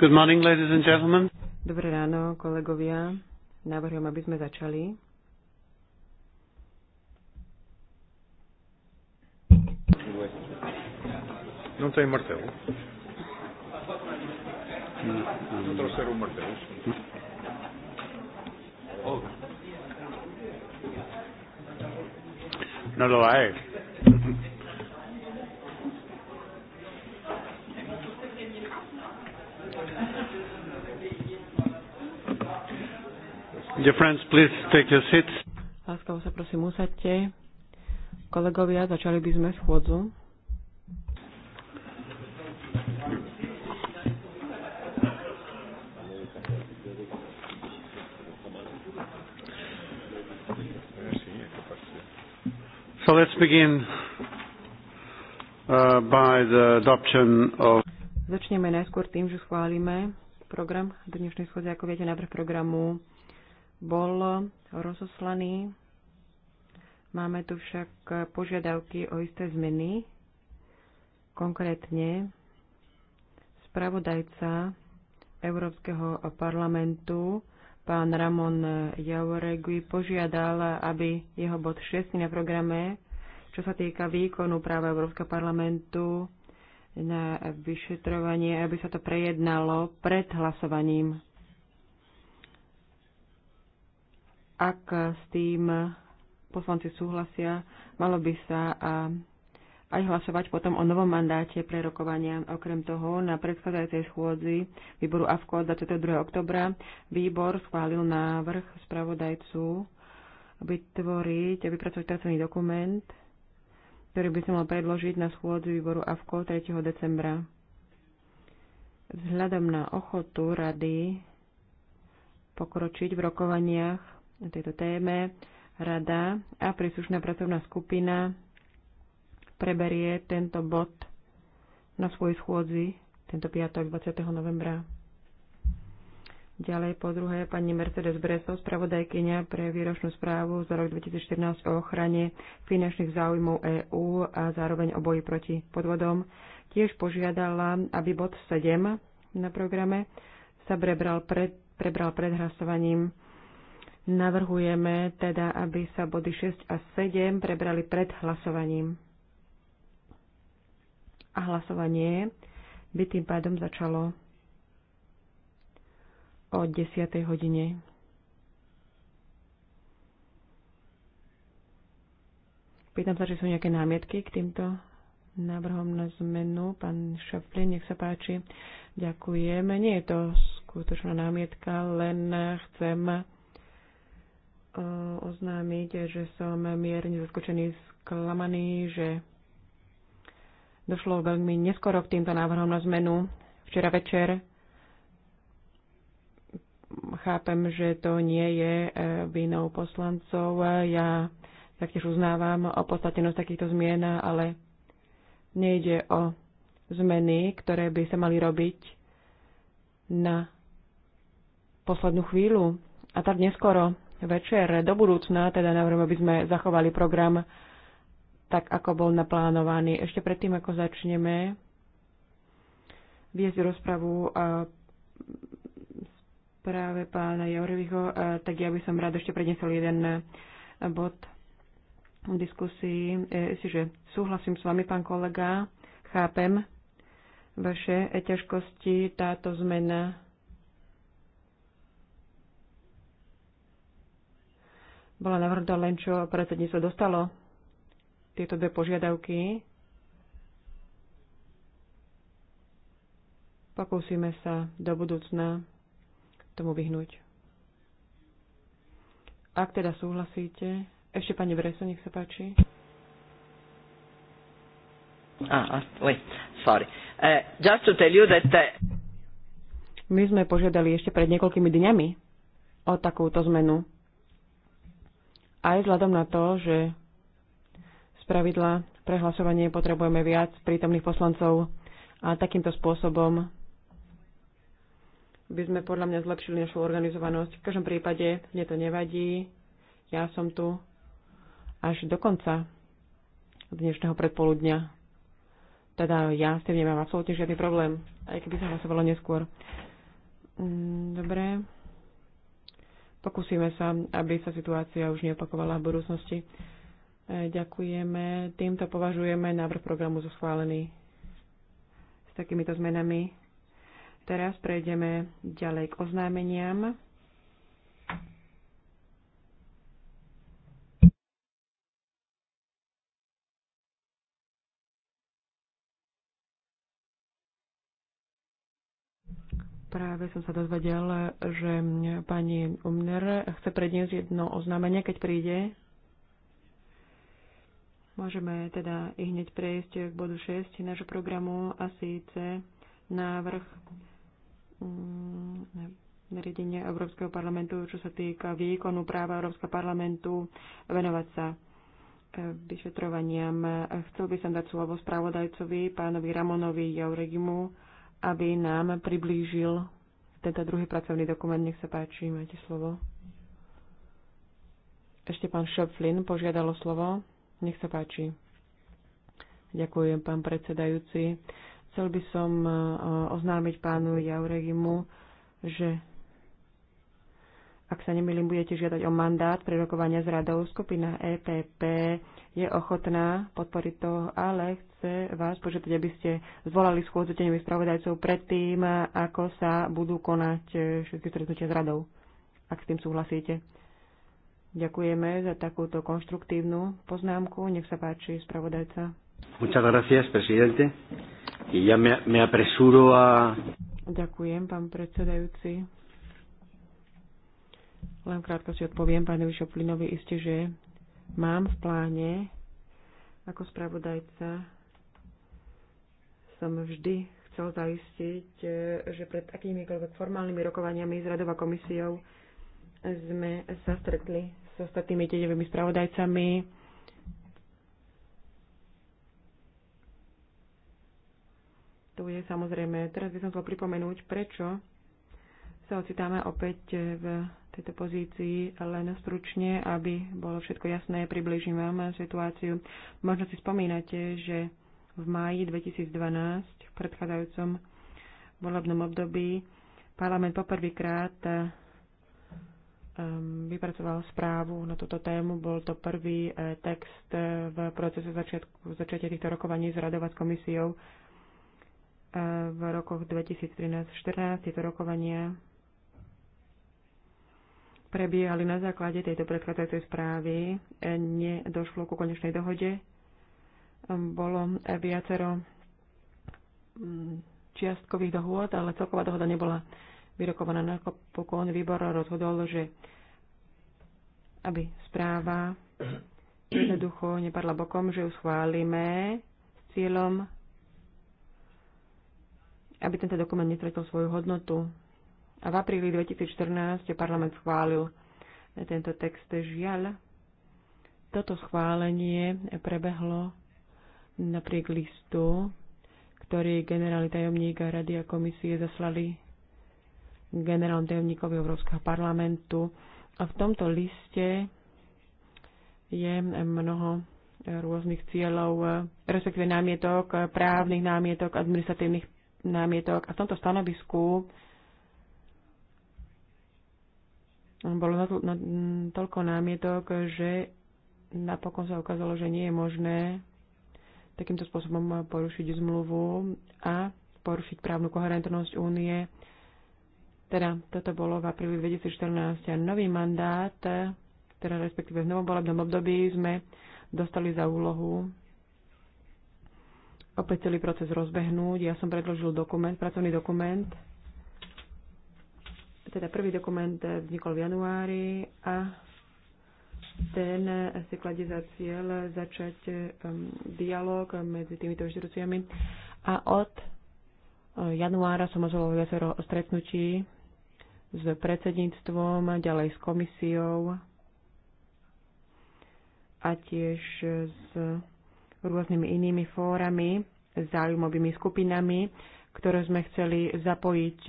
Good morning, ladies and gentlemen. Dobré ráno, kolegovia. Navrhujem, aby sme začali. No to je Martel. Non no, no. trovo un martello. No lo hay. Dear friends, please take your seats. Láskavo sa prosím usadte. Kolegovia, začali by sme schôdzu. So let's begin uh, by the adoption of... Začneme najskôr tým, že schválime program dnešnej schôdze, ako viete, návrh programu bol rozoslaný. Máme tu však požiadavky o isté zmeny. Konkrétne spravodajca Európskeho parlamentu pán Ramon Jauregui požiadal, aby jeho bod 6 na programe, čo sa týka výkonu práva Európskeho parlamentu na vyšetrovanie, aby sa to prejednalo pred hlasovaním Ak s tým poslanci súhlasia, malo by sa aj hlasovať potom o novom mandáte pre rokovania. Okrem toho, na predchádzajúcej schôdzi výboru AFKO 22. oktobra výbor schválil návrh spravodajcu vytvoriť a vypracovať pracovný dokument, ktorý by sa mal predložiť na schôdzu výboru AFKO 3. decembra. Vzhľadom na ochotu rady pokročiť v rokovaniach na tejto téme rada a príslušná pracovná skupina preberie tento bod na svojej schôdzi tento piatok 20. novembra. Ďalej po druhé pani Mercedes Breso, spravodajkynia pre výročnú správu za rok 2014 o ochrane finančných záujmov EÚ a zároveň o boji proti podvodom, tiež požiadala, aby bod 7 na programe sa prebral pred, prebral pred hlasovaním Navrhujeme teda, aby sa body 6 a 7 prebrali pred hlasovaním. A hlasovanie by tým pádom začalo o 10. hodine. Pýtam sa, či sú nejaké námietky k týmto návrhom na zmenu. Pán Šaflin, nech sa páči. Ďakujem. Nie je to skutočná námietka, len chcem Eh, oznámiť, že som mierne zaskočený, sklamaný, že došlo veľmi neskoro k týmto návrhom na zmenu. Včera večer chápem, že to nie je eh, vinou poslancov. Ja taktiež uznávam o podstatenosť takýchto zmien, ale nejde o zmeny, ktoré by sa mali robiť na poslednú chvíľu a tak neskoro večer do budúcna, teda navrhujem, aby sme zachovali program tak, ako bol naplánovaný. Ešte predtým, ako začneme viesť rozpravu práve pána Jaureviho, tak ja by som rád ešte prednesol jeden bod v diskusii. že súhlasím s vami, pán kolega, chápem vaše ťažkosti. Táto zmena Bola navrhnutá len, čo predsedníctvo dostalo tieto dve požiadavky. Pokúsime sa do budúcna tomu vyhnúť. Ak teda súhlasíte, ešte pani Breso, nech sa páči. Ah, ah sorry. Uh, just to tell you that... Eh, My sme požiadali ešte pred niekoľkými dňami o takúto zmenu aj vzhľadom na to, že z pravidla pre hlasovanie potrebujeme viac prítomných poslancov a takýmto spôsobom by sme podľa mňa zlepšili našu organizovanosť. V každom prípade mne to nevadí. Ja som tu až do konca dnešného predpoludňa. Teda ja s tým nemám absolútne žiadny problém, aj keby sa hlasovalo neskôr. Mm, dobre. Pokúsime sa, aby sa situácia už neopakovala v budúcnosti. E, ďakujeme. Týmto považujeme návrh programu zo schválený s takýmito zmenami. Teraz prejdeme ďalej k oznámeniam. Práve som sa dozvedel, že pani Umner chce predniesť jedno oznámenie, keď príde. Môžeme teda i hneď prejsť k bodu 6 nášho programu a síce návrh mm, nariadenia Európskeho parlamentu, čo sa týka výkonu práva Európskeho parlamentu venovať sa e, vyšetrovaniam. Chcel by som dať slovo spravodajcovi, pánovi Ramonovi Jauregimu aby nám priblížil tento druhý pracovný dokument. Nech sa páči, máte slovo. Ešte pán Šöpflin požiadalo slovo. Nech sa páči. Ďakujem, pán predsedajúci. Chcel by som eh, oznámiť pánu Jauregimu, že ak sa nemýlim, budete žiadať o mandát pre rokovania s radou. Skupina EPP je ochotná podporiť to, ale chce vás požiadať, aby ste zvolali schôdzu tenových spravodajcov predtým, ako sa budú konať eh, všetky stretnutia s radou, ak s tým súhlasíte. Ďakujeme za takúto konštruktívnu poznámku. Nech sa páči, spravodajca. Muchas gracias, presidente. Y ya me, me apresuro a... Ďakujem, pán predsedajúci len krátko si odpoviem pánovi Šoplinovi iste, že mám v pláne ako spravodajca som vždy chcel zaistiť, e, že pred akýmikoľvek formálnymi rokovaniami s radová komisiou sme sa stretli s ostatnými tedevými spravodajcami. Tu je samozrejme, teraz by som chcel pripomenúť, prečo sa ocitáme opäť e, v tejto pozícii len stručne, aby bolo všetko jasné. Približím vám situáciu. Možno si spomínate, že v máji 2012, v predchádzajúcom volebnom období, parlament poprvýkrát e, vypracoval správu na túto tému. Bol to prvý e, text v procese začiatku, začiatia týchto rokovaní s radou a s komisiou v rokoch 2013-2014. Tieto rokovania prebiehali na základe tejto predchádzajúcej správy, e, nedošlo ku konečnej dohode. Ehm, bolo e, viacero mm, čiastkových dohôd, ale celková dohoda nebola vyrokovaná. Napokon výbor rozhodol, že aby správa jednoducho nepadla bokom, že ju schválime s cieľom, aby tento dokument netratil svoju hodnotu. A v apríli 2014 parlament schválil tento text. Žiaľ, toto schválenie prebehlo napriek listu, ktorý generálny tajomník Rady a komisie zaslali generálnom tajomníkovi Európskeho parlamentu. A v tomto liste je mnoho rôznych cieľov, respektíve námietok, právnych námietok, administratívnych námietok. A v tomto stanovisku Bolo toľko námietok, že napokon sa ukázalo, že nie je možné takýmto spôsobom porušiť zmluvu a porušiť právnu koherentnosť únie. Teda toto bolo v apríli 2014 a nový mandát, teda respektíve v novom volebnom období sme dostali za úlohu opäť celý proces rozbehnúť. Ja som predložil dokument, pracovný dokument, teda prvý dokument eh, vznikol v januári a ten si kladie za cieľ začať eh, dialog medzi týmito inštitúciami a od eh, januára som ozvalo viacero stretnutí s predsedníctvom, ďalej s komisiou a tiež s rôznymi inými fórami, záujmovými skupinami, ktoré sme chceli zapojiť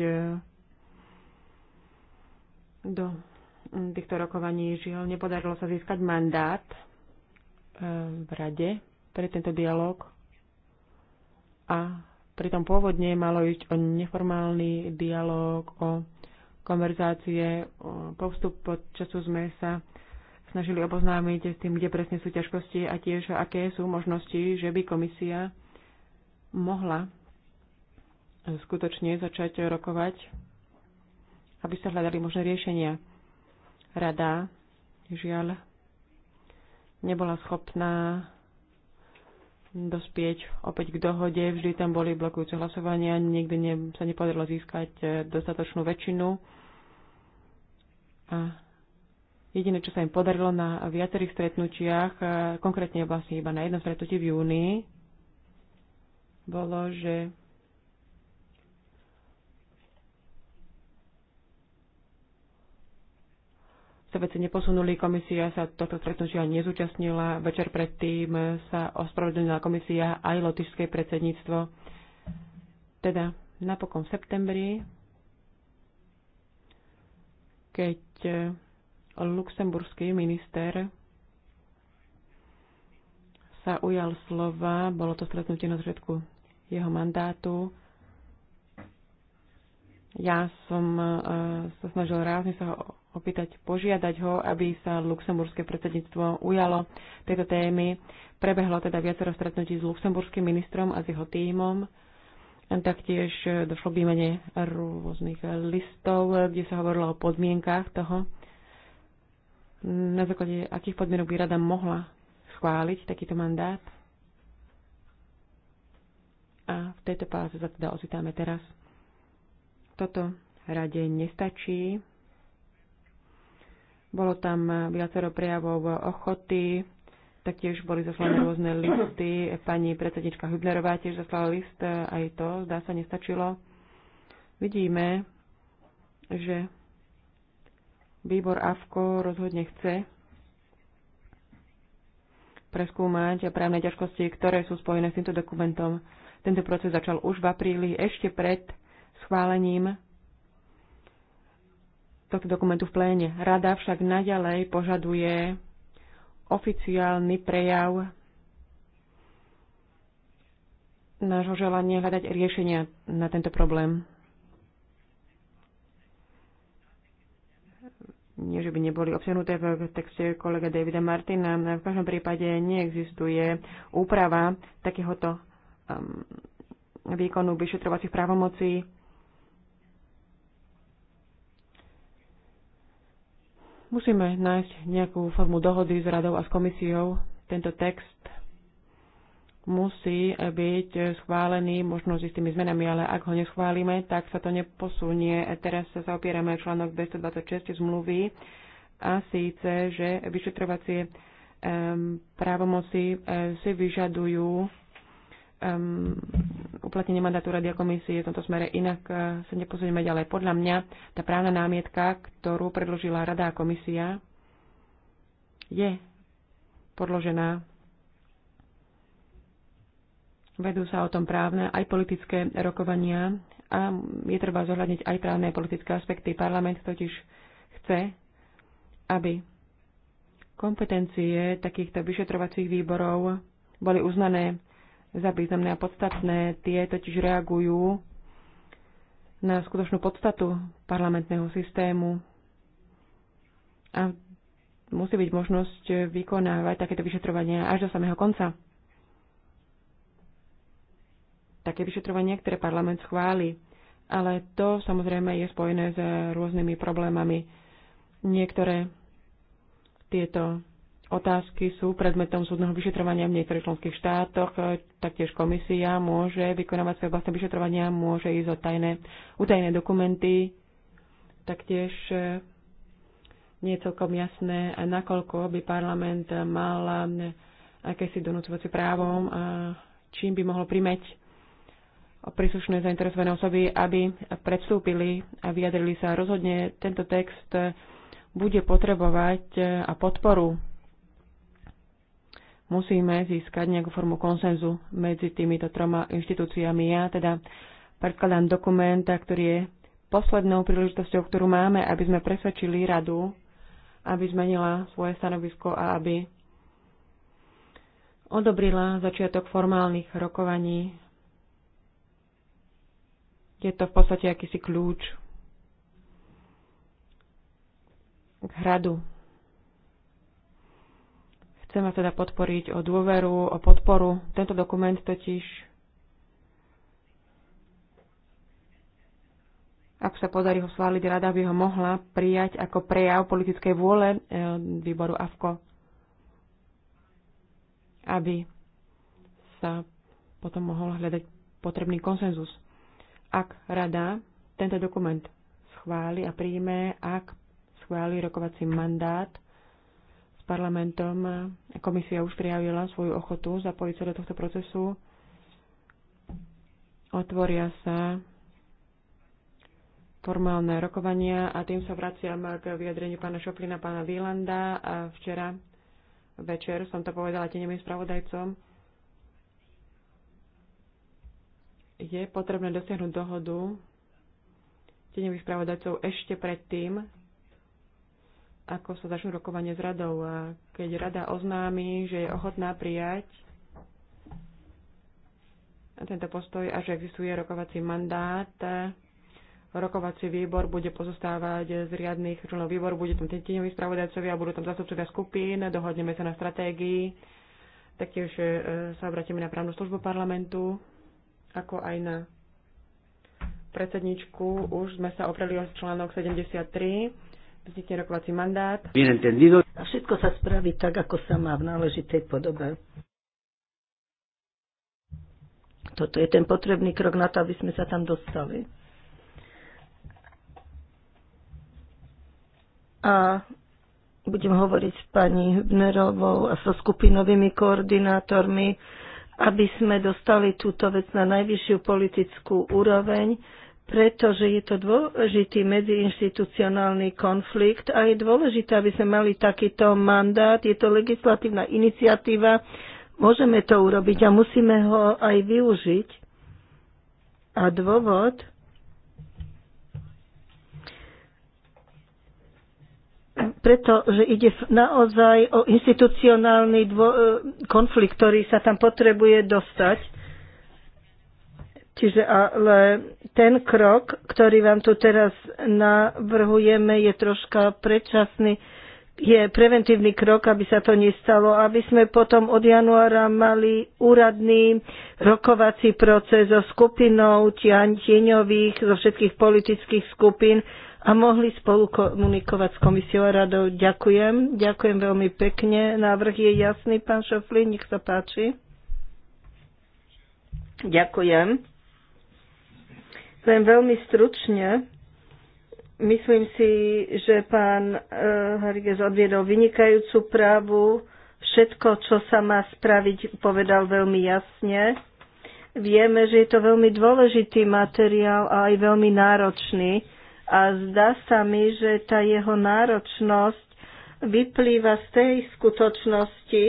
do týchto rokovaní. Žiaľ, nepodarilo sa získať mandát e, v rade pre tento dialog a pritom pôvodne malo ísť o neformálny dialog, o konverzácie, o povstup pod času sme sa snažili oboznámiť s tým, kde presne sú ťažkosti a tiež aké sú možnosti, že by komisia mohla skutočne začať rokovať aby sa hľadali možné riešenia. Rada, žiaľ, nebola schopná dospieť opäť k dohode. Vždy tam boli blokujúce hlasovania, nikdy ne, sa nepodarilo získať e, dostatočnú väčšinu. A jediné, čo sa im podarilo na viacerých stretnutiach, e, konkrétne vlastne iba na jednom stretnutí v júni, bolo, že sa veci neposunuli, komisia sa tohto stretnutia nezúčastnila, večer predtým sa ospravedlnila komisia aj lotišské predsedníctvo. Teda napokon v septembri, keď eh, luxemburský minister sa ujal slova, bolo to stretnutie na zriedku jeho mandátu, ja som eh, sa snažil rázne sa ho opýtať, požiadať ho, aby sa luxemburské predsedníctvo ujalo tejto témy. Prebehlo teda viacero stretnutí s luxemburským ministrom a s jeho tímom. Taktiež došlo k výmene rôznych listov, kde sa hovorilo o podmienkách toho, na základe akých podmienok by rada mohla schváliť takýto mandát. A v tejto páze sa teda ocitáme teraz. Toto rade nestačí. Bolo tam eh, viacero prejavov ochoty, taktiež boli zaslané rôzne listy. Pani predsednička Hübnerová tiež zaslala list, eh, aj to zdá sa nestačilo. Vidíme, že výbor AFKO rozhodne chce preskúmať právne ťažkosti, ktoré sú spojené s týmto dokumentom. Tento proces začal už v apríli, ešte pred schválením tohto dokumentu v pléne. Rada však naďalej požaduje oficiálny prejav nášho želania hľadať riešenia na tento problém. Nie, že by neboli obsiahnuté v texte kolega Davida Martina. V každom prípade neexistuje úprava takéhoto um, výkonu vyšetrovacích právomocí Musíme nájsť nejakú formu dohody s radou a s komisiou. Tento text musí byť schválený, možno s istými zmenami, ale ak ho neschválime, tak sa to neposunie. Teraz sa opierame článok 226 zmluvy a síce, že vyšetrovacie právomoci eh, si vyžadujú um, uplatnenie mandátu Rady a komisie v tomto smere, inak uh, sa neposunieme ďalej. Podľa mňa tá právna námietka, ktorú predložila Rada a komisia, je podložená. Vedú sa o tom právne aj politické rokovania a je treba zohľadniť aj právne a politické aspekty. Parlament totiž chce, aby kompetencie takýchto vyšetrovacích výborov boli uznané za významné a podstatné. Tie totiž reagujú na skutočnú podstatu parlamentného systému a musí byť možnosť vykonávať takéto vyšetrovania až do samého konca. Také vyšetrovanie, ktoré parlament schváli. Ale to samozrejme je spojené s rôznymi problémami. Niektoré tieto otázky sú predmetom súdneho vyšetrovania v niektorých členských štátoch, e, taktiež komisia môže vykonávať svoje vlastné vyšetrovania, môže ísť o tajné, utajené dokumenty, taktiež e, nie je celkom jasné, e, nakoľko by parlament mal akési donúcovacie právo, čím by mohlo primeť príslušné zainteresované osoby, aby predstúpili a vyjadrili sa. Rozhodne tento text bude potrebovať a podporu musíme získať nejakú formu konsenzu medzi týmito troma inštitúciami. Ja teda predkladám dokument, ktorý je poslednou príležitosťou, ktorú máme, aby sme presvedčili radu, aby zmenila svoje stanovisko a aby odobrila začiatok formálnych rokovaní. Je to v podstate akýsi kľúč k hradu Chcem vás teda podporiť o dôveru, o podporu. Tento dokument totiž, ak sa podarí ho sváliť, rada by ho mohla prijať ako prejav politickej vôle e, výboru AFKO, aby sa potom mohol hľadať potrebný konsenzus. Ak rada tento dokument schváli a príjme, ak schváli rokovací mandát parlamentom. Komisia už prijavila svoju ochotu zapojiť sa do tohto procesu. Otvoria sa formálne rokovania a tým sa vraciam k vyjadreniu pána Šoplina, pána Výlanda. A včera večer som to povedala tenevým spravodajcom. Je potrebné dosiahnuť dohodu tenemých spravodajcov ešte predtým, ako sa začnú rokovanie s radou. A keď rada oznámi, že je ochotná prijať tento postoj a že existuje rokovací mandát, rokovací výbor bude pozostávať z riadných členov výboru, bude tam tieňoví spravodajcovia, budú tam zastupcovia skupín, dohodneme sa na stratégii, taktiež e, sa obratíme na právnu službu parlamentu, ako aj na predsedničku. Už sme sa opreli o článok 73 Vidíte rokovací mandát. A všetko sa spraví tak, ako sa má v náležitej podobe. Toto je ten potrebný krok na to, aby sme sa tam dostali. A budem hovoriť s pani Hübnerovou a so skupinovými koordinátormi, aby sme dostali túto vec na najvyššiu politickú úroveň pretože je to dôležitý medziinstitucionálny konflikt a je dôležité, aby sme mali takýto mandát. Je to legislatívna iniciatíva, môžeme to urobiť a musíme ho aj využiť. A dôvod, preto, že ide naozaj o institucionálny konflikt, ktorý sa tam potrebuje dostať Čiže ale ten krok, ktorý vám tu teraz navrhujeme, je troška predčasný. Je preventívny krok, aby sa to nestalo, aby sme potom od januára mali úradný rokovací proces so skupinou tieňových, zo všetkých politických skupín a mohli spolu komunikovať s komisiou a radou. Ďakujem, ďakujem veľmi pekne. Návrh je jasný, pán Šoflin, nech sa páči. Ďakujem. Len veľmi stručne, myslím si, že pán e, eh, Hariges odviedol vynikajúcu právu. Všetko, čo sa má spraviť, povedal veľmi jasne. Vieme, že je to veľmi dôležitý materiál a aj veľmi náročný. A zdá sa mi, že tá jeho náročnosť vyplýva z tej skutočnosti,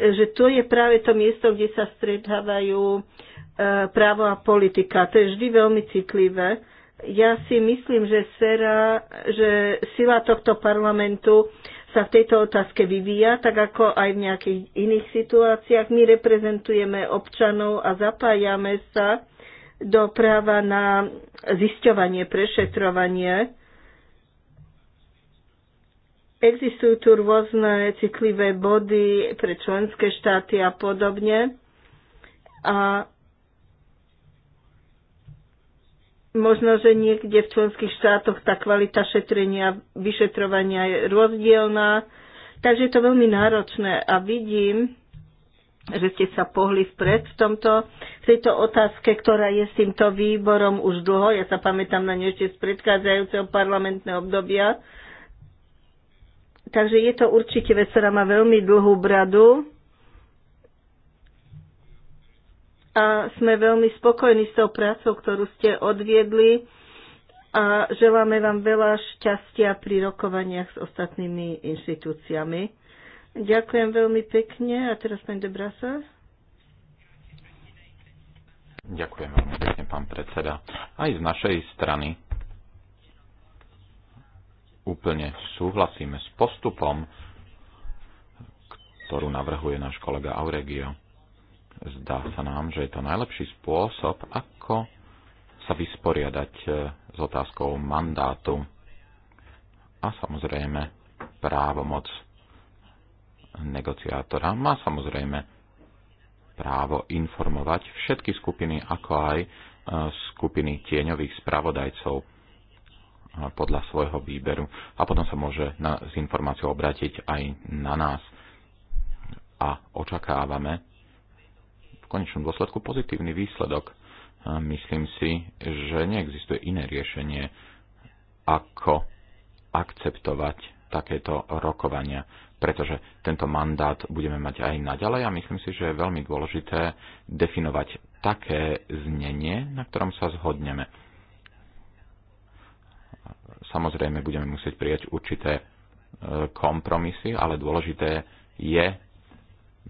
že tu je práve to miesto, kde sa stretávajú eh, Eh, právo a politika. To je vždy veľmi citlivé. Ja si myslím, že, sera, že sila tohto parlamentu sa v tejto otázke vyvíja, tak ako aj v nejakých iných situáciách. My reprezentujeme občanov a zapájame sa do práva na zisťovanie, prešetrovanie. Existujú tu rôzne citlivé body pre členské štáty a podobne. A Možno, že niekde v členských štátoch tá kvalita šetrenia, vyšetrovania je rozdielná, takže je to veľmi náročné a vidím, že ste sa pohli vpred v, tomto, v tejto otázke, ktorá je s týmto výborom už dlho. Ja sa pamätám na ne ešte z predchádzajúceho parlamentného obdobia. Takže je to určite vec, ktorá má veľmi dlhú bradu a sme veľmi spokojní s tou prácou, ktorú ste odviedli a želáme vám veľa šťastia pri rokovaniach s ostatnými inštitúciami. Ďakujem veľmi pekne a teraz pán Debrasa. Ďakujem veľmi pekne, pán predseda. Aj z našej strany úplne súhlasíme s postupom, ktorú navrhuje náš kolega Auregio Zdá sa nám, že je to najlepší spôsob, ako sa vysporiadať e, s otázkou mandátu a samozrejme právomoc negociátora má samozrejme právo informovať všetky skupiny, ako aj e, skupiny tieňových spravodajcov e, podľa svojho výberu. A potom sa môže na, s informáciou obrátiť aj na nás. A očakávame, konečnom dôsledku pozitívny výsledok. Myslím si, že neexistuje iné riešenie, ako akceptovať takéto rokovania, pretože tento mandát budeme mať aj naďalej a myslím si, že je veľmi dôležité definovať také znenie, na ktorom sa zhodneme. Samozrejme, budeme musieť prijať určité e, kompromisy, ale dôležité je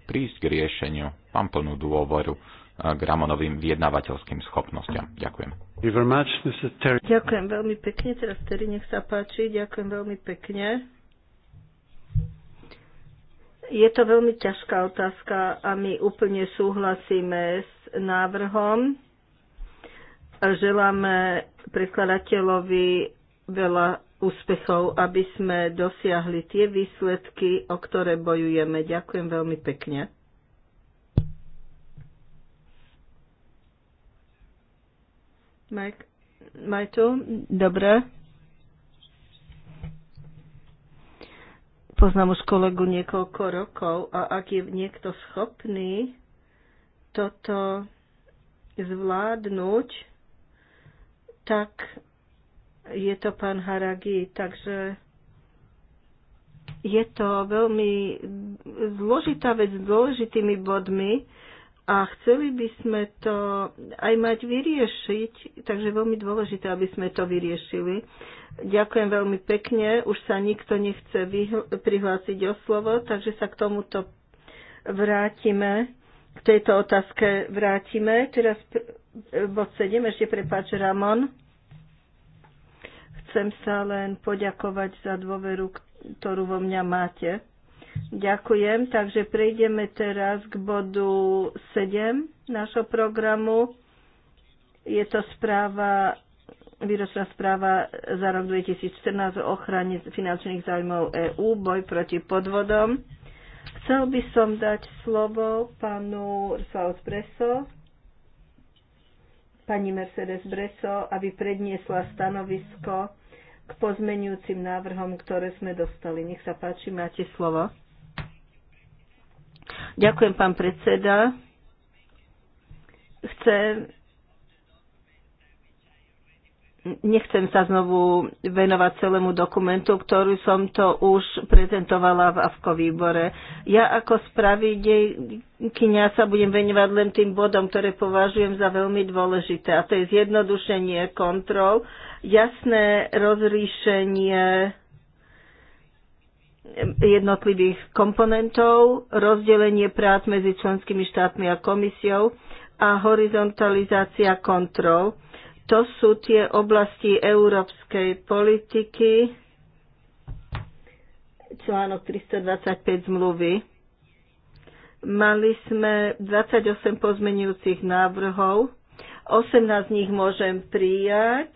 prísť k riešeniu mám plnú dôvoru eh, k Ramonovým vyjednávateľským schopnostiam. Ďakujem. Ďakujem veľmi pekne. Teraz Terry, nech sa páči. Ďakujem veľmi pekne. Je to veľmi ťažká otázka a my úplne súhlasíme s návrhom. Želáme prekladateľovi veľa úspechov, aby sme dosiahli tie výsledky, o ktoré bojujeme. Ďakujem veľmi pekne. Mike, Majtu, dobre. Poznám už kolegu niekoľko rokov a ak je niekto schopný toto zvládnuť, tak je to pán Haragi. Takže je to veľmi zložitá vec s dôležitými bodmi a chceli by sme to aj mať vyriešiť, takže veľmi dôležité, aby sme to vyriešili. Ďakujem veľmi pekne, už sa nikto nechce prihlásiť o slovo, takže sa k tomuto vrátime, k tejto otázke vrátime. Teraz bod 7, ešte prepáč Ramon. Chcem sa len poďakovať za dôveru, ktorú vo mňa máte Ďakujem, takže prejdeme teraz k bodu 7 nášho programu. Je to správa, výročná správa za rok 2014 o ochrane finančných zájmov EÚ, boj proti podvodom. Chcel by som dať slovo pánu Ursaus Breso, pani Mercedes Breso, aby predniesla stanovisko k pozmenujúcim návrhom, ktoré sme dostali. Nech sa páči, máte slovo. Ďakujem, pán predseda. Chcem Nechcem sa znovu venovať celému dokumentu, ktorú som to už prezentovala v AFKO výbore. Ja ako spravidejkynia sa budem venovať len tým bodom, ktoré považujem za veľmi dôležité. A to je zjednodušenie kontrol, jasné rozríšenie jednotlivých komponentov, rozdelenie prác medzi členskými štátmi a komisiou a horizontalizácia kontrol. To sú tie oblasti európskej politiky, článok 325 zmluvy. Mali sme 28 pozmenujúcich návrhov, 18 z nich môžem prijať,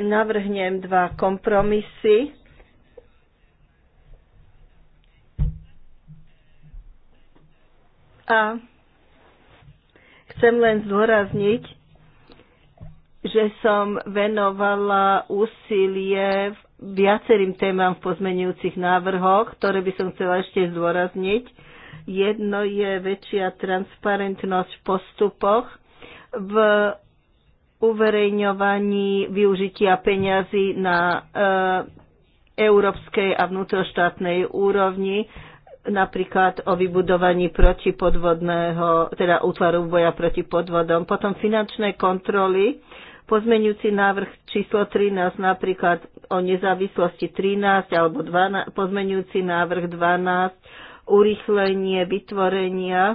navrhnem dva kompromisy A chcem len zdôrazniť, že som venovala úsilie viacerým témam v pozmenujúcich návrhoch, ktoré by som chcela ešte zdôrazniť. Jedno je väčšia transparentnosť v postupoch, v uverejňovaní využitia peňazí na e, európskej a vnútroštátnej úrovni, napríklad o vybudovaní protipodvodného, teda útvaru boja proti podvodom, potom finančné kontroly, pozmeňujúci návrh číslo 13 napríklad o nezávislosti 13 alebo 12, pozmeňujúci návrh 12, urýchlenie vytvorenia e,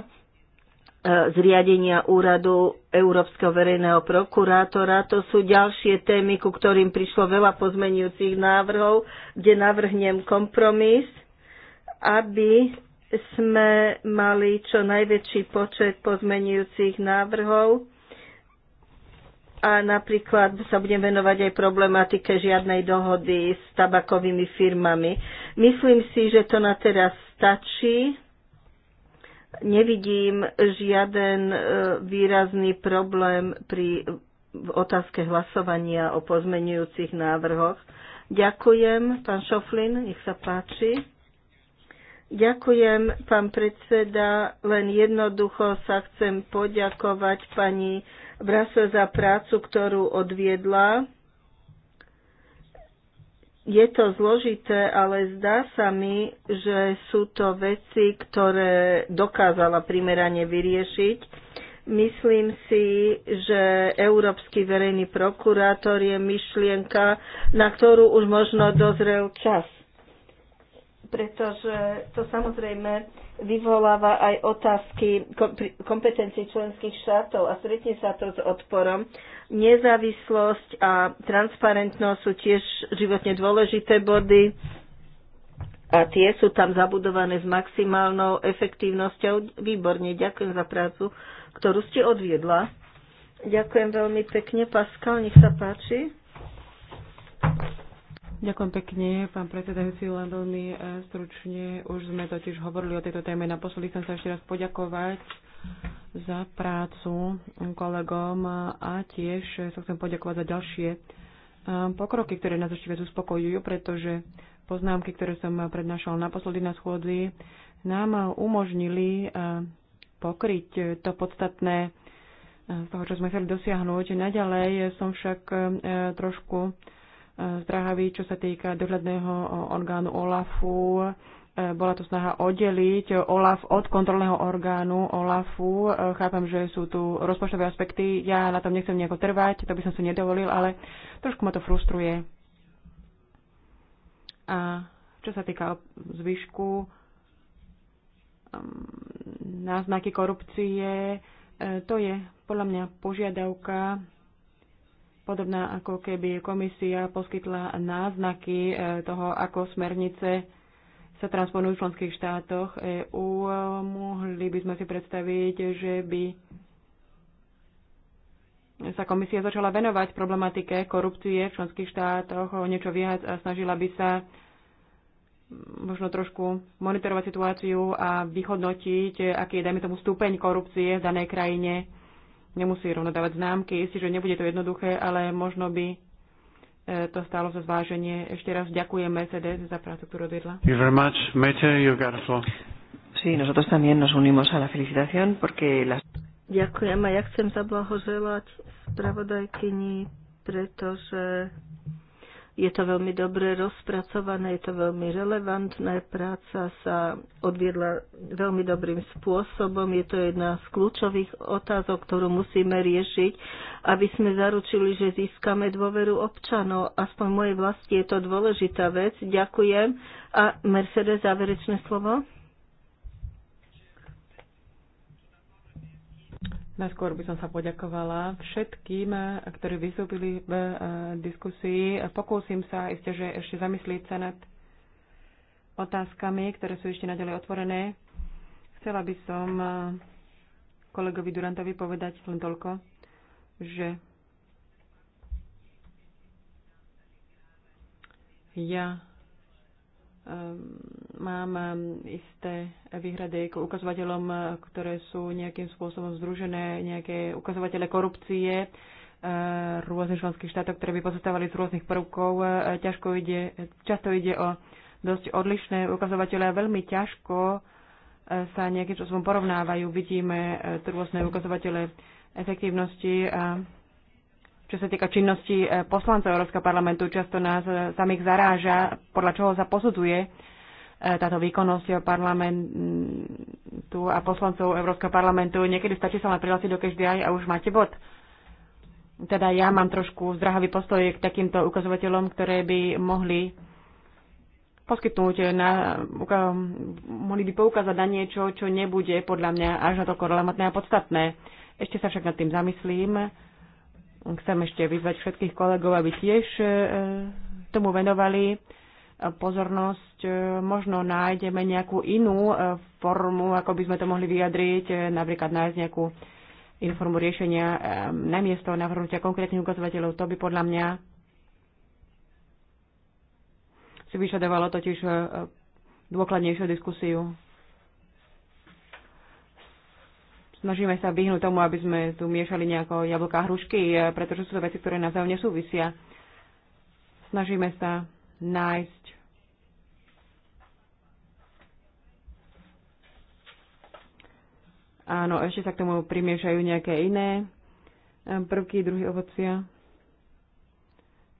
zriadenia úradu Európskeho verejného prokurátora. To sú ďalšie témy, ku ktorým prišlo veľa pozmenujúcich návrhov, kde navrhnem kompromis aby sme mali čo najväčší počet pozmenujúcich návrhov a napríklad sa budem venovať aj problematike žiadnej dohody s tabakovými firmami. Myslím si, že to na teraz stačí. Nevidím žiaden e, výrazný problém pri otázke hlasovania o pozmenujúcich návrhoch. Ďakujem, pán Šoflin, nech sa páči. Ďakujem, pán predseda. Len jednoducho sa chcem poďakovať pani Brase za prácu, ktorú odviedla. Je to zložité, ale zdá sa mi, že sú to veci, ktoré dokázala primerane vyriešiť. Myslím si, že Európsky verejný prokurátor je myšlienka, na ktorú už možno dozrel čas pretože to samozrejme vyvoláva aj otázky kompetencií členských štátov a stretne sa to s odporom. Nezávislosť a transparentnosť sú tiež životne dôležité body a tie sú tam zabudované s maximálnou efektívnosťou. Výborne, ďakujem za prácu, ktorú ste odviedla. Ďakujem veľmi pekne, Pascal, nech sa páči. Ďakujem pekne, pán predsedajúci, len veľmi e, stručne. Už sme totiž hovorili o tejto téme. Naposledy chcem sa ešte raz poďakovať za prácu kolegom a tiež sa chcem poďakovať za ďalšie e, pokroky, ktoré nás ešte viac uspokojujú, pretože poznámky, ktoré som prednášal naposledy na schôdzi, nám umožnili e, pokryť to podstatné z toho, čo sme chceli dosiahnuť. Naďalej som však trošku zdráhavý, čo sa týka dohľadného orgánu OLAFu. E, bola to snaha oddeliť OLAF od kontrolného orgánu OLAFu. E, Chápam, že sú tu rozpočtové aspekty. Ja na tom nechcem nejako trvať, to by som si nedovolil, ale trošku ma to frustruje. A čo sa týka zvyšku, mm, náznaky korupcie, e, to je podľa mňa požiadavka podobná ako keby komisia poskytla náznaky e, toho, ako smernice sa transponujú v členských štátoch EÚ. Mohli by sme si predstaviť, že by sa komisia začala venovať problematike korupcie v členských štátoch o niečo viac a snažila by sa možno trošku monitorovať situáciu a vyhodnotiť, aký je, dajme tomu, stupeň korupcie v danej krajine nemusí rovno dávať známky. Isté, že nebude to jednoduché, ale možno by e, to stálo za zváženie. Ešte raz ďakujem Mercedes za prácu, ktorú odvedla. Ďakujem a ja chcem zablahoželať spravodajkyni, pretože je to veľmi dobre rozpracované, je to veľmi relevantné, práca sa odviedla veľmi dobrým spôsobom, je to jedna z kľúčových otázok, ktorú musíme riešiť, aby sme zaručili, že získame dôveru občanov. Aspoň mojej vlasti je to dôležitá vec. Ďakujem. A Mercedes, záverečné slovo? Najskôr by som sa poďakovala všetkým, ktorí vystúpili v e, diskusii. Pokúsim sa iste, že ešte zamyslieť sa nad otázkami, ktoré sú ešte naďalej otvorené. Chcela by som e, kolegovi Durantovi povedať len toľko, že ja um, Mám um, isté výhrady k ukazovateľom, ktoré sú nejakým spôsobom združené, nejaké ukazovatele korupcie uh, rôznych členských štátov, ktoré by pozostávali z rôznych prvkov. Uh, ťažko ide, často ide o dosť odlišné ukazovatele a veľmi ťažko uh, sa nejakým spôsobom porovnávajú. Vidíme rôzne ukazovatele efektívnosti a čo sa týka činnosti poslancov Európskeho parlamentu, často nás samých zaráža, podľa čoho sa posudzuje E, táto výkonnosť parlamentu a poslancov Európskeho parlamentu. Niekedy stačí sa len prihlásiť do aj a už máte bod. Teda ja mám trošku zdrahavý postoj k takýmto ukazovateľom, ktoré by mohli poskytnúť, na, mohli by poukázať na niečo, čo nebude podľa mňa až na toľko relevantné a podstatné. Ešte sa však nad tým zamyslím. Chcem ešte vyzvať všetkých kolegov, aby tiež e, tomu venovali pozornosť, e, možno nájdeme nejakú inú e, formu, ako by sme to mohli vyjadriť, e, napríklad nájsť nejakú inú formu riešenia na miesto navrhnutia konkrétnych ukazovateľov. To by podľa mňa si vyšadovalo totiž dôkladnejšiu diskusiu. Snažíme sa vyhnúť tomu, aby sme tu miešali nejako jablka a hrušky, pretože sú to veci, ktoré navzájom nesúvisia. Snažíme sa nájsť Áno, ešte sa k tomu primiešajú nejaké iné eh, prvky, druhy ovocia.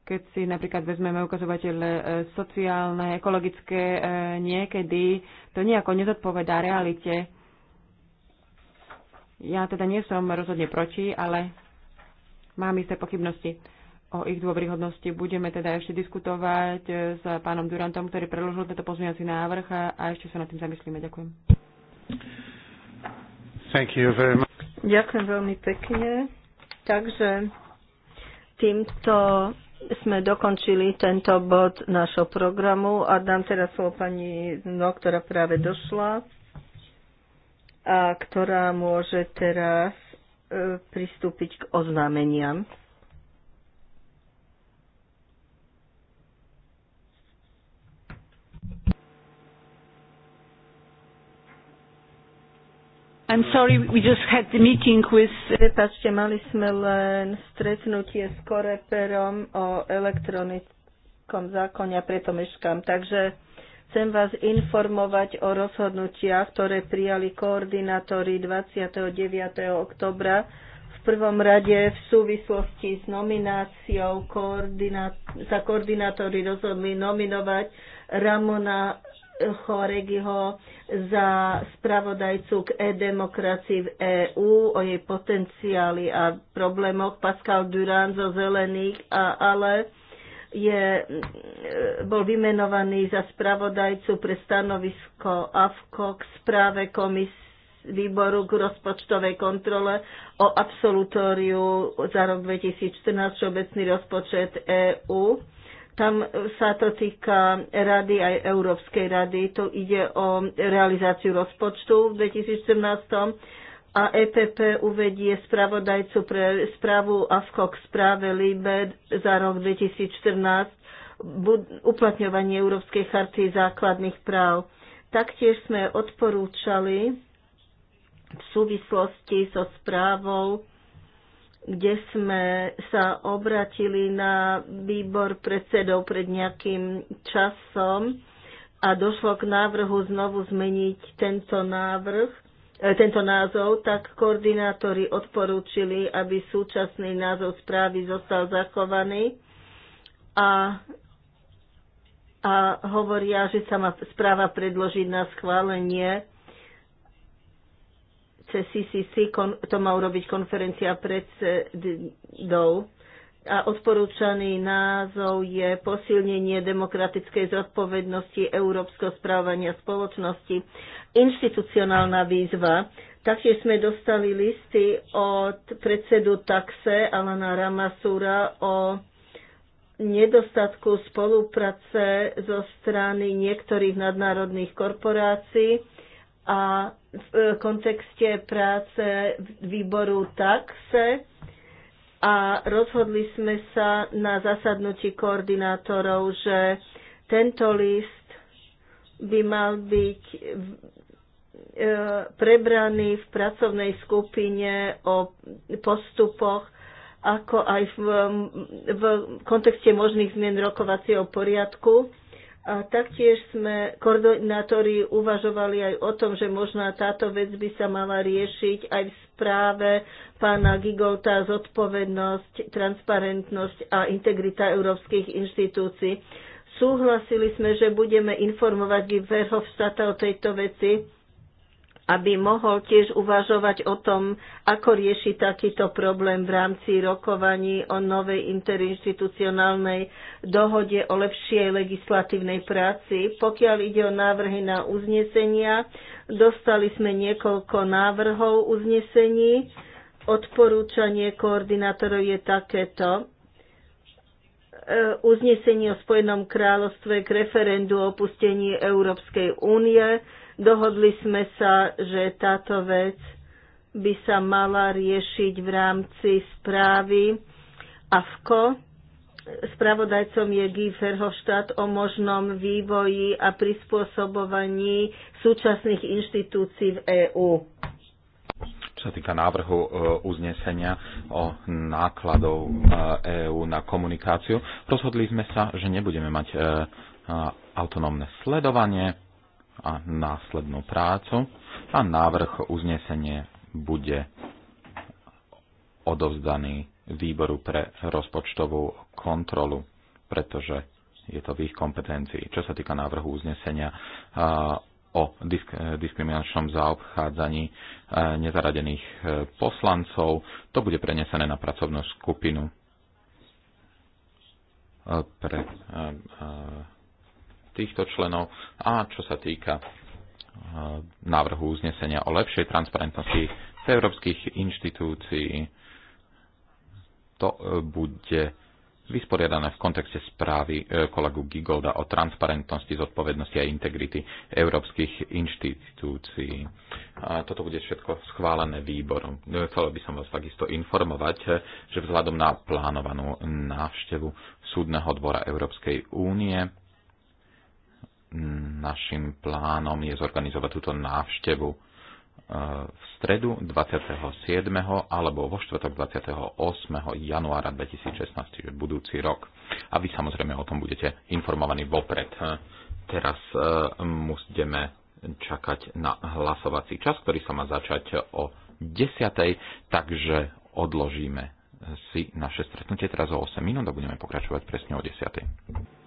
Keď si napríklad vezmeme ukazovateľ eh, sociálne, ekologické, eh, niekedy to nejako nezodpovedá realite. Ja teda nie som rozhodne proti, ale mám isté pochybnosti o ich dôveryhodnosti. Budeme teda ešte diskutovať s pánom Durantom, ktorý preložil tento pozmeňovací návrh a ešte sa nad tým zamyslíme. Ďakujem. Thank you very much. Ďakujem veľmi pekne. Takže týmto sme dokončili tento bod našho programu a dám teraz slovo pani No, ktorá práve došla a ktorá môže teraz e, pristúpiť k oznámeniam. I'm sorry, we just had the meeting with... Uh, Prepačte, mali sme len stretnutie s Koreperom o elektronickom zákone a preto meškám. Takže chcem vás informovať o rozhodnutiach, ktoré prijali koordinátori 29. oktobra v prvom rade v súvislosti s nomináciou koordinát- sa koordinátori rozhodli nominovať Ramona Choregiho za spravodajcu k e-demokracii v EÚ, o jej potenciáli a problémoch. Pascal Durán zo Zelených, a, ale je, bol vymenovaný za spravodajcu pre stanovisko AFKO k správe komis výboru k rozpočtovej kontrole o absolutóriu za rok 2014 obecný rozpočet EÚ tam sa to týka rady aj Európskej rady. to ide o realizáciu rozpočtu v 2017 a EPP uvedie spravodajcu pre správu AFKO správe LIBE za rok 2014 uplatňovanie Európskej charty základných práv. Taktiež sme odporúčali v súvislosti so správou kde sme sa obratili na výbor predsedov pred nejakým časom a došlo k návrhu znovu zmeniť tento návrh, e, tento názov, tak koordinátori odporúčili, aby súčasný názov správy zostal zachovaný a, a hovoria, že sa má správa predložiť na schválenie cez CCC, to má urobiť konferencia predsedov. A odporúčaný názov je posilnenie demokratickej zodpovednosti európskeho správania spoločnosti. Inštitucionálna výzva. Taktiež sme dostali listy od predsedu taxe Alana Ramasura o nedostatku spolupráce zo strany niektorých nadnárodných korporácií a v e, kontexte práce výboru taxe a rozhodli sme sa na zasadnutí koordinátorov, že tento list by mal byť e, prebraný v pracovnej skupine o postupoch, ako aj v, v kontexte možných zmien rokovacieho poriadku a taktiež sme koordinátori uvažovali aj o tom, že možná táto vec by sa mala riešiť aj v správe pána Gigolta zodpovednosť, transparentnosť a integrita európskych inštitúcií. Súhlasili sme, že budeme informovať Verhofstata o tejto veci aby mohol tiež uvažovať o tom, ako rieši takýto problém v rámci rokovaní o novej interinstitucionálnej dohode o lepšej legislatívnej práci. Pokiaľ ide o návrhy na uznesenia, dostali sme niekoľko návrhov uznesení. Odporúčanie koordinátorov je takéto e, uznesenie o Spojenom kráľovstve k referendu o opustení Európskej únie, Dohodli sme sa, že táto vec by sa mala riešiť v rámci správy AFKO. Spravodajcom je Guy Verhofstadt o možnom vývoji a prispôsobovaní súčasných inštitúcií v EÚ čo sa týka návrhu e, uznesenia o nákladov EÚ e na komunikáciu, rozhodli sme sa, že nebudeme mať e, autonómne sledovanie a následnú prácu a návrh uznesenie bude odovzdaný výboru pre rozpočtovú kontrolu, pretože je to v ich kompetencii. Čo sa týka návrhu uznesenia o disk- diskriminačnom zaobchádzaní nezaradených e, poslancov, to bude prenesené na pracovnú skupinu e, pre týchto členov a čo sa týka e, návrhu uznesenia o lepšej transparentnosti z európskych inštitúcií. To e, bude vysporiadané v kontexte správy e, kolegu Gigolda o transparentnosti, zodpovednosti a integrity európskych inštitúcií. Toto bude všetko schválené výborom. Chcel by som vás takisto informovať, že vzhľadom na plánovanú návštevu Súdneho dvora Európskej únie našim plánom je zorganizovať túto návštevu e, v stredu 27. alebo vo štvrtok 28. januára 2016, čiže budúci rok. A vy samozrejme o tom budete informovaní vopred. E, teraz e, musíme čakať na hlasovací čas, ktorý sa má začať o 10. Takže odložíme si naše stretnutie teraz o 8 minút a budeme pokračovať presne o 10.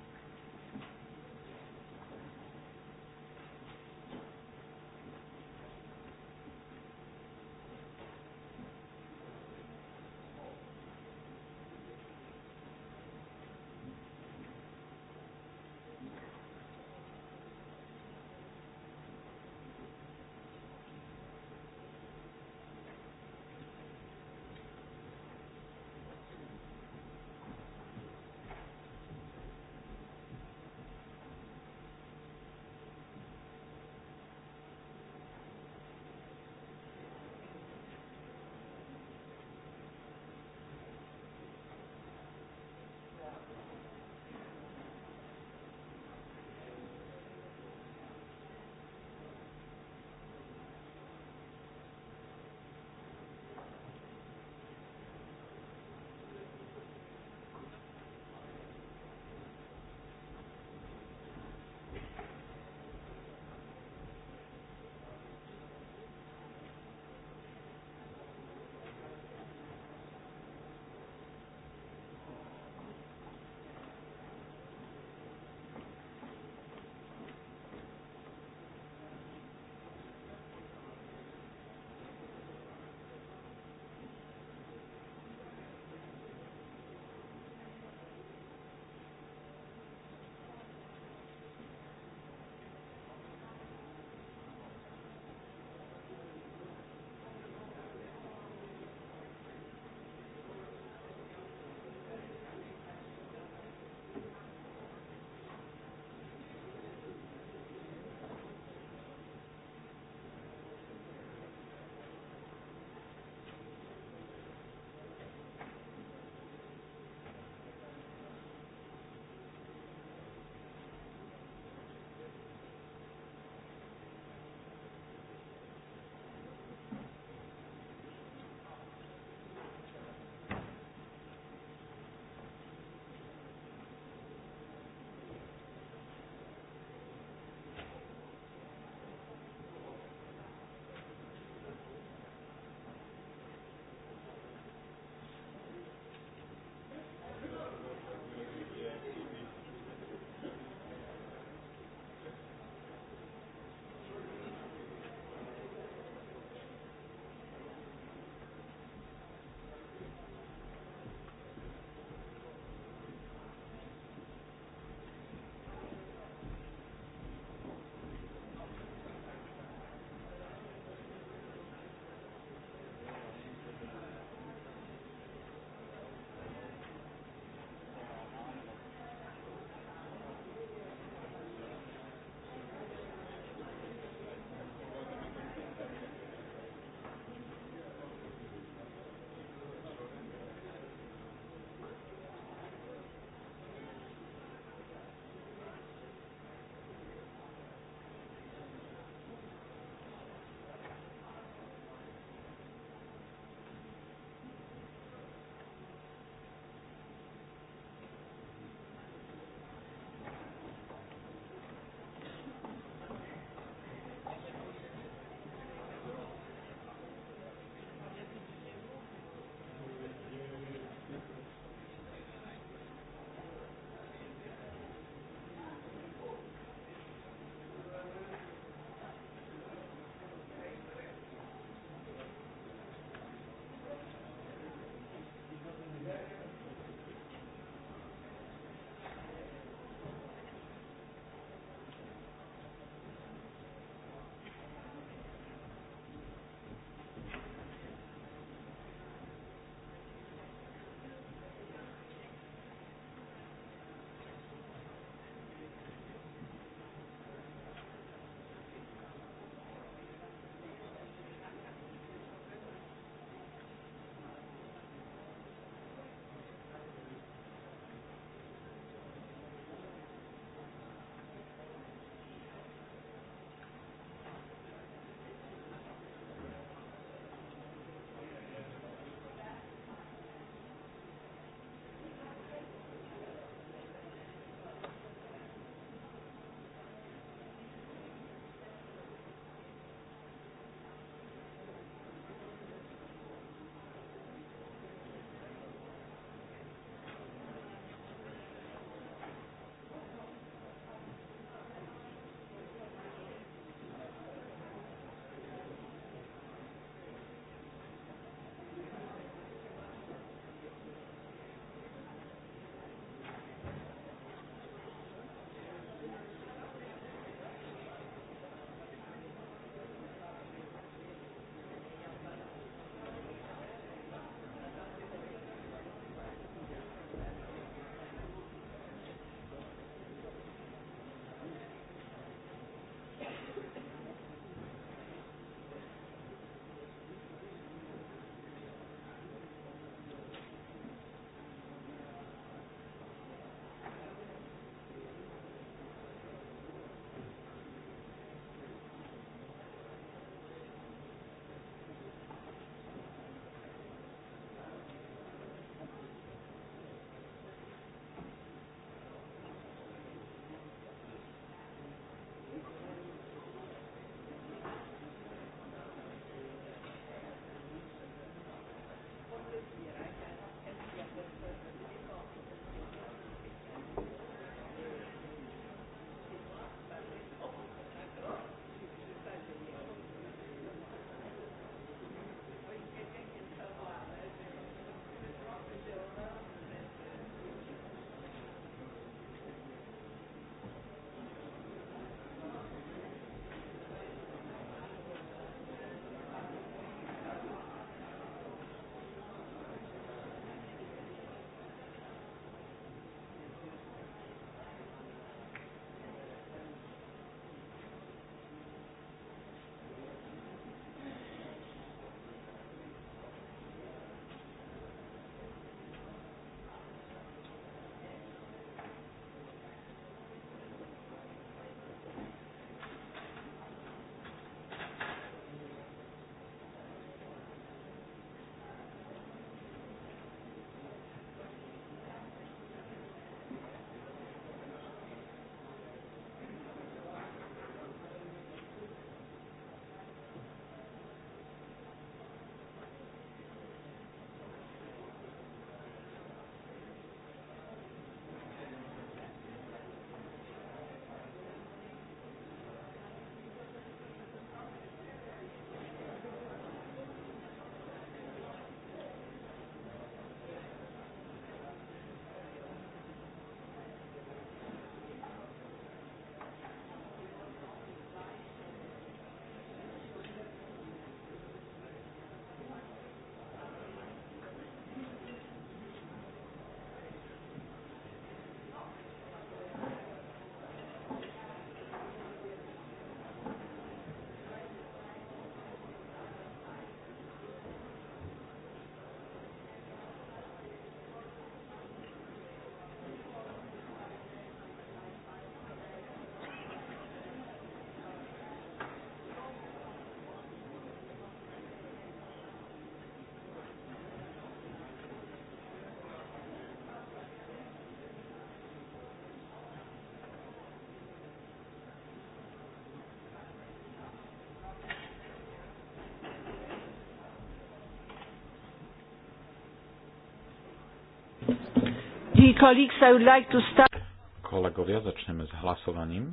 Kolegovia, začneme s hlasovaním.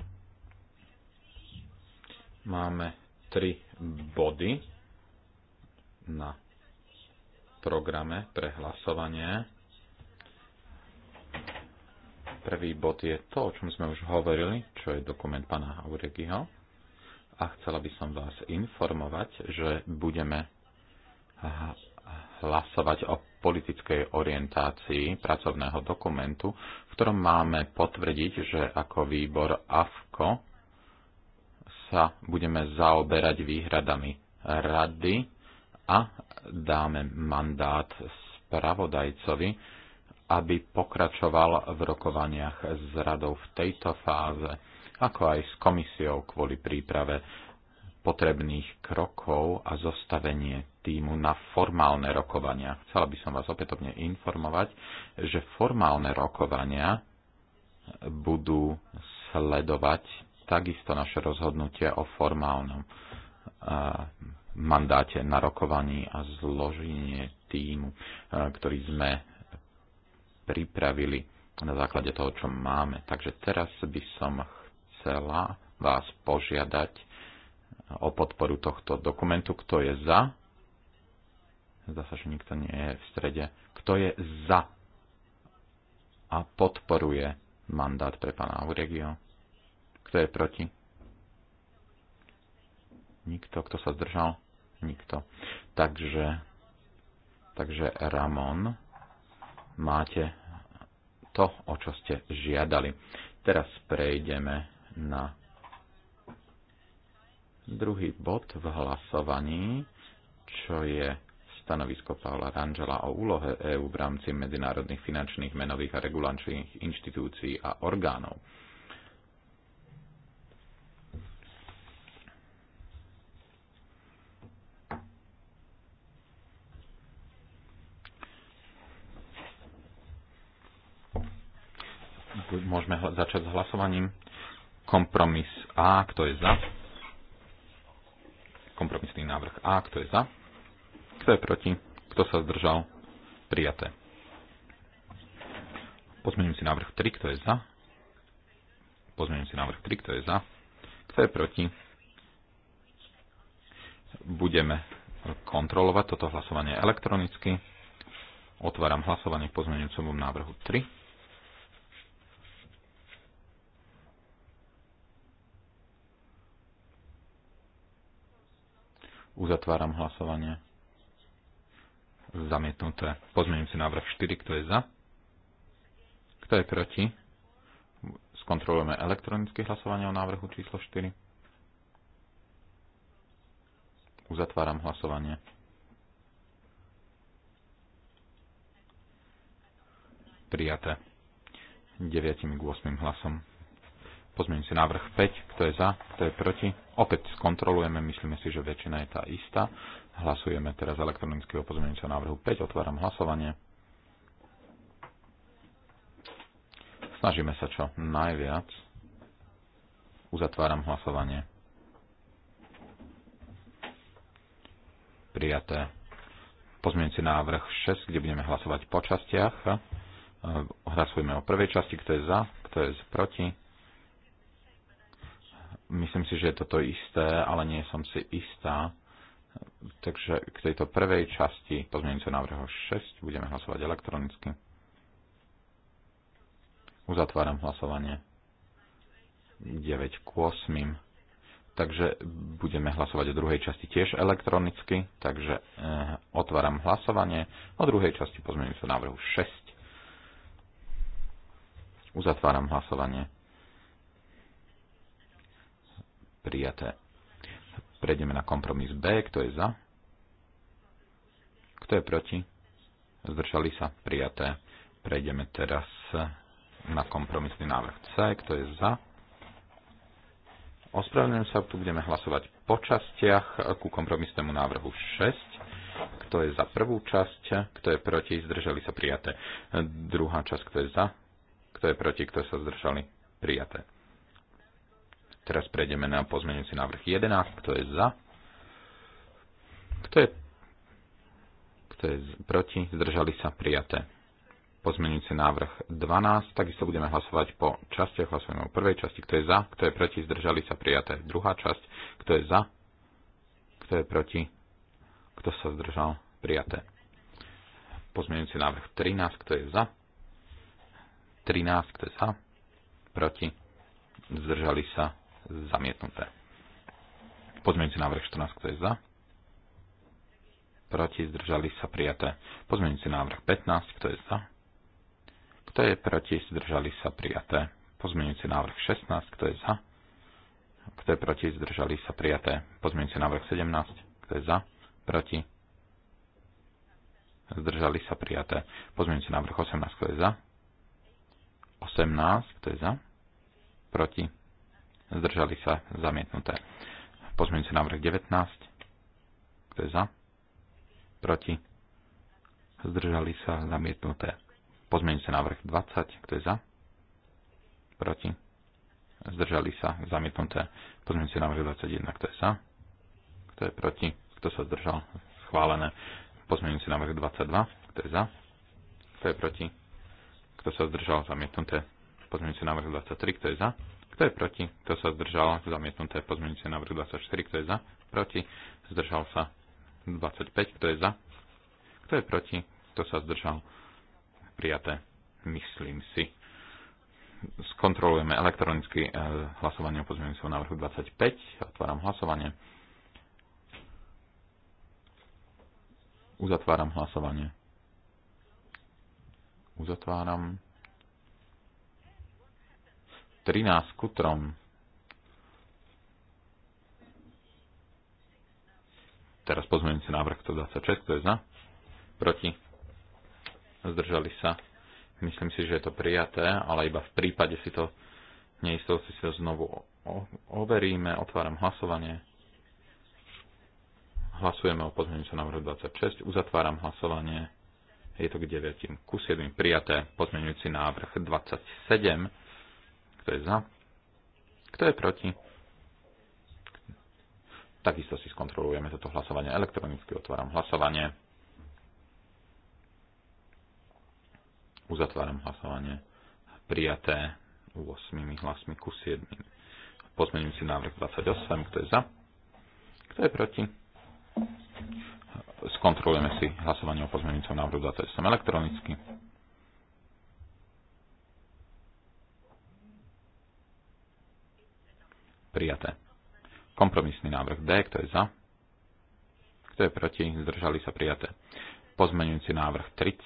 Máme tri body na programe pre hlasovanie. Prvý bod je to, o čom sme už hovorili, čo je dokument pána Auregiho. A chcela by som vás informovať, že budeme hlasovať o politickej orientácii pracovného dokumentu, v ktorom máme potvrdiť, že ako výbor AFKO sa budeme zaoberať výhradami rady a dáme mandát spravodajcovi, aby pokračoval v rokovaniach s radou v tejto fáze, ako aj s komisiou kvôli príprave potrebných krokov a zostavenie týmu na formálne rokovania. Chcela by som vás opätovne informovať, že formálne rokovania budú sledovať takisto naše rozhodnutie o formálnom mandáte na rokovaní a zloženie týmu, ktorý sme pripravili na základe toho, čo máme. Takže teraz by som chcela vás požiadať o podporu tohto dokumentu. Kto je za? Zdá sa, že nikto nie je v strede. Kto je za a podporuje mandát pre pána Auregio? Kto je proti? Nikto. Kto sa zdržal? Nikto. Takže, takže Ramon, máte to, o čo ste žiadali. Teraz prejdeme na druhý bod v hlasovaní, čo je stanovisko Paula Rangela o úlohe EÚ v rámci medzinárodných finančných, menových a regulačných inštitúcií a orgánov. Môžeme začať s hlasovaním. Kompromis A, kto je za? Kompromisný návrh A, kto je za? Kto je proti? Kto sa zdržal? Prijaté. Pozmením si návrh 3, kto je za. Pozmením si návrh 3, kto je za. Kto je proti? Budeme kontrolovať toto hlasovanie elektronicky. Otváram hlasovanie k pozmeňujúcemu návrhu 3. Uzatváram hlasovanie zamietnuté. Pozmením si návrh 4, kto je za, kto je proti. Skontrolujeme elektronické hlasovanie o návrhu číslo 4. Uzatváram hlasovanie. Prijaté. 9 k 8 hlasom. Pozmením si návrh 5, kto je za, kto je proti. Opäť skontrolujeme, myslíme si, že väčšina je tá istá. Hlasujeme teraz elektronicky o pozmeňujúcom návrhu 5. Otváram hlasovanie. Snažíme sa čo najviac. Uzatváram hlasovanie. Prijaté. Pozmeňujúci návrh 6, kde budeme hlasovať po častiach. Hlasujeme o prvej časti, kto je za, kto je proti. Myslím si, že je toto isté, ale nie som si istá. Takže k tejto prvej časti pozmeňujúceho návrhu 6 budeme hlasovať elektronicky. Uzatváram hlasovanie 9 k 8. Takže budeme hlasovať o druhej časti tiež elektronicky. Takže e, otváram hlasovanie o druhej časti pozmeňujúceho návrhu 6. Uzatváram hlasovanie. Prijaté Prejdeme na kompromis B. Kto je za? Kto je proti? Zdržali sa? Prijaté. Prejdeme teraz na kompromisný návrh C. Kto je za? Ospravedlňujem sa, tu budeme hlasovať po častiach ku kompromisnému návrhu 6. Kto je za prvú časť? Kto je proti? Zdržali sa? Prijaté. Druhá časť. Kto je za? Kto je proti? Kto sa zdržali? Prijaté. Teraz prejdeme na pozmeňujúci návrh 11. Kto je za? Kto je, kto je proti? Zdržali sa prijaté. Pozmeňujúci návrh 12. Takisto budeme hlasovať po častiach. Hlasujeme o prvej časti. Kto je za? Kto je proti? Zdržali sa prijaté. Druhá časť. Kto je za? Kto je proti? Kto sa zdržal? Prijaté. Pozmeňujúci návrh 13. Kto je za? 13. Kto je za? Proti? Zdržali sa? zamietnuté. Pozmeňujúci návrh 14, kto je za? Proti, zdržali sa prijaté. Pozmeňujúci návrh 15, kto je za? Kto je proti, zdržali sa prijaté. Pozmeňujúci návrh 16, kto je za? Kto je proti, zdržali sa prijaté. Pozmeňujúci návrh 17, kto je za? Proti, zdržali sa prijaté. Pozmeňujúci návrh 18, kto je za? 18, kto je za? Proti, zdržali sa zamietnuté. Pozmeňujúci návrh 19, kto je za, proti, zdržali sa zamietnuté. Pozmeňujúci návrh 20, kto je za, proti, zdržali sa zamietnuté. Pozmeňujúci návrh 21, kto je za, kto je proti, kto sa zdržal, schválené. Pozmeňujúci návrh 22, kto je za, kto je proti, kto sa zdržal, zamietnuté. Pozmeňujúci návrh 23, kto je za, kto je proti? Kto sa zdržal? Zamietnuté pozmeňujúce návrh 24. Kto je za? Proti? Zdržal sa 25. Kto je za? Kto je proti? Kto sa zdržal? Prijaté. Myslím si. Skontrolujeme elektronicky eh, hlasovanie o pozmeňujúcom návrhu 25. Otváram hlasovanie. Uzatváram hlasovanie. Uzatváram. 13 3. Teraz si návrh 126, kto je za? Proti? Zdržali sa. Myslím si, že je to prijaté, ale iba v prípade si to neistosti si sa znovu overíme. Otváram hlasovanie. Hlasujeme o sa návrhu 26. Uzatváram hlasovanie. Je to k 9. Ku 7. Prijaté. Pozmeňujúci návrh 27 kto je za? Kto je proti? Takisto si skontrolujeme toto hlasovanie elektronicky. Otváram hlasovanie. Uzatváram hlasovanie. Prijaté 8 hlasmi ku 7. Pozmením si návrh 28. Kto je za? Kto je proti? Skontrolujeme si hlasovanie o pozmeňujúcom návrhu 28 elektronicky. Prijaté. Kompromisný návrh D, kto je za? Kto je proti? Zdržali sa prijaté. Pozmenujúci návrh 30,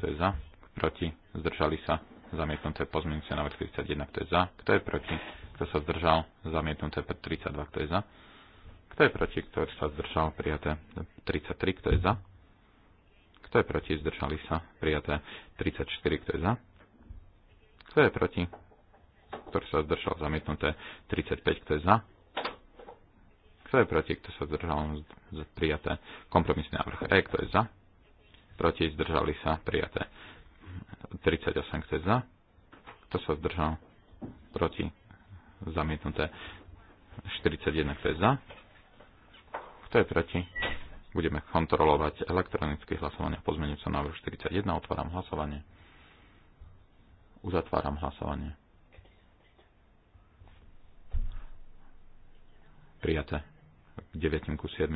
kto je za? Proti? Zdržali sa? Zamietnuté pozmenujúci návrh 31, kto je za? Kto je proti? Kto sa zdržal? Zamietnuté 32, kto je za? Kto je proti? Kto sa zdržal? Prijaté 33, kto je za? Kto je proti? Zdržali sa? Prijaté 34, kto je za? Kto je proti? ktorý sa zdržal zamietnuté 35, kto je za, kto je proti, kto sa zdržal prijaté kompromisný návrh E, kto je za, proti zdržali sa prijaté 38, kto je za, kto sa zdržal proti zamietnuté 41, kto je za, kto je proti, budeme kontrolovať elektronické hlasovanie pozmeniť sa návrhu 41. Otváram hlasovanie. Uzatváram hlasovanie. prijaté 9 ku 7.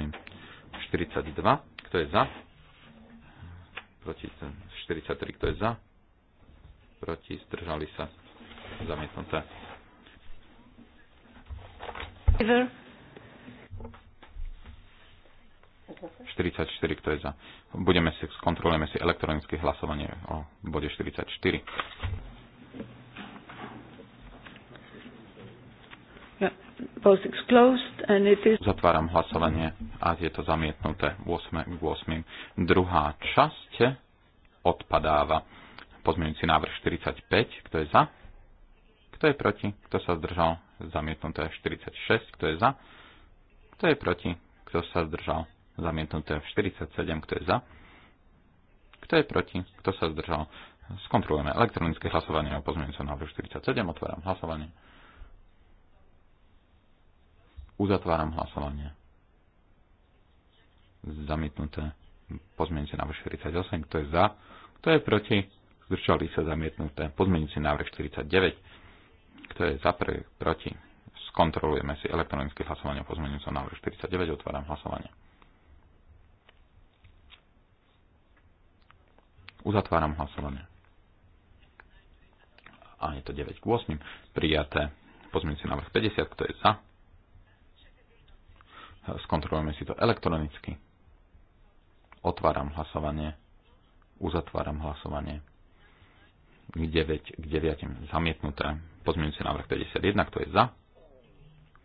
42, kto je za? Proti 43, kto je za? Proti, zdržali sa, zamietnuté. Favor. 44, kto je za. Budeme si, skontrolujeme si elektronické hlasovanie o bode 44. Zatváram hlasovanie a je to zamietnuté 8 k 8. Druhá časť odpadáva. Pozmeňujúci návrh 45, kto je za? Kto je proti? Kto sa zdržal? Zamietnuté 46, kto je za? Kto je proti? Kto sa zdržal? Zamietnuté 47, kto je za? Kto je proti? Kto sa zdržal? Skontrolujeme elektronické hlasovanie o pozmeňujúcom návrhu 47. Otváram hlasovanie. Uzatváram hlasovanie. Zamietnuté. Pozmienite návrh 48. Kto je za? Kto je proti? Zdržali sa zamietnuté. Pozmienite návrh 49. Kto je za? Pre, proti? Skontrolujeme si elektronické hlasovanie o pozmienujúcom návrhu 49. Otváram hlasovanie. Uzatváram hlasovanie. A je to 9 k 8. Prijaté. Pozmienujúci návrh 50. Kto je za? Skontrolujeme si to elektronicky. Otváram hlasovanie. Uzatváram hlasovanie. K 9, k 9 zamietnuté. Pozmienujúci návrh 51, kto je za?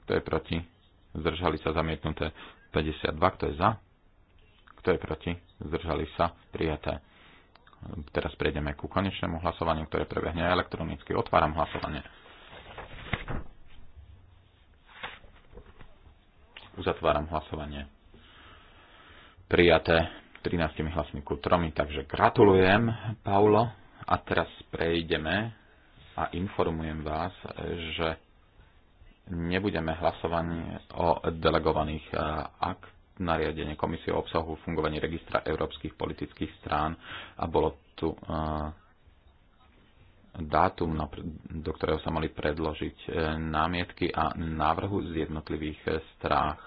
Kto je proti? Zdržali sa zamietnuté 52, kto je za? Kto je proti? Zdržali sa prijaté. Teraz prejdeme ku konečnému hlasovaniu, ktoré prebehne elektronicky. Otváram hlasovanie. Uzatváram hlasovanie. Prijaté 13 hlasmi ku 3, takže gratulujem, Paulo. A teraz prejdeme a informujem vás, že nebudeme hlasovať o delegovaných eh, aktoch nariadenie Komisie o obsahu fungovaní registra európskych politických strán a bolo tu uh, dátum, do ktorého sa mali predložiť e, námietky a návrhu z jednotlivých e, strách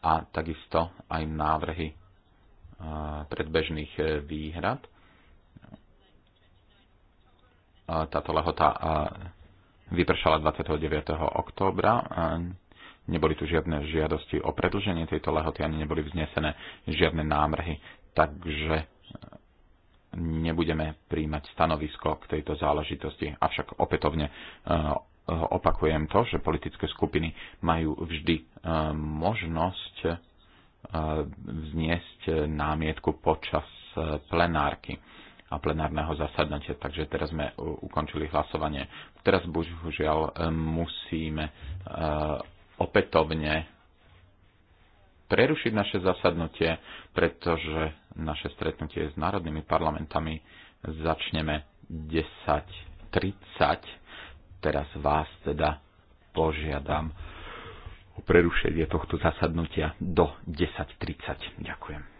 a takisto aj návrhy e, predbežných výhrad. Táto lehota vypršala 29. októbra. Neboli tu žiadne žiadosti o predlženie tejto lehoty, ani neboli vznesené žiadne námrhy. Takže nebudeme príjmať stanovisko k tejto záležitosti. Avšak opätovne e, opakujem to, že politické skupiny majú vždy e, možnosť e, vzniesť námietku počas plenárky a plenárneho zasadnutia. Takže teraz sme ukončili hlasovanie. Teraz bohužiaľ musíme opätovne prerušiť naše zasadnutie, pretože naše stretnutie s národnými parlamentami začneme 10.30. Teraz vás teda požiadam o prerušenie tohto zasadnutia do 10.30. Ďakujem.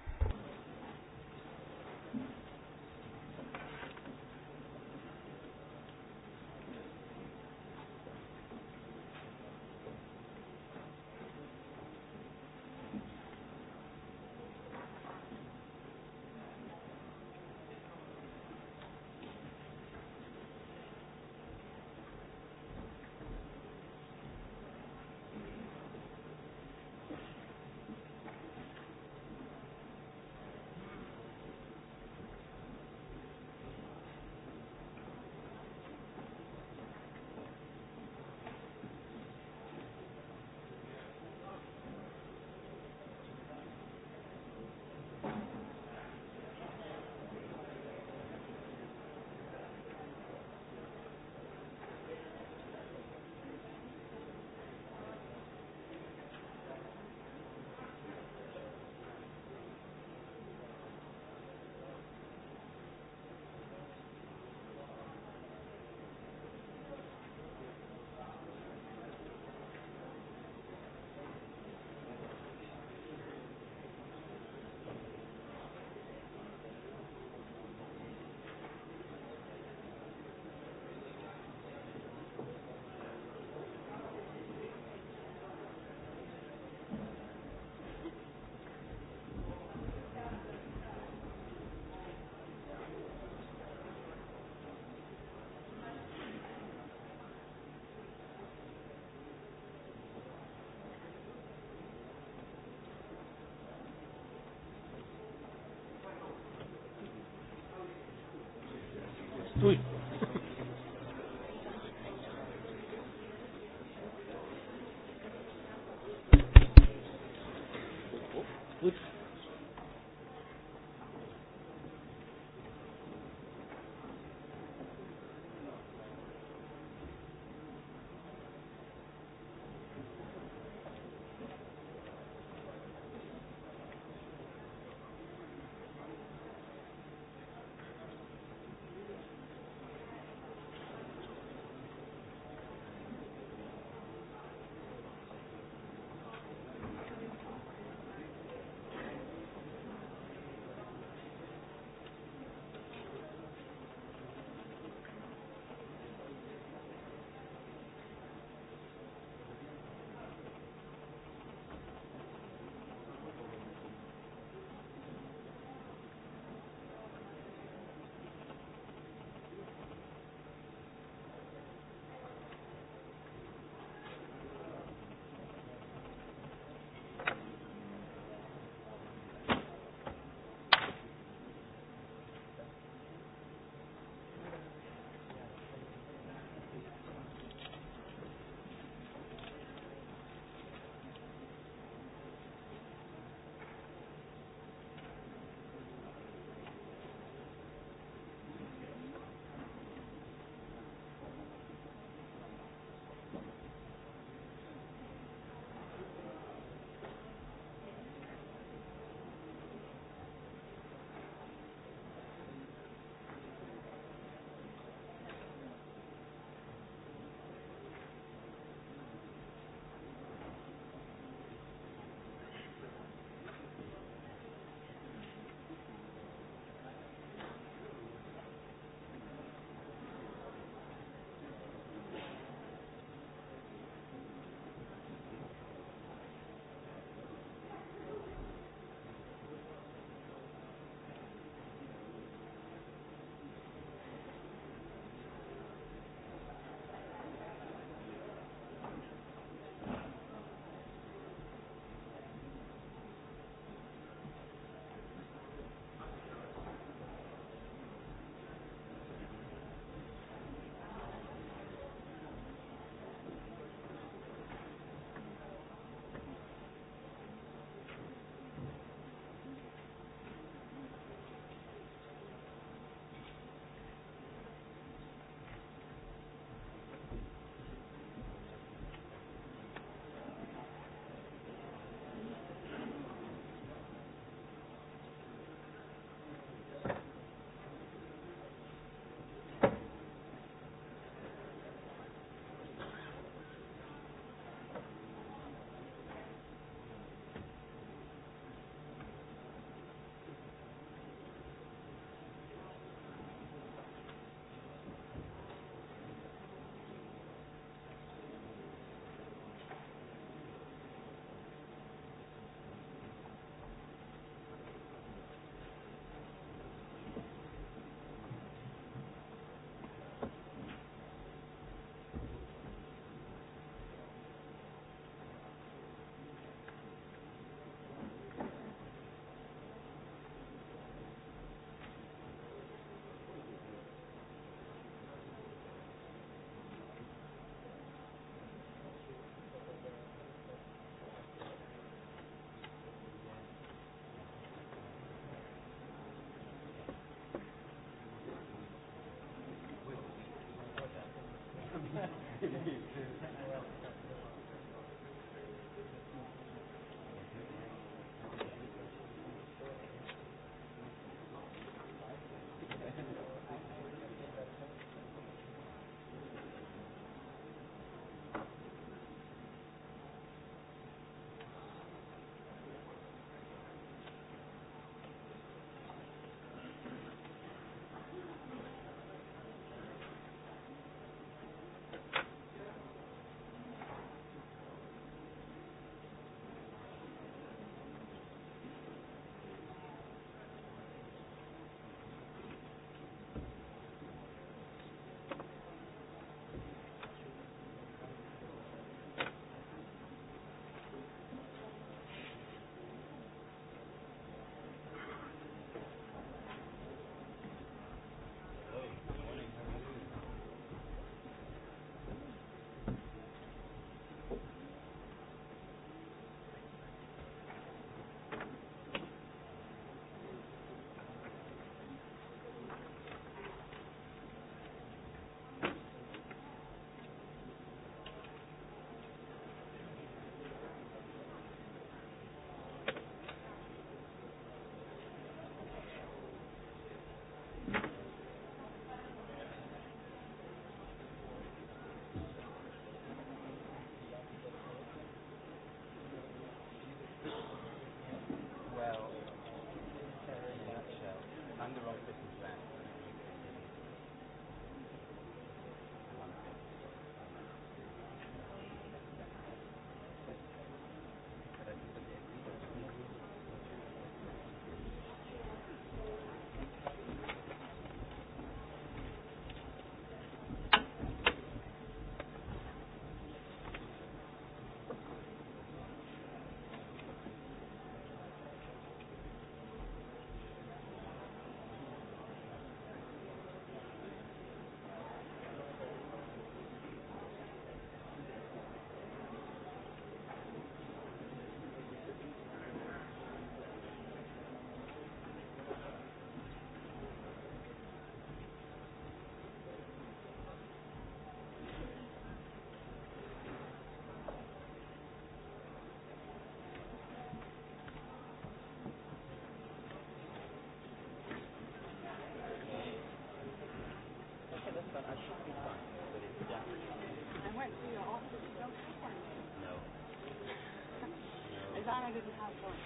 Amen. went to No. have one.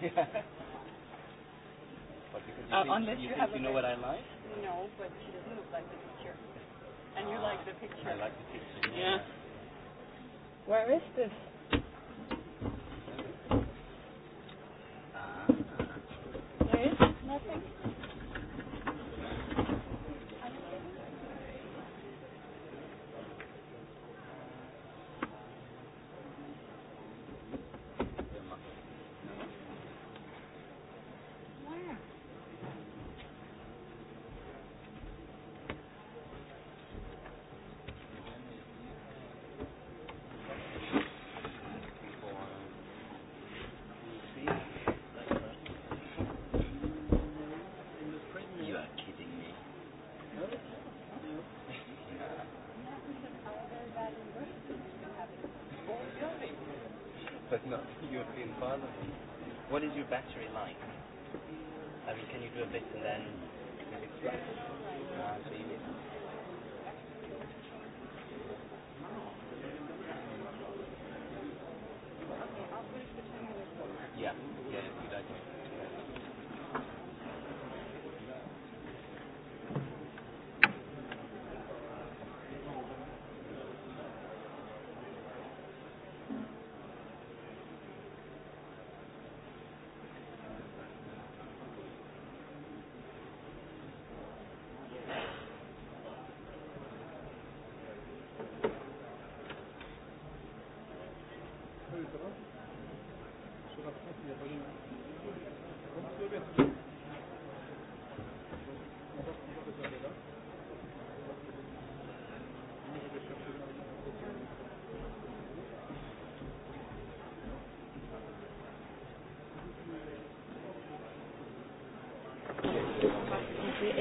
Uh, but because you uh, think, unless you, you, have you know what I like? No, but she doesn't look like the picture. And you uh, like the picture. I like the picture. Yeah. yeah. Where is this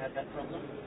had that problem?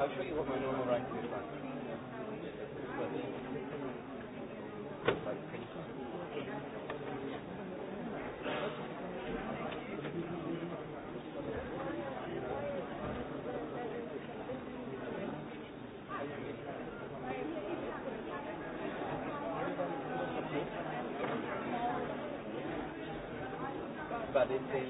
I'll show you what my normal ranking is like. But it's in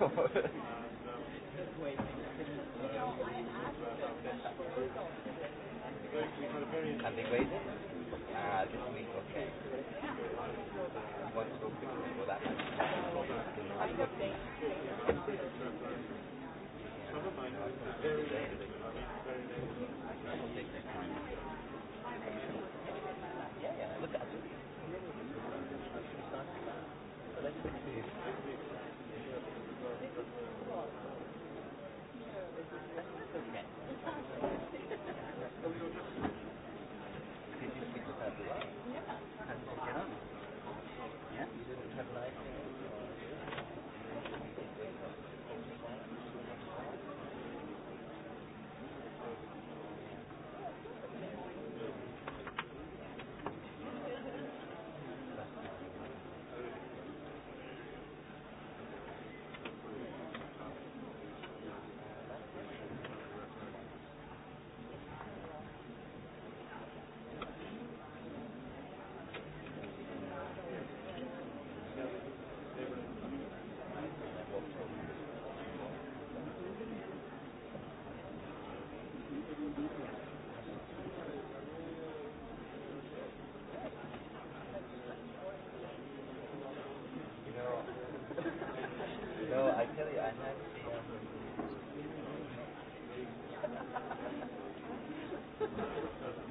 Can they wait? Uh, this week, okay. What's so for that? I don't think. Thank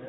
you.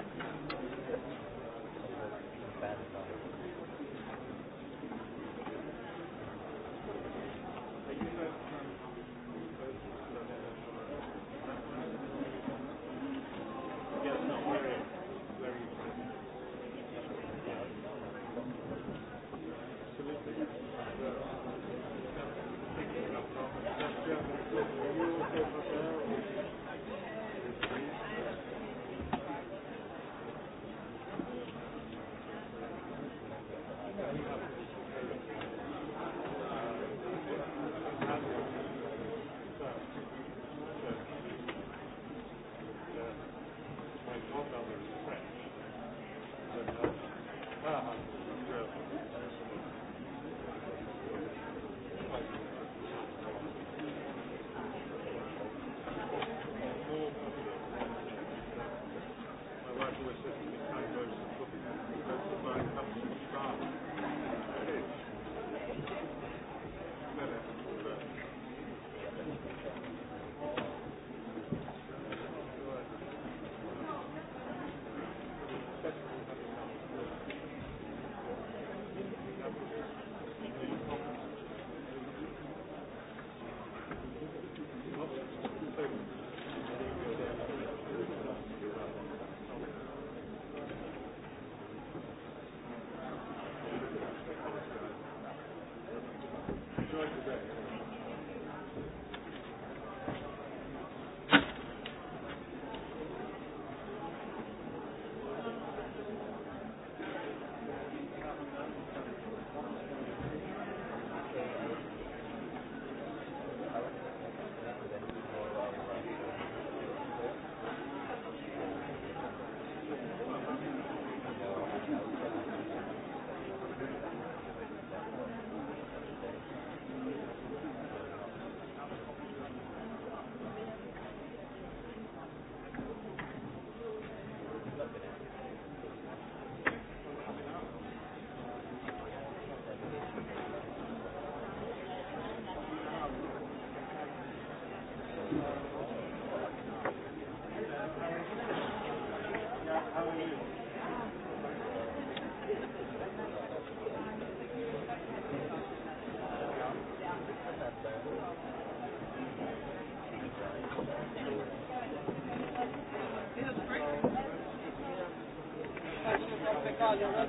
Italia,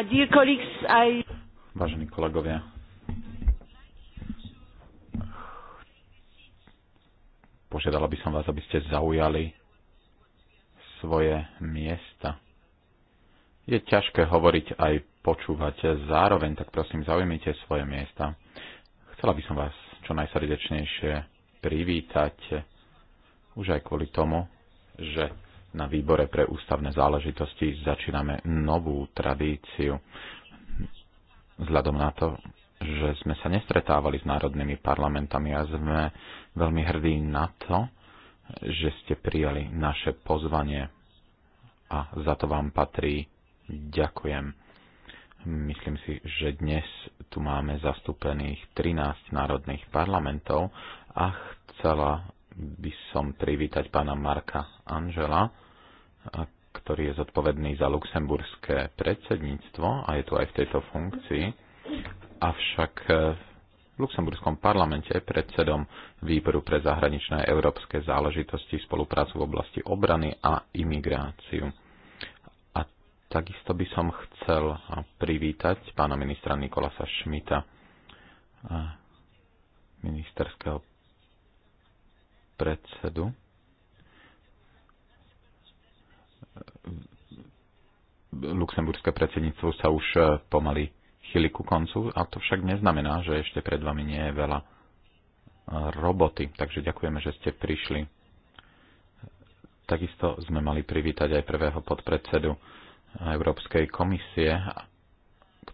Uh, dear colleagues, I... Vážení kolegovia, požiadala by som vás, aby ste zaujali svoje miesta. Je ťažké hovoriť aj počúvať zároveň, tak prosím, zaujmite svoje miesta. Chcela by som vás čo najsrdečnejšie privítať, už aj kvôli tomu, že na výbore pre ústavné záležitosti začíname novú tradíciu. Vzhľadom na to, že sme sa nestretávali s národnými parlamentami a sme veľmi hrdí na to, že ste prijali naše pozvanie a za to vám patrí ďakujem. Myslím si, že dnes tu máme zastúpených 13 národných parlamentov a chcela by som privítať pána Marka Angela, ktorý je zodpovedný za luxemburské predsedníctvo a je tu aj v tejto funkcii. Avšak e, v luxemburskom parlamente je predsedom Výboru pre zahraničné európske záležitosti, spoluprácu v oblasti obrany a imigráciu. A takisto by som chcel e, privítať pána ministra Nikolasa Šmita, e, ministerského predsedu. Luxemburské predsedníctvo sa už e, pomaly chýli ku koncu, a to však neznamená, že ešte pred vami nie je veľa e, roboty, takže ďakujeme, že ste prišli. Takisto sme mali privítať aj prvého podpredsedu e, Európskej komisie,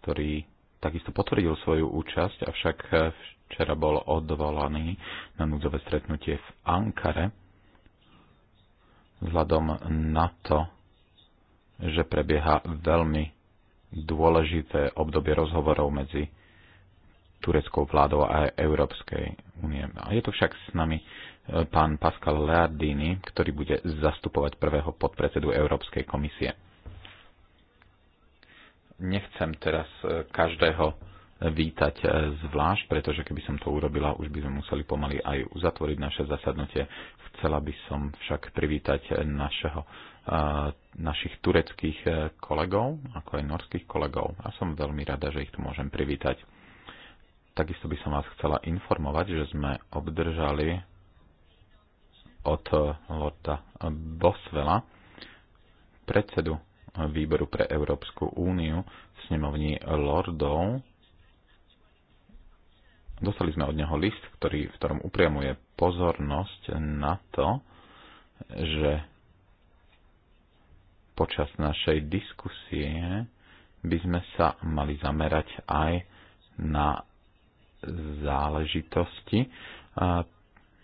ktorý takisto potvrdil svoju účasť, avšak včera bol odvolaný na núdzové stretnutie v Ankare vzhľadom na to, že prebieha veľmi dôležité obdobie rozhovorov medzi tureckou vládou a Európskej únie. A je tu však s nami e, pán Pascal Leardini, ktorý bude zastupovať prvého podpredsedu Európskej komisie. Nechcem teraz e, každého vítať e, zvlášť, pretože keby som to urobila, už by sme museli pomaly aj uzatvoriť naše zasadnutie. Chcela by som však privítať e, našeho, e, našich tureckých kolegov, ako aj norských kolegov. A som veľmi rada, že ich tu môžem privítať. Takisto by som vás chcela informovať, že sme obdržali od Lorda Bosvela, predsedu výboru pre Európsku úniu v snemovni Lordov Dostali sme od neho list, ktorý, v ktorom upriamuje pozornosť na to, že počas našej diskusie by sme sa mali zamerať aj na záležitosti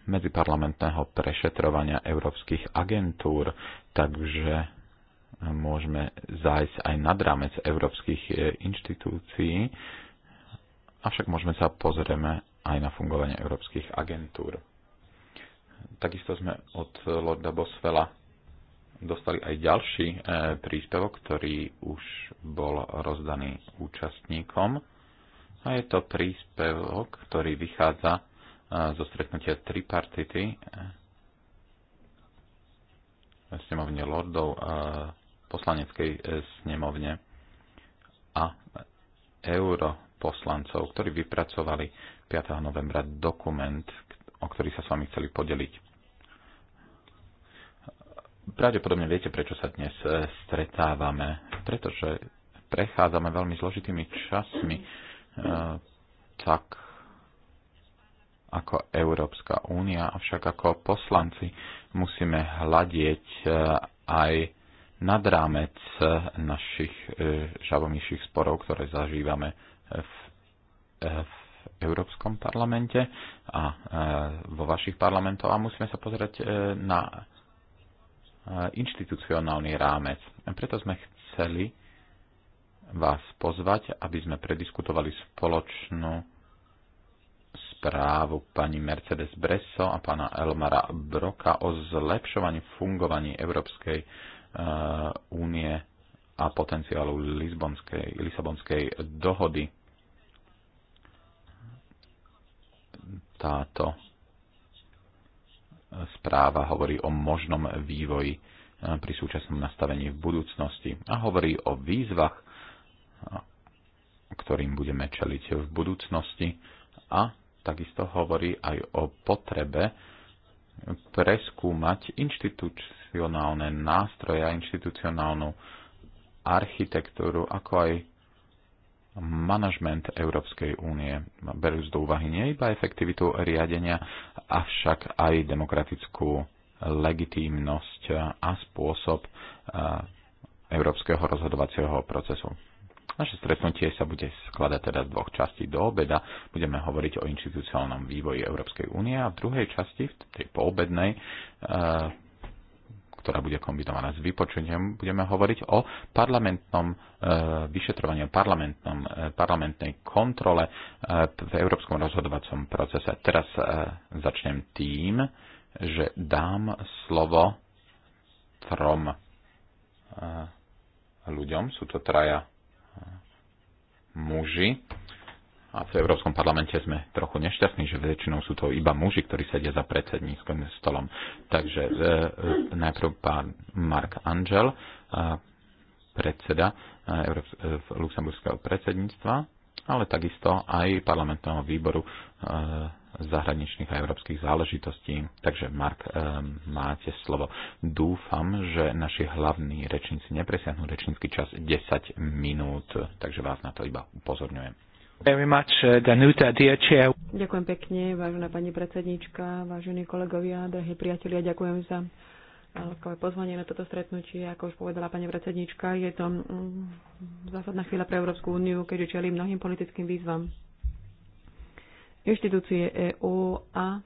medziparlamentného prešetrovania európskych agentúr, takže môžeme zájsť aj nad rámec európskych e, inštitúcií avšak môžeme sa pozrieme aj na fungovanie európskych agentúr. Takisto sme od Lorda Bosvela dostali aj ďalší e, príspevok, ktorý už bol rozdaný účastníkom. A je to príspevok, ktorý vychádza e, zo stretnutia tripartity e, snemovne lordov poslaneckej snemovne a euro poslancov, ktorí vypracovali 5. novembra dokument, o ktorý sa s vami chceli podeliť. Pravdepodobne viete, prečo sa dnes e, stretávame. Pretože prechádzame veľmi zložitými časmi, e, tak ako Európska únia, avšak ako poslanci musíme hľadieť e, aj nad rámec našich žavomýších sporov, ktoré zažívame v, eh, v Európskom parlamente a eh, vo vašich parlamentoch a musíme sa pozrieť eh, na inštitucionálny rámec. Preto sme chceli vás pozvať, aby sme prediskutovali spoločnú správu pani Mercedes Bresso a pána Elmara Broka o zlepšovaní fungovaní Európskej únie a potenciálu Lisbonskej, Lisabonskej dohody táto správa hovorí o možnom vývoji eh, pri súčasnom nastavení v budúcnosti a hovorí o výzvach, ktorým budeme čeliť v budúcnosti a takisto hovorí aj o potrebe preskúmať inštitucionálne nástroje a inštitucionálnu architektúru, ako aj manažment Európskej únie, berú do úvahy nie iba efektivitu riadenia, avšak aj demokratickú legitímnosť a spôsob európskeho rozhodovacieho procesu. Naše stretnutie sa bude skladať teda z dvoch častí do obeda. Budeme hovoriť o inštitucionálnom vývoji Európskej únie a v druhej časti, v tej poobednej, ktorá bude kombinovaná s vypočutím, budeme hovoriť o parlamentnom e, vyšetrovaní, o parlamentnom, e, parlamentnej kontrole e, v európskom rozhodovacom procese. Teraz začnem tým, že dám slovo trom ľuďom. Sú to traja muži a v Európskom parlamente sme trochu nešťastní, že väčšinou sú to iba muži, ktorí sedia za predsedníckým stolom. Takže e, e najprv pán Mark Angel, e, predseda e, e, luxemburského predsedníctva, ale takisto aj parlamentného výboru e, zahraničných a európskych záležitostí. Takže, Mark, e, máte slovo. Dúfam, že naši hlavní rečníci nepresiahnu rečnícky čas 10 minút, takže vás na to iba upozorňujem. Very much, uh, Danuta, dear chair. Ďakujem pekne, vážená pani predsednička, vážení kolegovia, drahí priatelia, ďakujem za láskavé eh, pozvanie na toto stretnutie. Ako už povedala pani predsednička, je to mm, zásadná chvíľa pre Európsku úniu, keďže čelí mnohým politickým výzvam. Inštitúcie EÚ a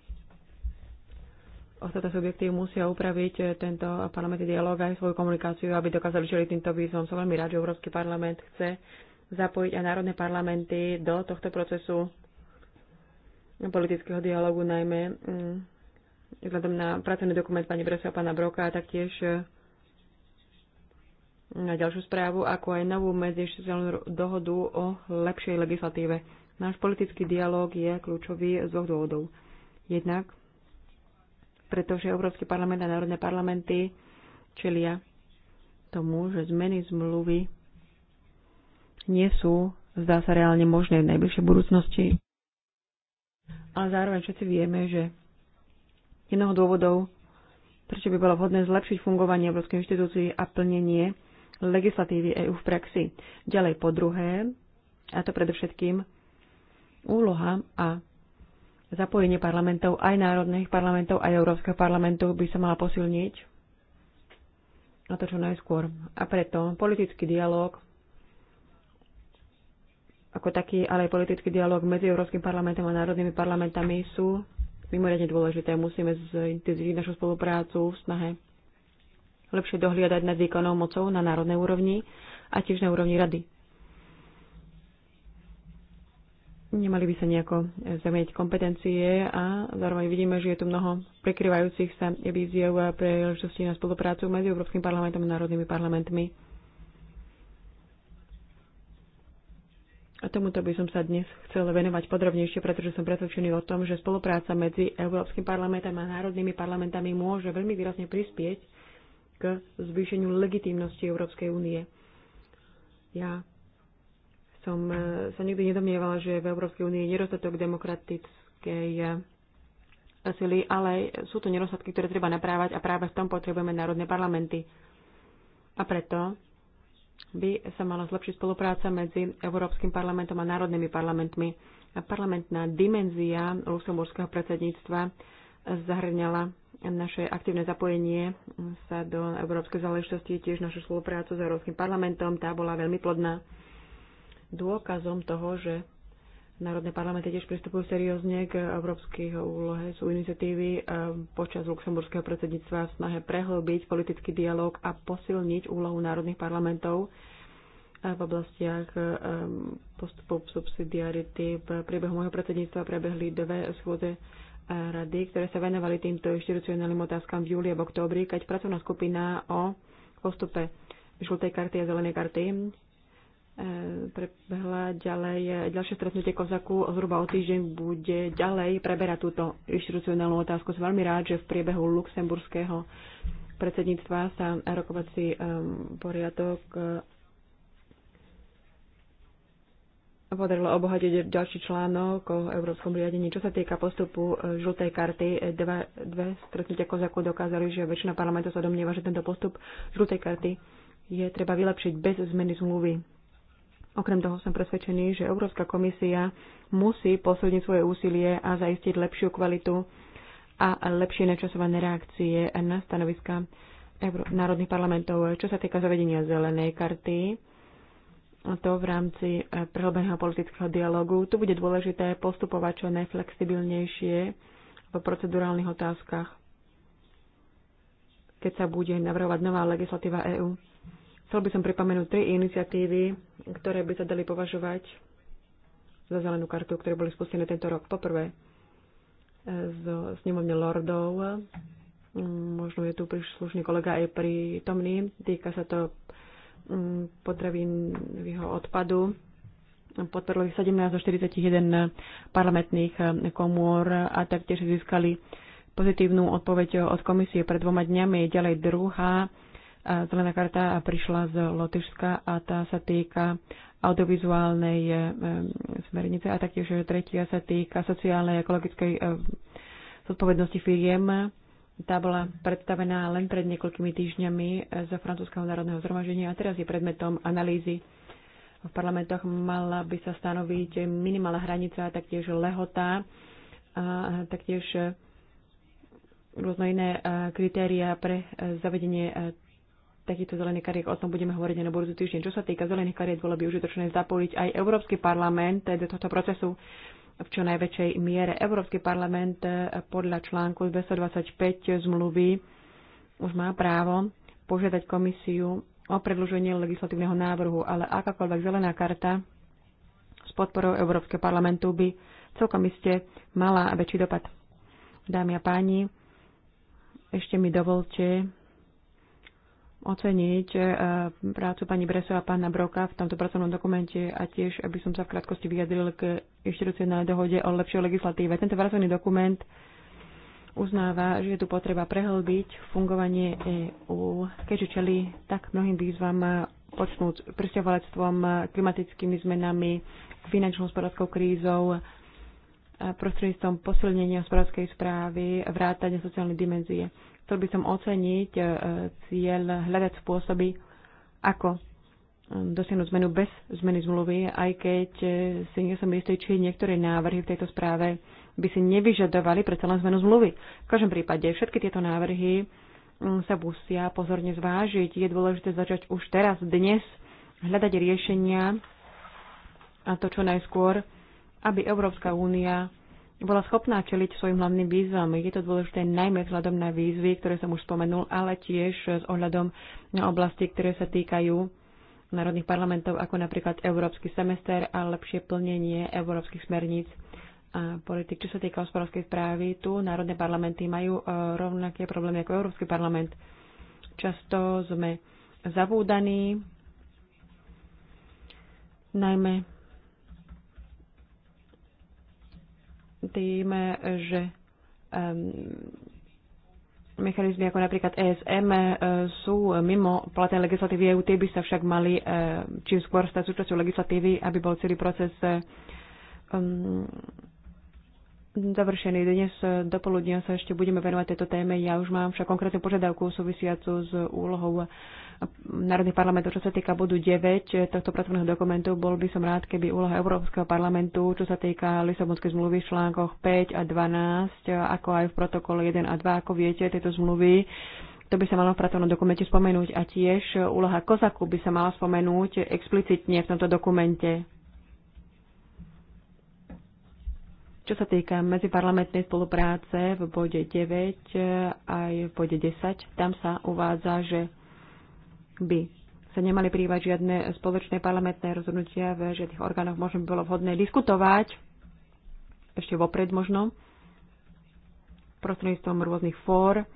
ostatné subjekty musia upraviť eh, tento parlamentný dialog aj svoju komunikáciu, aby dokázali čeliť týmto výzvom. Som veľmi rád, že Európsky parlament chce zapojiť aj národné parlamenty do tohto procesu politického dialogu, najmä mm, vzhľadom na pracovný dokument pani Bresa a pána Broka a taktiež mm, na ďalšiu správu, ako aj novú medzištitelnú dohodu o lepšej legislatíve. Náš politický dialog je kľúčový z dvoch dôvodov. Jednak, pretože Európsky parlament a národné parlamenty čelia tomu, že zmeny zmluvy nie sú, zdá sa, reálne možné v najbližšej budúcnosti. A zároveň všetci vieme, že jednoho dôvodov, prečo by bolo vhodné zlepšiť fungovanie Európskej inštitúcií a plnenie legislatívy EÚ v praxi. Ďalej po druhé, a to predovšetkým úloha a zapojenie parlamentov, aj národných parlamentov, aj Európskeho parlamentu by sa mala posilniť. na to čo najskôr. A preto politický dialog ako taký, ale aj politický dialog medzi Európskym parlamentom a národnými parlamentami sú mimoriadne dôležité. Musíme zintenzívniť našu spoluprácu v snahe lepšie dohliadať nad výkonnou mocou na národnej úrovni a tiež na úrovni rady. Nemali by sa nejako e, zamieť kompetencie a zároveň vidíme, že je tu mnoho prekryvajúcich sa víziev a príležitostí na spoluprácu medzi Európskym parlamentom a národnými parlamentmi. A tomuto by som sa dnes chcela venovať podrobnejšie, pretože som presvedčený o tom, že spolupráca medzi Európskym parlamentom a národnými parlamentami môže veľmi výrazne prispieť k zvýšeniu legitímnosti Európskej únie. Ja som e, sa nikdy nedomnievala, že v Európskej únii je nedostatok demokratickej e, sily, ale sú to nedostatky, ktoré treba naprávať a práve v tom potrebujeme národné parlamenty. A preto by sa mala zlepšiť spolupráca medzi Európskym parlamentom a národnými parlamentmi. Parlamentná dimenzia luxemburského predsedníctva zahrňala naše aktívne zapojenie sa do európskej záležitosti, tiež našu spoluprácu s Európskym parlamentom, tá bola veľmi plodná. Dôkazom toho, že Národné parlamenty tiež pristupujú seriózne k európskej úlohe. Sú iniciatívy eh, počas luxemburského predsedníctva v snahe prehlbiť politický dialog a posilniť úlohu národných parlamentov eh, v oblastiach eh, postupov subsidiarity. V priebehu môjho predsedníctva prebehli dve schôdze rady, ktoré sa venovali týmto inštitucionálnym otázkam v júli a v októbri, keď pracovná skupina o postupe žltej karty a zelenej karty prebehla ďalej. Ďalšie stretnutie Kozaku zhruba o týždeň bude ďalej preberať túto inštitucionálnu otázku. Som veľmi rád, že v priebehu luxemburského predsedníctva sa rokovací ehm, poriadok eh, podarilo obohatiť ďalší článok o európskom riadení. Čo sa týka postupu eh, žltej karty, eh, dva, dve stretnutia Kozaku dokázali, že väčšina parlamentu sa domnieva, že tento postup žltej karty je treba vylepšiť bez zmeny zmluvy Okrem toho som presvedčený, že Európska komisia musí posilniť svoje úsilie a zaistiť lepšiu kvalitu a lepšie načasované reakcie na stanoviska národných parlamentov. Čo sa týka zavedenia zelenej karty, to v rámci eh, prehlbeného politického dialogu, tu bude dôležité postupovať čo najflexibilnejšie v procedurálnych otázkach, keď sa bude navrhovať nová legislatíva EÚ Chcel by som pripomenúť tri iniciatívy, ktoré by sa dali považovať za zelenú kartu, ktoré boli spustené tento rok. Poprvé, e, zo snemovne lordov, možno je tu príslušný kolega aj prítomný, týka sa to mm, potravinového odpadu. Podporili 17 zo 41 parlamentných e, komôr a taktiež získali pozitívnu odpoveď od komisie pred dvoma dňami. Ďalej druhá zelená karta prišla z Lotyšska a tá sa týka audiovizuálnej e, e, smernice a taktiež tretia sa týka sociálnej a ekologickej e, zodpovednosti firiem. Tá bola predstavená len pred niekoľkými týždňami za Francúzského národného zhromaždenia a teraz je predmetom analýzy. V parlamentoch mala by sa stanoviť minimálna hranica, taktiež lehota, a taktiež rôzne iné kritéria pre zavedenie takýchto zelených kariet, o tom budeme hovoriť aj na budúci týždeň. Čo sa týka zelených kariet, bolo by užitočné zapojiť aj Európsky parlament do tohto procesu v čo najväčšej miere. Európsky parlament eh, podľa článku 225 zmluvy už má právo požiadať komisiu o predĺženie legislatívneho návrhu, ale akákoľvek zelená karta s podporou Európskeho parlamentu by celkom iste mala väčší dopad. Dámy a páni, ešte mi dovolte oceniť e, prácu pani Breso a pána Broka v tomto pracovnom dokumente a tiež, aby som sa v krátkosti vyjadril k inštitucionálnej dohode o lepšej legislatíve. Tento pracovný dokument uznáva, že je tu potreba prehlbiť fungovanie EÚ, keďže čeli tak mnohým výzvam počnúť pristahovalectvom, klimatickými zmenami, finančnou hospodárskou krízou, prostredníctvom posilnenia hospodárskej správy, vrátania sociálnej dimenzie. Chcel by som oceniť e, cieľ hľadať spôsoby, ako e, dosiahnuť zmenu bez zmeny zmluvy, aj keď e, si nie som istý, či niektoré návrhy v tejto správe by si nevyžadovali predsa len zmenu zmluvy. V každom prípade všetky tieto návrhy mm, sa musia pozorne zvážiť. Je dôležité začať už teraz, dnes, hľadať riešenia a to čo najskôr aby Európska únia bola schopná čeliť svojim hlavným výzvam. Je to dôležité najmä vzhľadom na výzvy, ktoré som už spomenul, ale tiež s ohľadom na oblasti, ktoré sa týkajú národných parlamentov, ako napríklad Európsky semester a lepšie plnenie európskych smerníc a politik. Čo sa týka hospodárskej správy, tu národné parlamenty majú e, rovnaké problémy ako Európsky parlament. Často sme zabúdaní, najmä tým, že mechanizmy ako napríklad ESM eh, sú mimo platnej legislatívy EU, tie by sa však mali eh, čím skôr stať súčasťou legislatívy, aby bol celý proces um završený. Dnes eh, do poludnia sa ešte budeme venovať tejto téme. Ja už mám však konkrétnu požiadavku súvisiacu s úlohou Národných parlamentov, čo sa týka bodu 9 eh, tohto pracovného dokumentu. Bol by som rád, keby úloha Európskeho parlamentu, čo sa týka Lisabonskej zmluvy v článkoch 5 a 12, eh, ako aj v protokole 1 a 2, ako viete, tieto zmluvy, to by sa malo v pracovnom dokumente spomenúť a tiež úloha Kozaku by sa mala spomenúť explicitne v tomto dokumente Čo sa týka medziparlamentnej spolupráce v bode 9 aj v bode 10, tam sa uvádza, že by sa nemali prívať žiadne spoločné parlamentné rozhodnutia v tých orgánoch. Možno by bolo vhodné diskutovať ešte vopred možno prostredníctvom rôznych fór eh,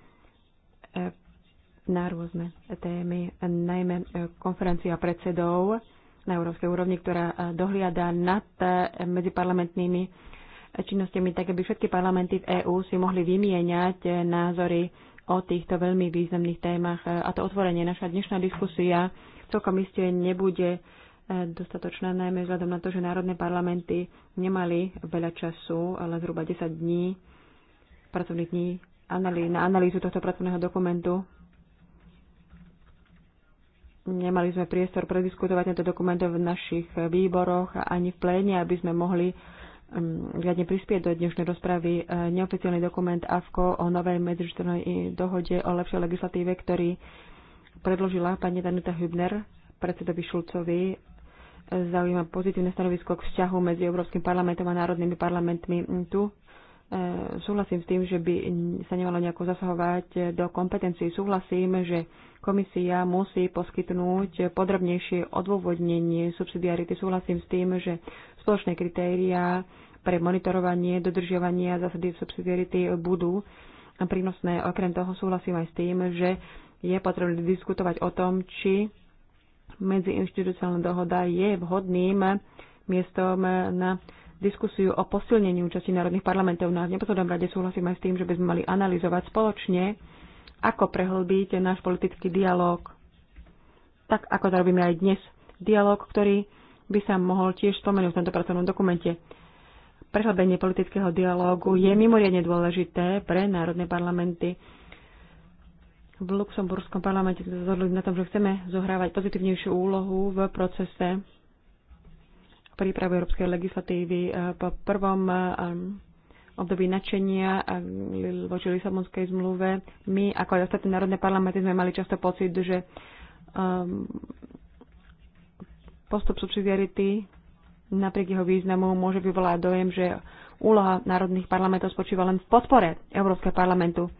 na rôzne témy, najmä eh, konferencia predsedov na európskej úrovni, ktorá eh, dohliada nad medziparlamentnými činnostiami, tak aby všetky parlamenty v EÚ si mohli vymieňať názory o týchto veľmi významných témach. A to otvorenie, naša dnešná diskusia celkom iste nebude e, dostatočná, najmä vzhľadom na to, že národné parlamenty nemali veľa času, ale zhruba 10 dní, pracovných dní na analýzu tohto pracovného dokumentu. Nemali sme priestor prediskutovať tento dokument v našich výboroch ani v pléne, aby sme mohli Um, riadne prispieť do dnešnej rozpravy uh, neoficiálny dokument AFKO o novej medzištvornej dohode o lepšej legislatíve, ktorý predložila pani Danuta Hübner predsedovi Šulcovi zaujíma pozitívne stanovisko k vzťahu medzi Európskym parlamentom a národnými parlamentmi mm, tu E, súhlasím s tým, že by sa nemalo nejako zasahovať do kompetencií. Súhlasím, že komisia musí poskytnúť podrobnejšie odôvodnenie subsidiarity. Súhlasím s tým, že spoločné kritériá pre monitorovanie dodržiavania zásady subsidiarity budú prínosné. Okrem toho súhlasím aj s tým, že je potrebné diskutovať o tom, či medziinstitucionálna dohoda je vhodným miestom na diskusiu o posilnení účasti národných parlamentov. na no a neposlednom rade súhlasím aj s tým, že by sme mali analyzovať spoločne, ako prehlbiť náš politický dialog, tak ako to robíme aj dnes. Dialóg, ktorý by sa mohol tiež spomenúť v tomto pracovnom dokumente. Prehlbenie politického dialógu je mimoriadne dôležité pre národné parlamenty. V Luxemburskom parlamente sme zhodli na tom, že chceme zohrávať pozitívnejšiu úlohu v procese prípravu európskej legislatívy e, po prvom e, e, období nadšenia voči Lisabonskej zmluve. My, ako aj ostatné národné parlamenty, sme mali často pocit, že um, postup subsidiarity napriek jeho významu môže vyvolať dojem, že úloha národných parlamentov spočíva len v podpore Európskeho parlamentu.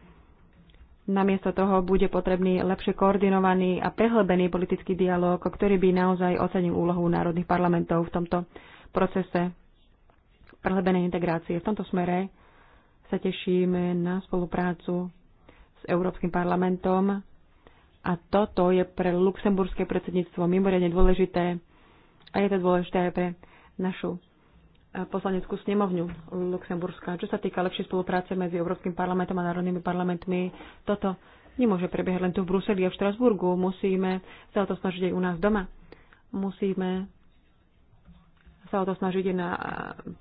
Namiesto toho bude potrebný lepšie koordinovaný a prehlbený politický dialog, ktorý by naozaj ocenil úlohu národných parlamentov v tomto procese prehlbenej integrácie. V tomto smere sa tešíme na spoluprácu s Európskym parlamentom a toto je pre luxemburské predsedníctvo mimoriadne dôležité a je to dôležité aj pre našu poslaneckú snemovňu Luxemburska. Čo sa týka lepšej spolupráce medzi Európskym parlamentom a národnými parlamentmi, toto nemôže prebiehať len tu v Bruseli a v Štrasburgu. Musíme sa o to snažiť aj u nás doma. Musíme sa o to snažiť aj na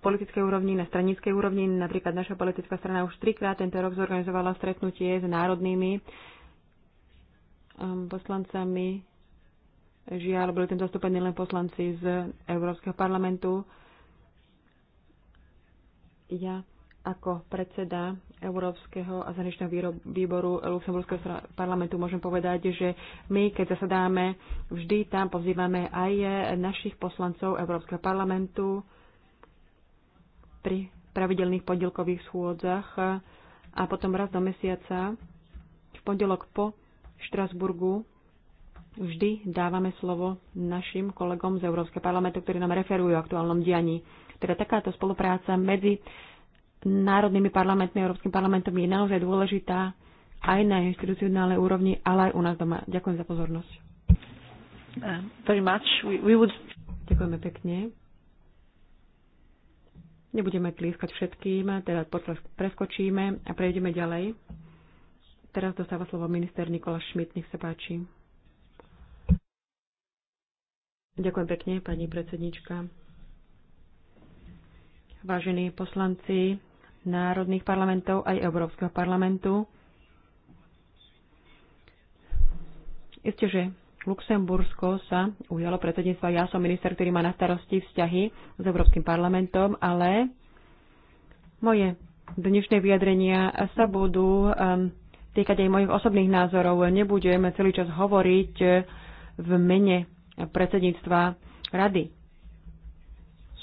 politickej úrovni, na stranickej úrovni. Napríklad naša politická strana už trikrát tento rok zorganizovala stretnutie s národnými um, poslancami. Žiaľ, boli tam zastúpení len poslanci z Európskeho parlamentu ja ako predseda Európskeho a zahraničného výboru Luxemburského parlamentu môžem povedať, že my, keď zasadáme, vždy tam pozývame aj našich poslancov Európskeho parlamentu pri pravidelných podielkových schôdzach a potom raz do mesiaca v pondelok po Štrasburgu vždy dávame slovo našim kolegom z Európskeho parlamentu, ktorí nám referujú o aktuálnom dianí teda takáto spolupráca medzi národnými parlamentmi a Európskym parlamentom je naozaj dôležitá aj na institucionálnej úrovni, ale aj u nás doma. Ďakujem za pozornosť. Uh, very much. We, we would... Ďakujeme pekne. Nebudeme tlieskať všetkým, teda preskočíme a prejdeme ďalej. Teraz dostáva slovo minister Nikola Šmit, nech sa páči. Ďakujem pekne, pani predsednička vážení poslanci národných parlamentov aj Európskeho parlamentu. Isté, že Luxembursko sa ujalo predsedníctva. Ja som minister, ktorý má na starosti vzťahy s Európskym parlamentom, ale moje dnešné vyjadrenia sa budú um, týkať aj mojich osobných názorov. Nebudem celý čas hovoriť v mene predsedníctva rady.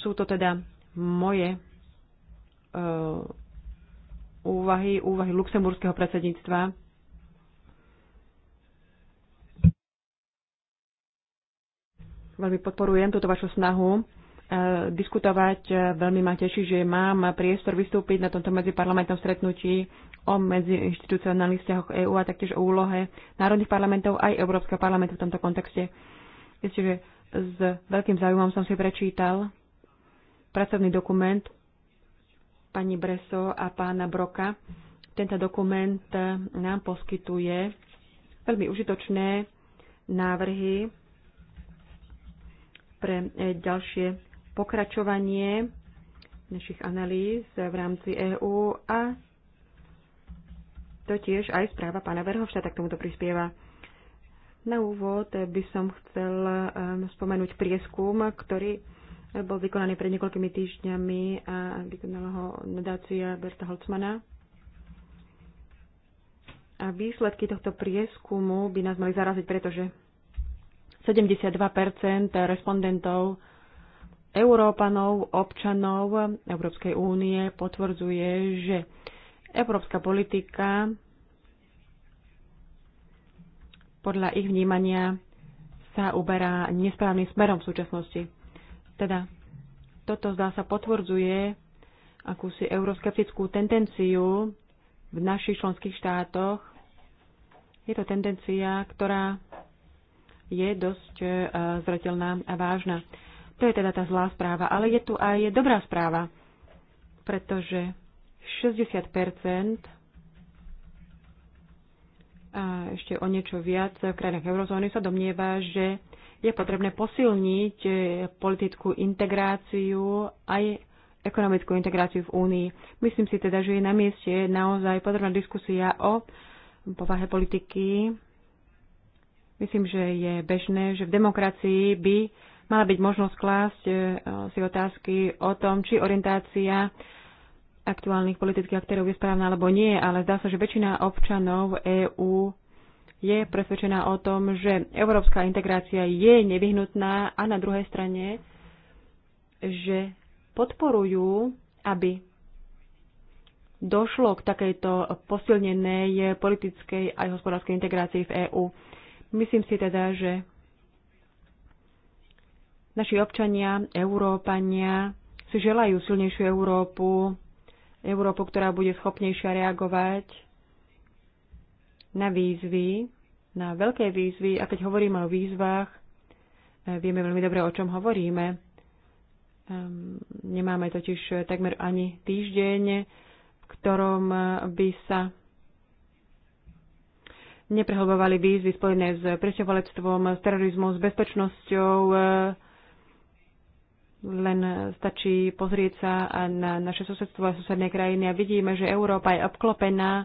Sú to teda moje e, úvahy, úvahy luxemburského predsedníctva. Veľmi podporujem túto vašu snahu e, diskutovať. E, veľmi ma teší, že mám priestor vystúpiť na tomto medziparlamentnom stretnutí o medziinstitucionálnych vzťahoch EÚ a taktiež o úlohe národných parlamentov aj Európskeho parlamentu v tomto kontexte. Viete, že s veľkým záujmom som si prečítal pracovný dokument pani Breso a pána Broka. Tento dokument nám poskytuje veľmi užitočné návrhy pre e, ďalšie pokračovanie našich analýz v rámci EÚ a to tiež aj správa pána Verhofštáta k tomuto prispieva. Na úvod by som chcel e, spomenúť prieskum, ktorý bol vykonaný pred niekoľkými týždňami a vykonala ho nadácia Berta Holcmana. A výsledky tohto prieskumu by nás mali zaraziť, pretože 72 respondentov Európanov, občanov Európskej únie potvrdzuje, že európska politika podľa ich vnímania sa uberá nesprávnym smerom v súčasnosti. Teda toto zdá sa potvrdzuje akúsi euroskeptickú tendenciu v našich členských štátoch. Je to tendencia, ktorá je dosť e, zretelná a vážna. To je teda tá zlá správa, ale je tu aj dobrá správa, pretože 60 a ešte o niečo viac v krajinách eurozóny sa domnieva, že je potrebné posilniť e, politickú integráciu aj ekonomickú integráciu v Únii. Myslím si teda, že je na mieste naozaj podrobná diskusia o povahe politiky. Myslím, že je bežné, že v demokracii by mala byť možnosť klásť e, si otázky o tom, či orientácia aktuálnych politických aktérov je správna alebo nie, ale zdá sa, že väčšina občanov EÚ je presvedčená o tom, že európska integrácia je nevyhnutná a na druhej strane, že podporujú, aby došlo k takejto posilnenej politickej aj hospodárskej integrácii v EÚ. Myslím si teda, že naši občania, Európania si želajú silnejšiu Európu, Európu, ktorá bude schopnejšia reagovať na výzvy, na veľké výzvy. A keď hovoríme o výzvach, eh, vieme veľmi dobre, o čom hovoríme. Ehm, nemáme totiž takmer ani týždeň, v ktorom by sa neprehlbovali výzvy spojené s presťovalectvom, s terorizmom, s bezpečnosťou, eh, len stačí pozrieť sa na naše susedstvo a susedné krajiny a vidíme, že Európa je obklopená e,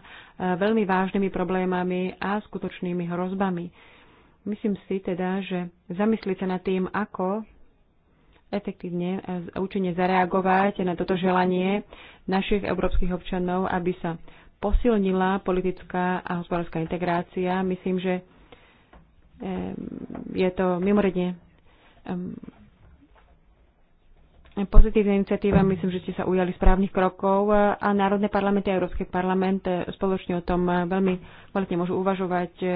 veľmi vážnymi problémami a skutočnými hrozbami. Myslím si teda, že zamyslieť sa nad tým, ako efektívne a účinne zareagovať na toto želanie našich európskych občanov, aby sa posilnila politická a hospodárska integrácia. Myslím, že je to mimoriadne pozitívne iniciatíva. Myslím, že ste sa ujali správnych krokov a Národné parlamenty a Európsky parlament e, spoločne o tom e, veľmi kvalitne môžu uvažovať. E,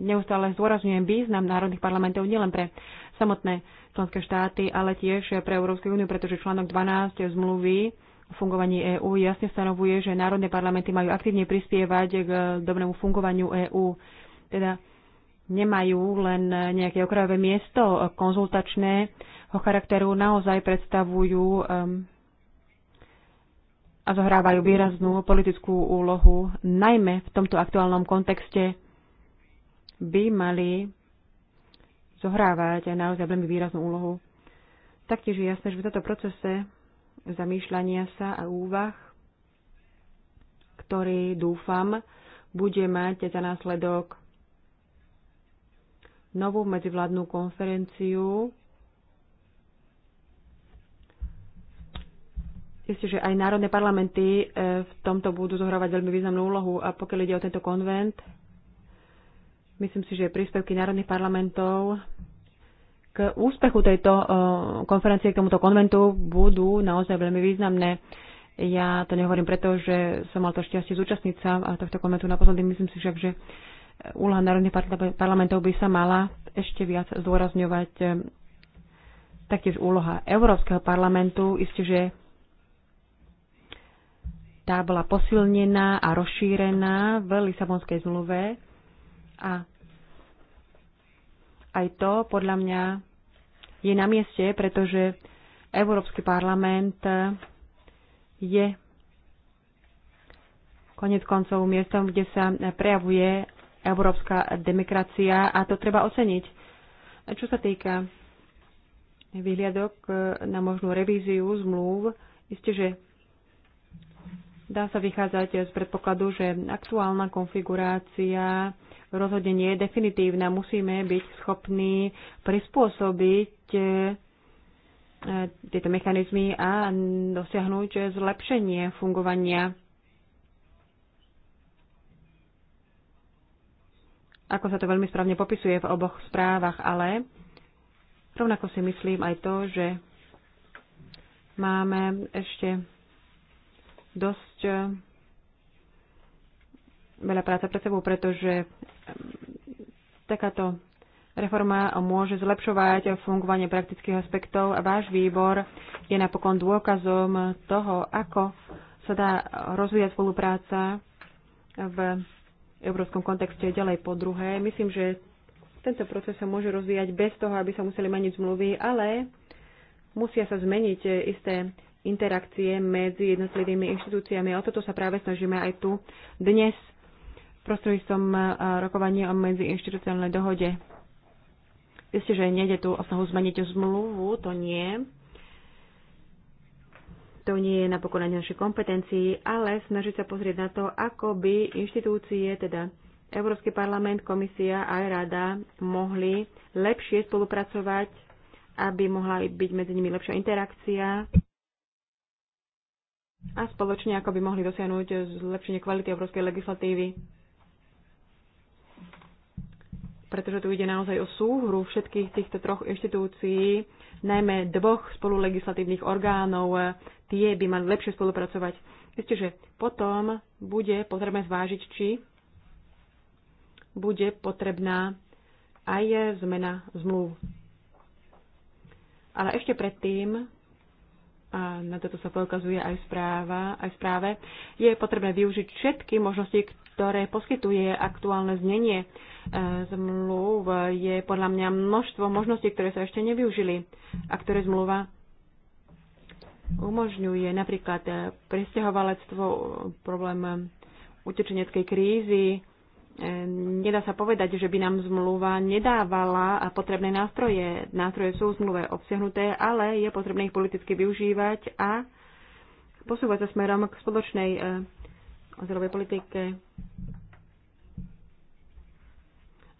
neustále zdôrazňujem význam národných parlamentov nielen pre samotné členské štáty, ale tiež pre Európsku úniu, pretože článok 12 zmluvy o fungovaní EÚ jasne stanovuje, že národné parlamenty majú aktívne prispievať k dobrému fungovaniu EÚ. Teda nemajú len nejaké okrajové miesto konzultačné, charakteru naozaj predstavujú a zohrávajú výraznú politickú úlohu, najmä v tomto aktuálnom kontexte by mali zohrávať aj naozaj veľmi výraznú úlohu. Taktiež je jasné, že v tomto procese zamýšľania sa a úvah, ktorý dúfam, bude mať za následok novú medzivládnu konferenciu si, že aj národné parlamenty e, v tomto budú zohrávať veľmi významnú úlohu a pokiaľ ide o tento konvent, myslím si, že príspevky národných parlamentov k úspechu tejto e, konferencie, k tomuto konventu budú naozaj veľmi významné. Ja to nehovorím preto, že som mal to šťastie zúčastniť sa tohto konventu naposledy. Myslím si však, že úloha národných parlamentov by sa mala ešte viac zdôrazňovať e, taktiež úloha Európskeho parlamentu. Isté, že tá bola posilnená a rozšírená v Lisabonskej zmluve a aj to podľa mňa je na mieste, pretože Európsky parlament je konec koncov miestom, kde sa prejavuje európska demokracia a to treba oceniť. Čo sa týka vyhliadok na možnú revíziu zmluv, isté, že Dá sa vychádzať z predpokladu, že aktuálna konfigurácia rozhodne nie je definitívna. Musíme byť schopní prispôsobiť e, tieto mechanizmy a dosiahnuť zlepšenie fungovania. Ako sa to veľmi správne popisuje v oboch správach, ale rovnako si myslím aj to, že máme ešte dosť eh, veľa práce pred sebou, pretože eh, takáto reforma môže zlepšovať fungovanie praktických aspektov a váš výbor je napokon dôkazom toho, ako sa dá rozvíjať spolupráca v európskom kontexte ďalej po druhé. Myslím, že tento proces sa môže rozvíjať bez toho, aby sa museli meniť zmluvy, ale musia sa zmeniť eh, isté interakcie medzi jednotlivými inštitúciami. O toto sa práve snažíme aj tu dnes prostredníctvom e, rokovania o medziinštitucionálnej dohode. Isté, že nejde tu o snahu zmeniť zmluvu, to nie. To nie je napokon ani našej kompetencií, ale snažiť sa pozrieť na to, ako by inštitúcie, teda Európsky parlament, komisia aj rada mohli lepšie spolupracovať, aby mohla byť medzi nimi lepšia interakcia. A spoločne, ako by mohli dosiahnuť zlepšenie kvality európskej legislatívy. Pretože tu ide naozaj o súhru všetkých týchto troch inštitúcií, najmä dvoch spolulegislatívnych orgánov. Tie by mali lepšie spolupracovať. Viete, že potom bude potrebné zvážiť, či bude potrebná aj zmena zmluv. Ale ešte predtým a na toto sa poukazuje aj, správa, aj správe, je potrebné využiť všetky možnosti, ktoré poskytuje aktuálne znenie e, zmluv. Je podľa mňa množstvo možností, ktoré sa ešte nevyužili a ktoré zmluva umožňuje. Napríklad e, presťahovalectvo, problém e, utečeneckej krízy, nedá sa povedať, že by nám zmluva nedávala potrebné nástroje. Nástroje sú v zmluve obsiahnuté, ale je potrebné ich politicky využívať a posúvať sa smerom k spoločnej ozerovej eh, politike.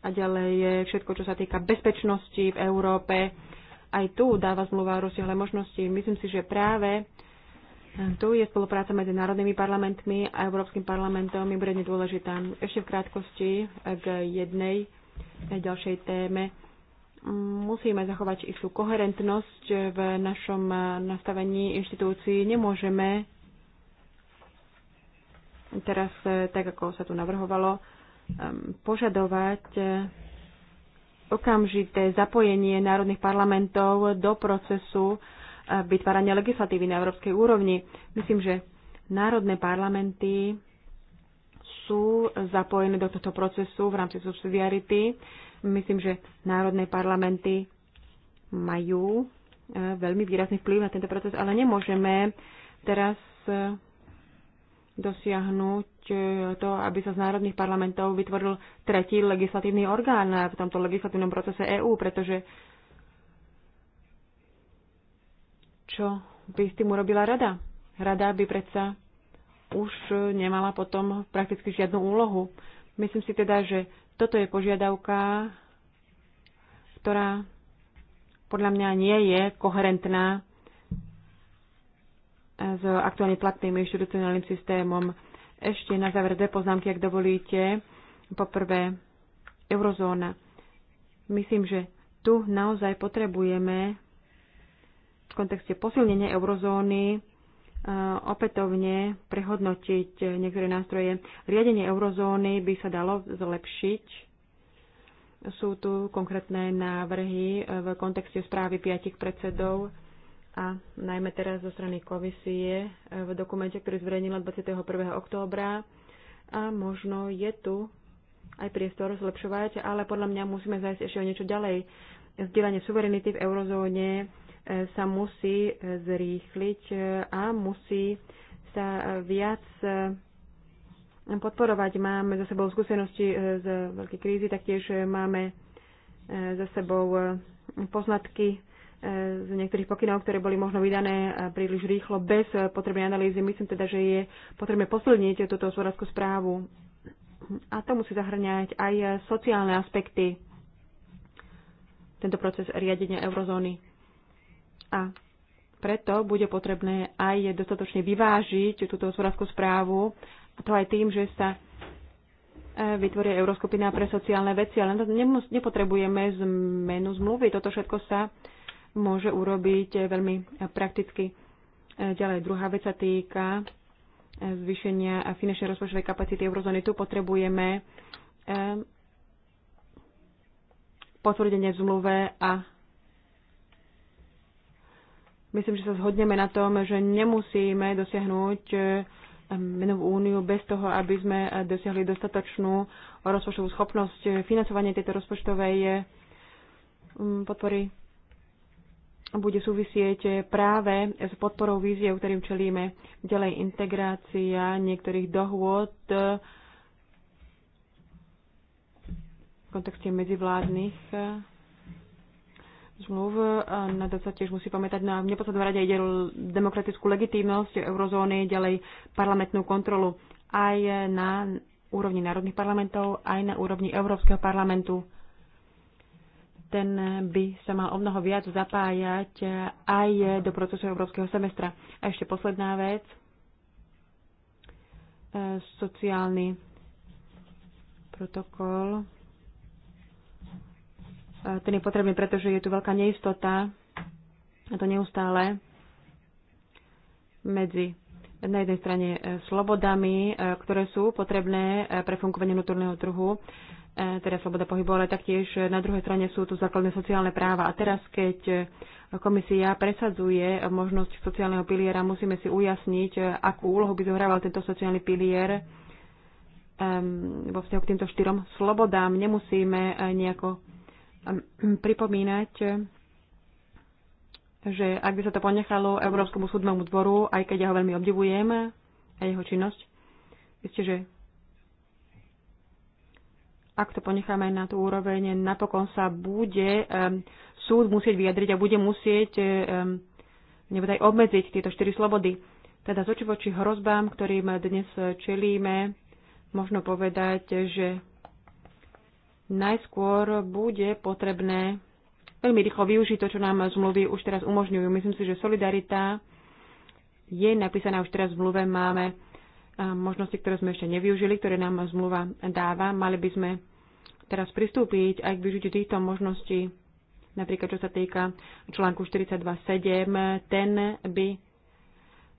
A ďalej je všetko, čo sa týka bezpečnosti v Európe. Aj tu dáva zmluva rozsiahle možnosti. Myslím si, že práve tu je spolupráca medzi národnými parlamentmi a Európskym parlamentom mimoriadne dôležitá. Ešte v krátkosti k jednej ďalšej téme. Musíme zachovať istú koherentnosť v našom nastavení inštitúcií. Nemôžeme teraz, tak ako sa tu navrhovalo, um, požadovať uh, okamžité zapojenie národných parlamentov do procesu vytvárania legislatívy na európskej úrovni. Myslím, že národné parlamenty sú zapojené do tohto procesu v rámci subsidiarity. Myslím, že národné parlamenty majú e, veľmi výrazný vplyv na tento proces, ale nemôžeme teraz e, dosiahnuť e, to, aby sa z národných parlamentov vytvoril tretí legislatívny orgán v tomto legislatívnom procese EÚ, pretože čo by s tým urobila rada? Rada by predsa už nemala potom prakticky žiadnu úlohu. Myslím si teda, že toto je požiadavka, ktorá podľa mňa nie je koherentná s aktuálne platným inštitucionálnym systémom. Ešte na záver dve poznámky, ak dovolíte. Poprvé, eurozóna. Myslím, že tu naozaj potrebujeme v kontexte posilnenia eurozóny e, opätovne prehodnotiť niektoré nástroje. Riadenie eurozóny by sa dalo zlepšiť. Sú tu konkrétne návrhy v kontexte správy piatich predsedov a najmä teraz zo strany komisie v dokumente, ktorý zverejnila 21. októbra. A možno je tu aj priestor zlepšovať, ale podľa mňa musíme zajsť ešte o niečo ďalej. Zdieľanie suverenity v eurozóne sa musí zrýchliť a musí sa viac podporovať. Máme za sebou skúsenosti z veľkej krízy, taktiež máme za sebou poznatky z niektorých pokynov, ktoré boli možno vydané príliš rýchlo, bez potrebnej analýzy. Myslím teda, že je potrebné posilniť túto hospodárskú správu. A to musí zahrňať aj sociálne aspekty tento proces riadenia eurozóny. A preto bude potrebné aj dostatočne vyvážiť túto hospodárskú správu, a to aj tým, že sa e, vytvorí Euroskupina pre sociálne veci, ale nepotrebujeme zmenu zmluvy. Toto všetko sa môže urobiť e, veľmi e, prakticky. Ďalej, druhá vec sa týka zvýšenia finančnej rozpočtovej kapacity eurozóny. Tu potrebujeme potvrdenie v zmluve a Myslím, že sa zhodneme na tom, že nemusíme dosiahnuť e, menovú úniu bez toho, aby sme dosiahli dostatočnú rozpočtovú schopnosť financovania tejto rozpočtovej e, podpory bude súvisieť práve s podporou víziev, ktorým čelíme. Ďalej integrácia niektorých dohôd e, v kontexte medzivládnych zmluv. Na to sa tiež musí pamätať na no v neposlednom rade ide demokratickú legitímnosť eurozóny, ďalej parlamentnú kontrolu aj na úrovni národných parlamentov, aj na úrovni Európskeho parlamentu. Ten by sa mal o mnoho viac zapájať aj do procesu Európskeho semestra. A ešte posledná vec. E, sociálny protokol E, ten je potrebný, pretože je tu veľká neistota, a to neustále, medzi na jednej strane e, slobodami, e, ktoré sú potrebné pre fungovanie vnútorného trhu, teda sloboda pohybu, ale taktiež na druhej strane sú tu základné sociálne práva. A teraz, keď komisia presadzuje možnosť sociálneho piliera, musíme si ujasniť, akú úlohu by zohrával tento sociálny pilier vo vzťahu k týmto štyrom slobodám. Nemusíme nejako Hm, pripomínať, že ak by sa to ponechalo Európskemu súdnemu dvoru, aj keď ja ho veľmi obdivujem a jeho činnosť, viete, že ak to ponecháme na tú úroveň, napokon sa bude um, súd musieť vyjadriť a bude musieť um, aj obmedziť tieto štyri slobody. Teda z oči voči hrozbám, ktorým dnes čelíme, možno povedať, že najskôr bude potrebné veľmi rýchlo využiť to, čo nám zmluvy už teraz umožňujú. Myslím si, že solidarita je napísaná už teraz v zmluve. Máme možnosti, ktoré sme ešte nevyužili, ktoré nám zmluva dáva. Mali by sme teraz pristúpiť aj k využitiu týchto možností. Napríklad, čo sa týka článku 42.7, ten by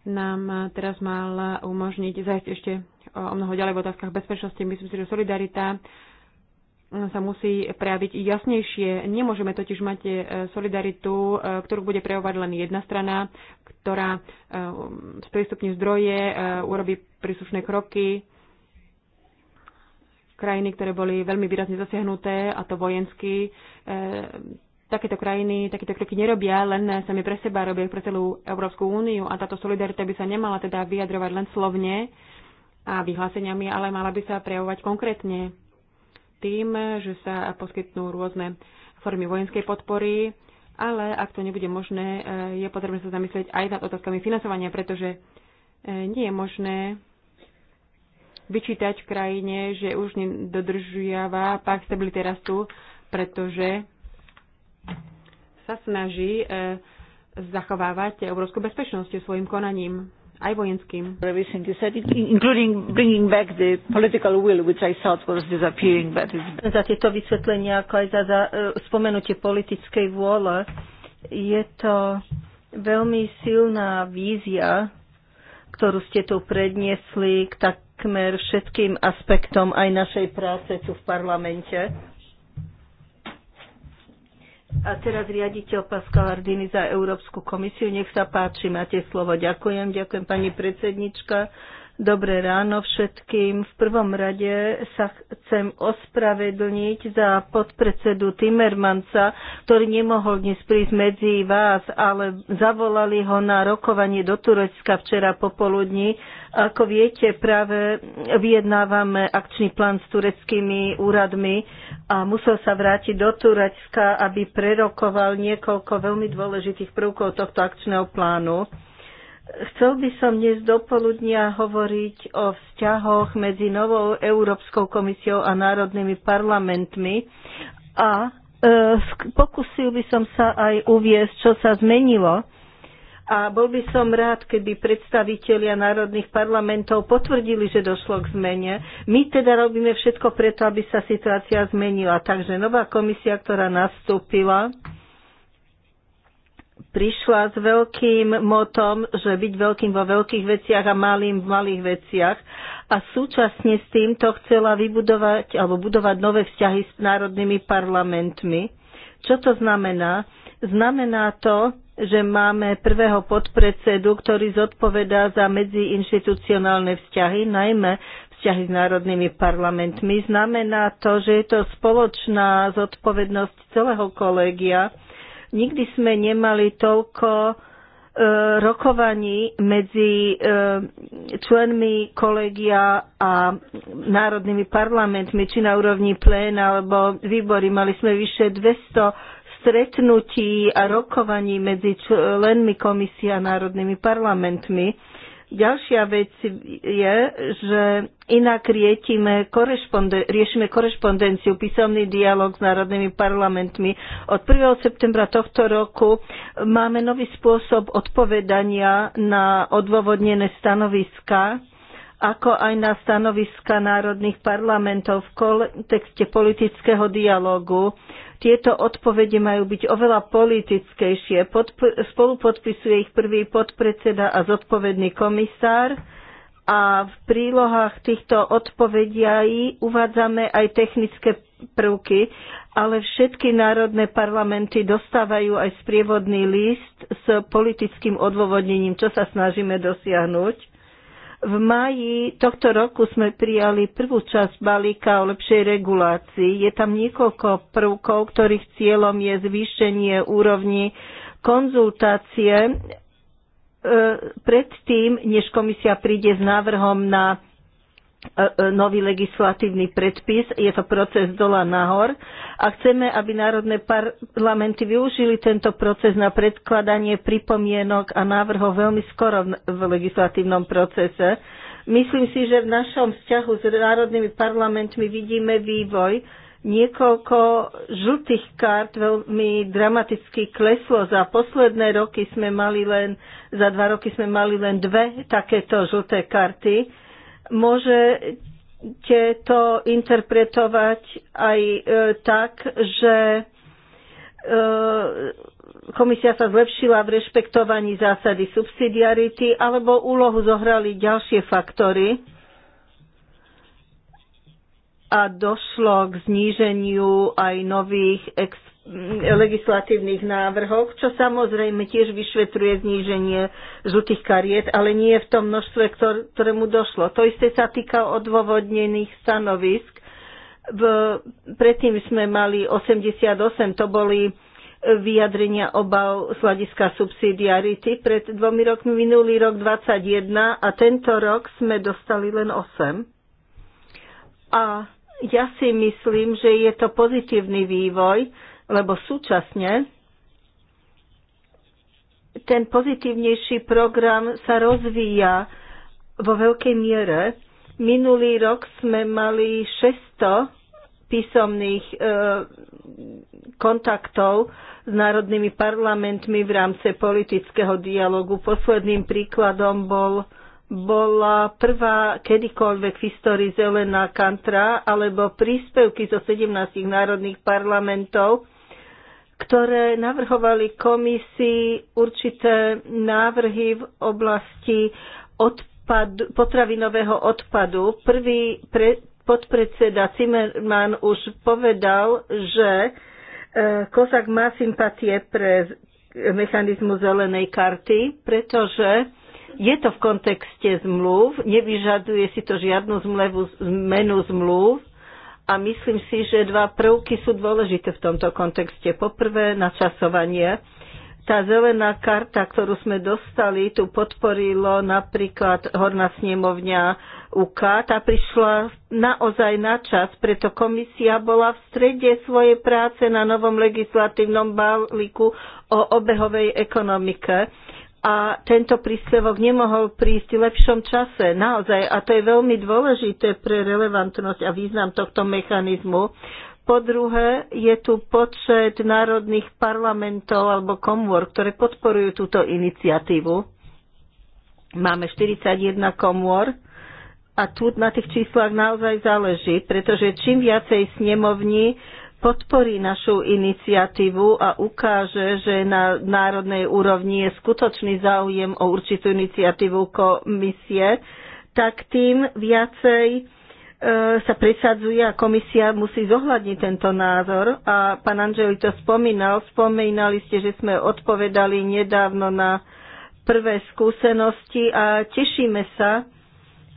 nám teraz mal umožniť zajsť ešte o mnoho ďalej v otázkach bezpečnosti. Myslím si, že solidarita sa musí prejaviť jasnejšie. Nemôžeme totiž mať e, solidaritu, e, ktorú bude prejavovať len jedna strana, ktorá e, sprístupní zdroje, urobí príslušné kroky. Krajiny, ktoré boli veľmi výrazne zasiahnuté, a to vojensky, takéto krajiny, takéto kroky nerobia, len sami pre seba robia pre celú Európsku úniu a táto solidarita by sa nemala teda vyjadrovať len slovne a vyhláseniami, ale mala by sa prejavovať konkrétne tým, že sa poskytnú rôzne formy vojenskej podpory, ale ak to nebude možné, e, je potrebné sa zamyslieť aj nad otázkami financovania, pretože e, nie je možné vyčítať v krajine, že už nedodržiava pak stability rastu, pretože sa snaží e, zachovávať európsku bezpečnosť svojim konaním aj vojenským. Za tieto vysvetlenia, ako aj za, za e, spomenutie politickej vôle, je to veľmi silná vízia, ktorú ste tu predniesli k takmer všetkým aspektom aj našej práce tu v parlamente a teraz riaditeľ Pascal Ardini za Európsku komisiu. Nech sa páči, máte slovo. Ďakujem, ďakujem pani predsednička. Dobré ráno všetkým. V prvom rade sa chcem ospravedlniť za podpredsedu Timmermansa, ktorý nemohol dnes prísť medzi vás, ale zavolali ho na rokovanie do Turecka včera popoludní. Ako viete, práve vyjednávame akčný plán s tureckými úradmi a musel sa vrátiť do Turecka, aby prerokoval niekoľko veľmi dôležitých prvkov tohto akčného plánu. Chcel by som dnes dopoludnia hovoriť o vzťahoch medzi novou Európskou komisiou a národnými parlamentmi a e, pokusil by som sa aj uviezť, čo sa zmenilo. A bol by som rád, keby predstavitelia národných parlamentov potvrdili, že došlo k zmene. My teda robíme všetko preto, aby sa situácia zmenila. Takže nová komisia, ktorá nastúpila, prišla s veľkým motom, že byť veľkým vo veľkých veciach a malým v malých veciach a súčasne s týmto chcela vybudovať alebo budovať nové vzťahy s národnými parlamentmi. Čo to znamená? Znamená to, že máme prvého podpredsedu, ktorý zodpovedá za medziinštitucionálne vzťahy, najmä vzťahy s národnými parlamentmi. Znamená to, že je to spoločná zodpovednosť celého kolégia Nikdy sme nemali toľko e, rokovaní medzi e, členmi kolegia a národnými parlamentmi, či na úrovni plén alebo výbory. Mali sme vyše 200 stretnutí a rokovaní medzi členmi komisia a národnými parlamentmi Ďalšia vec je, že inak rietime korešponde, riešime korešpondenciu, písomný dialog s národnými parlamentmi. Od 1. septembra tohto roku máme nový spôsob odpovedania na odôvodnené stanoviska ako aj na stanoviska národných parlamentov v kontexte politického dialogu. Tieto odpovede majú byť oveľa politickejšie. Podp- spolupodpisuje ich prvý podpredseda a zodpovedný komisár a v prílohách týchto odpovedí uvádzame aj technické prvky, ale všetky národné parlamenty dostávajú aj sprievodný list s politickým odôvodnením, čo sa snažíme dosiahnuť. V maji tohto roku sme prijali prvú časť balíka o lepšej regulácii. Je tam niekoľko prvkov, ktorých cieľom je zvýšenie úrovni konzultácie e, predtým, než komisia príde s návrhom na E, e, nový legislatívny predpis. Je to proces dola nahor a chceme, aby národné parlamenty využili tento proces na predkladanie pripomienok a návrhov veľmi skoro v legislatívnom procese. Myslím si, že v našom vzťahu s národnými parlamentmi vidíme vývoj. Niekoľko žltých kart veľmi dramaticky kleslo. Za posledné roky sme mali len, za dva roky sme mali len dve takéto žlté karty Môžete to interpretovať aj e, tak, že e, komisia sa zlepšila v rešpektovaní zásady subsidiarity alebo úlohu zohrali ďalšie faktory a došlo k zníženiu aj nových ex Mm, legislatívnych návrhoch, čo samozrejme tiež vyšvetruje zníženie žltých kariet, ale nie v tom množstve, ktor- ktorému došlo. To isté sa týka odôvodnených stanovisk. V, predtým sme mali 88, to boli vyjadrenia obav z hľadiska subsidiarity. Pred dvomi rokmi minulý rok 21 a tento rok sme dostali len 8. A ja si myslím, že je to pozitívny vývoj, lebo súčasne ten pozitívnejší program sa rozvíja vo veľkej miere. Minulý rok sme mali 600 písomných e, kontaktov s národnými parlamentmi v rámci politického dialogu. Posledným príkladom bol, bola prvá kedykoľvek v histórii zelená kantra alebo príspevky zo 17 národných parlamentov ktoré navrhovali komisii určité návrhy v oblasti odpad, potravinového odpadu. Prvý pre, podpredseda Zimmermann už povedal, že e, Kozak má sympatie pre mechanizmu zelenej karty, pretože je to v kontexte zmluv, nevyžaduje si to žiadnu zmluvu zmenu zmluv, a myslím si, že dva prvky sú dôležité v tomto kontexte. Poprvé, načasovanie. Tá zelená karta, ktorú sme dostali, tu podporilo napríklad Horná snemovňa UK. Tá prišla naozaj na čas, preto komisia bola v strede svojej práce na novom legislatívnom balíku o obehovej ekonomike a tento príspevok nemohol prísť v lepšom čase, naozaj. A to je veľmi dôležité pre relevantnosť a význam tohto mechanizmu. Po druhé, je tu počet národných parlamentov alebo komôr, ktoré podporujú túto iniciatívu. Máme 41 komôr a tu na tých číslach naozaj záleží, pretože čím viacej snemovní, podporí našu iniciatívu a ukáže, že na národnej úrovni je skutočný záujem o určitú iniciatívu komisie, tak tým viacej e, sa presadzuje a komisia musí zohľadniť tento názor. A pán Anželi to spomínal. Spomínali ste, že sme odpovedali nedávno na prvé skúsenosti a tešíme sa,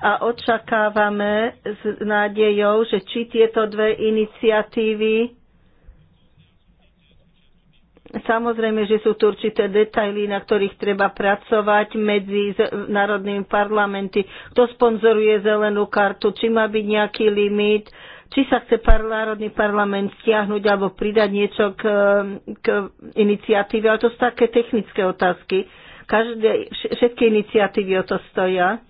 a očakávame s nádejou, že či tieto dve iniciatívy Samozrejme, že sú tu určité detaily, na ktorých treba pracovať medzi národnými parlamenty. Kto sponzoruje zelenú kartu, či má byť nejaký limit, či sa chce národný parlament stiahnuť alebo pridať niečo k, k iniciatíve. Ale to sú také technické otázky. Každé, všetky iniciatívy o to stoja.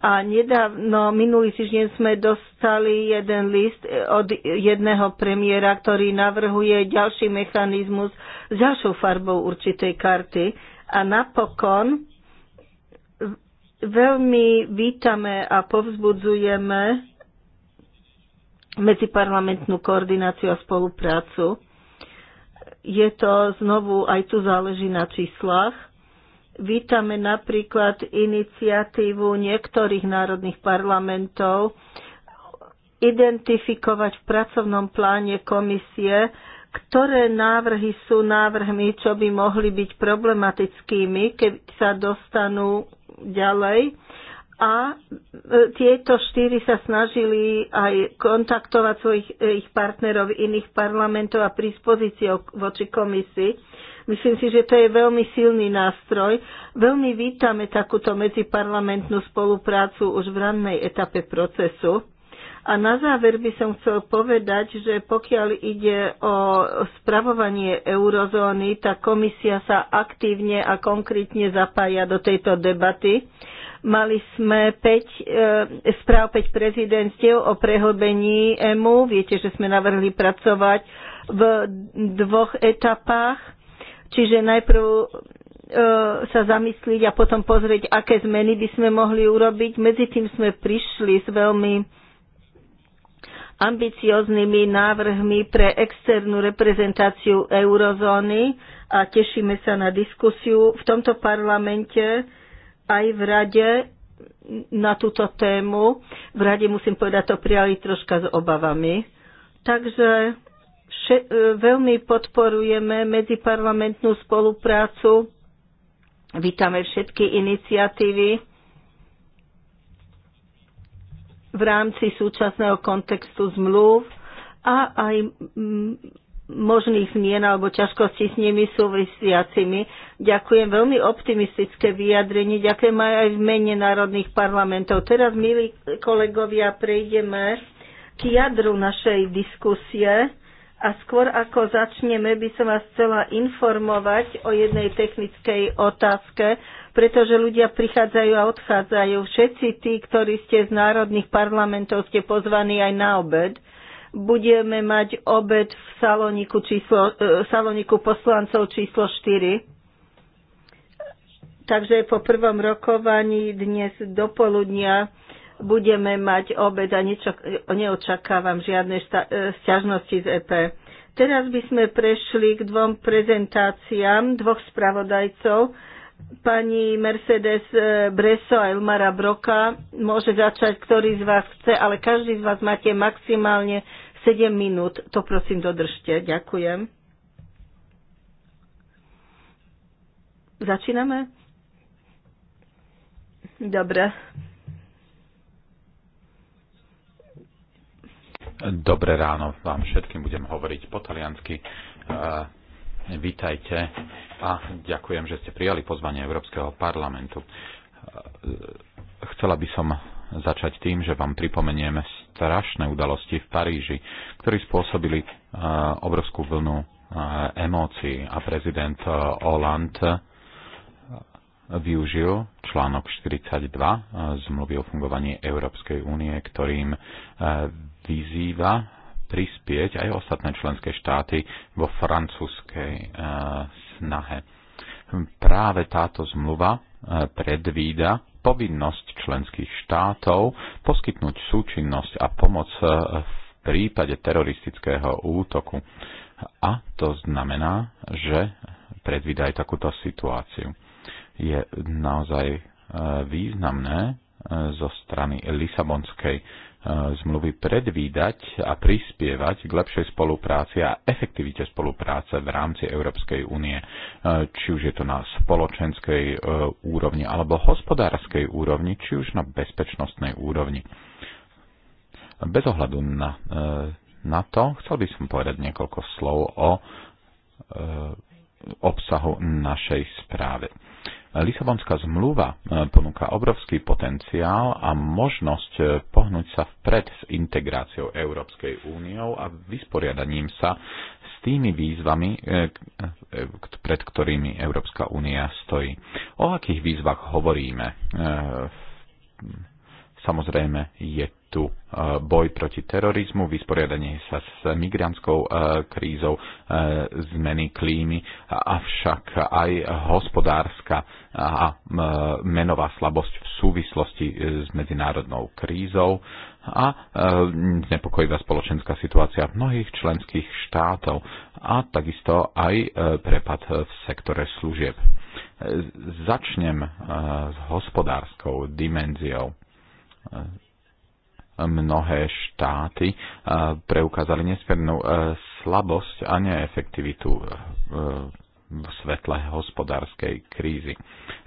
A nedávno, minulý týždeň sme dostali jeden list od jedného premiéra, ktorý navrhuje ďalší mechanizmus s ďalšou farbou určitej karty. A napokon veľmi vítame a povzbudzujeme medziparlamentnú koordináciu a spoluprácu. Je to znovu, aj tu záleží na číslach Vítame napríklad iniciatívu niektorých národných parlamentov identifikovať v pracovnom pláne komisie, ktoré návrhy sú návrhmi, čo by mohli byť problematickými, keď sa dostanú ďalej. A e, tieto štyri sa snažili aj kontaktovať svojich e, ich partnerov iných parlamentov a prispozíciou voči komisii. Myslím si, že to je veľmi silný nástroj. Veľmi vítame takúto medziparlamentnú spoluprácu už v rannej etape procesu. A na záver by som chcel povedať, že pokiaľ ide o spravovanie eurozóny, tá komisia sa aktívne a konkrétne zapája do tejto debaty. Mali sme 5, e, správ 5 prezidentstiev o prehlbení EMU. Viete, že sme navrhli pracovať v dvoch etapách Čiže najprv e, sa zamyslieť a potom pozrieť, aké zmeny by sme mohli urobiť. Medzi tým sme prišli s veľmi ambicioznými návrhmi pre externú reprezentáciu eurozóny a tešíme sa na diskusiu v tomto parlamente aj v rade na túto tému. V rade musím povedať, to prijali troška s obavami. Takže E, veľmi podporujeme medziparlamentnú spoluprácu. Vítame všetky iniciatívy v rámci súčasného kontextu zmluv a aj možných zmien alebo ťažkostí s nimi súvisiacimi. Ďakujem veľmi optimistické vyjadrenie. Ďakujem aj, aj v mene národných parlamentov. Teraz, milí kolegovia, prejdeme k jadru našej diskusie a skôr ako začneme, by som vás chcela informovať o jednej technickej otázke, pretože ľudia prichádzajú a odchádzajú. Všetci tí, ktorí ste z národných parlamentov, ste pozvaní aj na obed. Budeme mať obed v saloniku, číslo, e, saloniku poslancov číslo 4. Takže po prvom rokovaní dnes do poludnia budeme mať obed a niečo, neočakávam žiadne e, sťažnosti z EP. Teraz by sme prešli k dvom prezentáciám dvoch spravodajcov. Pani Mercedes e, Breso a Elmara Broka môže začať, ktorý z vás chce, ale každý z vás máte maximálne 7 minút. To prosím dodržte. Ďakujem. Začíname? Dobre. Dobré ráno vám všetkým, budem hovoriť po taliansky. E, vítajte a ďakujem, že ste prijali pozvanie Európskeho parlamentu. E, chcela by som začať tým, že vám pripomeniem strašné udalosti v Paríži, ktorí spôsobili e, obrovskú vlnu emócií a prezident Hollande využil článok 42 e, zmluvy o fungovaní Európskej únie, ktorým e, vyzýva prispieť aj ostatné členské štáty vo francúzskej e, snahe. Práve táto zmluva predvída povinnosť členských štátov poskytnúť súčinnosť a pomoc v prípade teroristického útoku. A to znamená, že predvída aj takúto situáciu je naozaj e, významné e, zo strany Lisabonskej e, zmluvy predvídať a prispievať k lepšej spolupráci a efektivite spolupráce v rámci Európskej únie, či už je to na spoločenskej úrovni alebo hospodárskej úrovni, či už na bezpečnostnej úrovni. Bez ohľadu na, na to chcel by som povedať niekoľko slov o obsahu našej správy Lisabonská zmluva e, ponúka obrovský potenciál a možnosť e, pohnúť sa vpred s integráciou Európskej úniou a vysporiadaním sa s tými výzvami, e, pred ktorými Európska únia stojí. O akých výzvach hovoríme? Samozrejme je tu e, boj proti terorizmu, vysporiadanie sa s migrantskou e, krízou, e, zmeny klímy, avšak aj hospodárska a menová slabosť v súvislosti s medzinárodnou krízou a znepokojivá spoločenská situácia mnohých členských štátov a takisto aj prepad v sektore služieb. Začnem s hospodárskou dimenziou mnohé štáty eh, preukázali nesmiernú eh, slabosť a neefektivitu eh, v svetle hospodárskej krízy.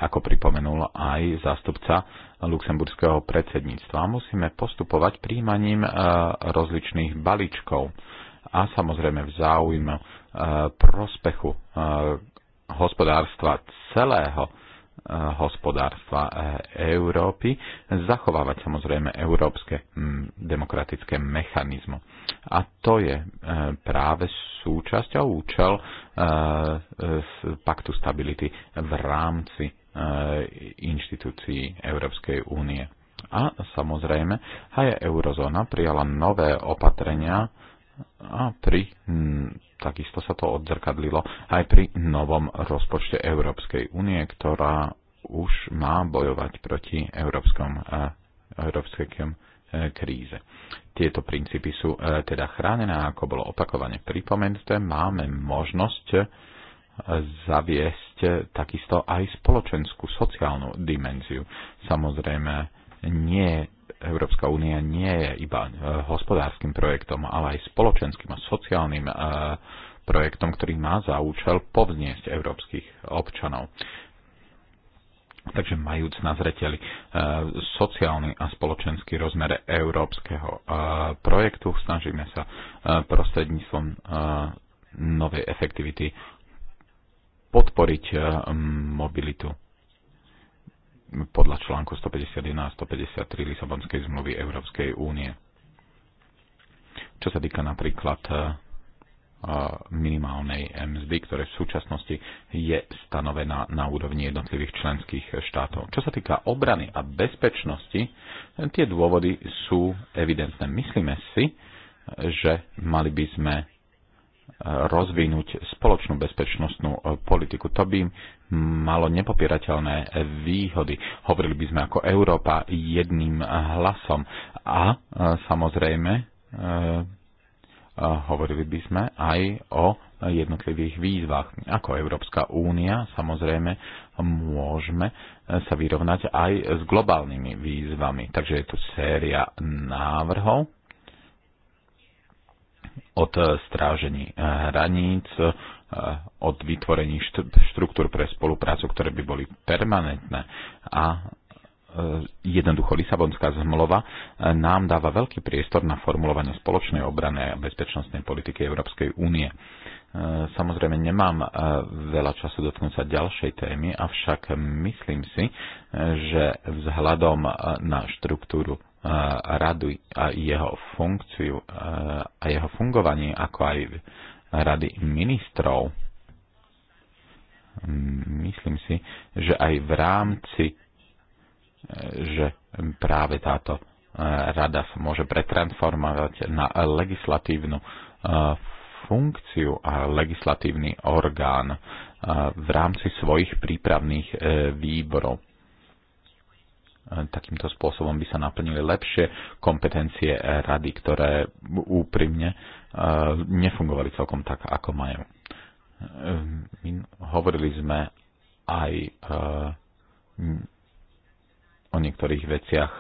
Ako pripomenul aj zástupca luxemburského predsedníctva, musíme postupovať príjmaním rozličných balíčkov a samozrejme v záujme prospechu hospodárstva celého hospodárstva eh, Európy, zachovávať samozrejme európske mm, demokratické mechanizmy. A to je eh, práve súčasť a účel eh, paktu stability v rámci inštitúcií Európskej únie. A samozrejme, aj eurozóna prijala nové opatrenia a pri, hm, takisto sa to odzrkadlilo aj pri novom rozpočte Európskej únie, ktorá už má bojovať proti európskom, e, európskym e, kríze. Tieto princípy sú e, teda chránené ako bolo opakovane pripomenuté, máme možnosť zaviesť takisto aj spoločenskú sociálnu dimenziu. Samozrejme, nie Európska únia nie je iba e, hospodárskym projektom, ale aj spoločenským a sociálnym e, projektom, ktorý má za účel povzniesť európskych občanov. Takže majúc na zreteli e, sociálny a spoločenský rozmer európskeho projektu, snažíme sa prostredníctvom novej efektivity podporiť mobilitu podľa článku 151 a 153 Lisabonskej zmluvy Európskej únie. Čo sa týka napríklad e, e, minimálnej mzdy, ktoré v súčasnosti je stanovená na úrovni jednotlivých členských štátov. Čo sa týka obrany a bezpečnosti, tie dôvody sú evidentné. Myslíme si, že mali by sme rozvinúť spoločnú bezpečnostnú e, politiku. To by malo nepopierateľné výhody. Hovorili by sme ako Európa jedným hlasom a e, samozrejme e, hovorili by sme aj o jednotlivých výzvach. Ako Európska únia samozrejme môžeme sa vyrovnať aj s globálnymi výzvami. Takže je tu séria návrhov od eh, strážení eh, hraníc, eh, od vytvorení štruktúr pre spoluprácu, ktoré by boli permanentné a jednoducho Lisabonská zmlova nám dáva veľký priestor na formulovanie spoločnej obrany a bezpečnostnej politiky Európskej únie. Samozrejme, nemám veľa času dotknúť sa ďalšej témy, avšak myslím si, že vzhľadom na štruktúru radu a jeho funkciu a jeho fungovanie, ako aj rady ministrov, myslím si, že aj v rámci, že práve táto e, rada sa môže pretransformovať na legislatívnu e, funkciu a legislatívny orgán e, v rámci svojich prípravných výborov takýmto spôsobom by sa naplnili lepšie kompetencie rady, ktoré úprimne e, nefungovali celkom tak, ako majú. E, hovorili sme aj e, o niektorých veciach,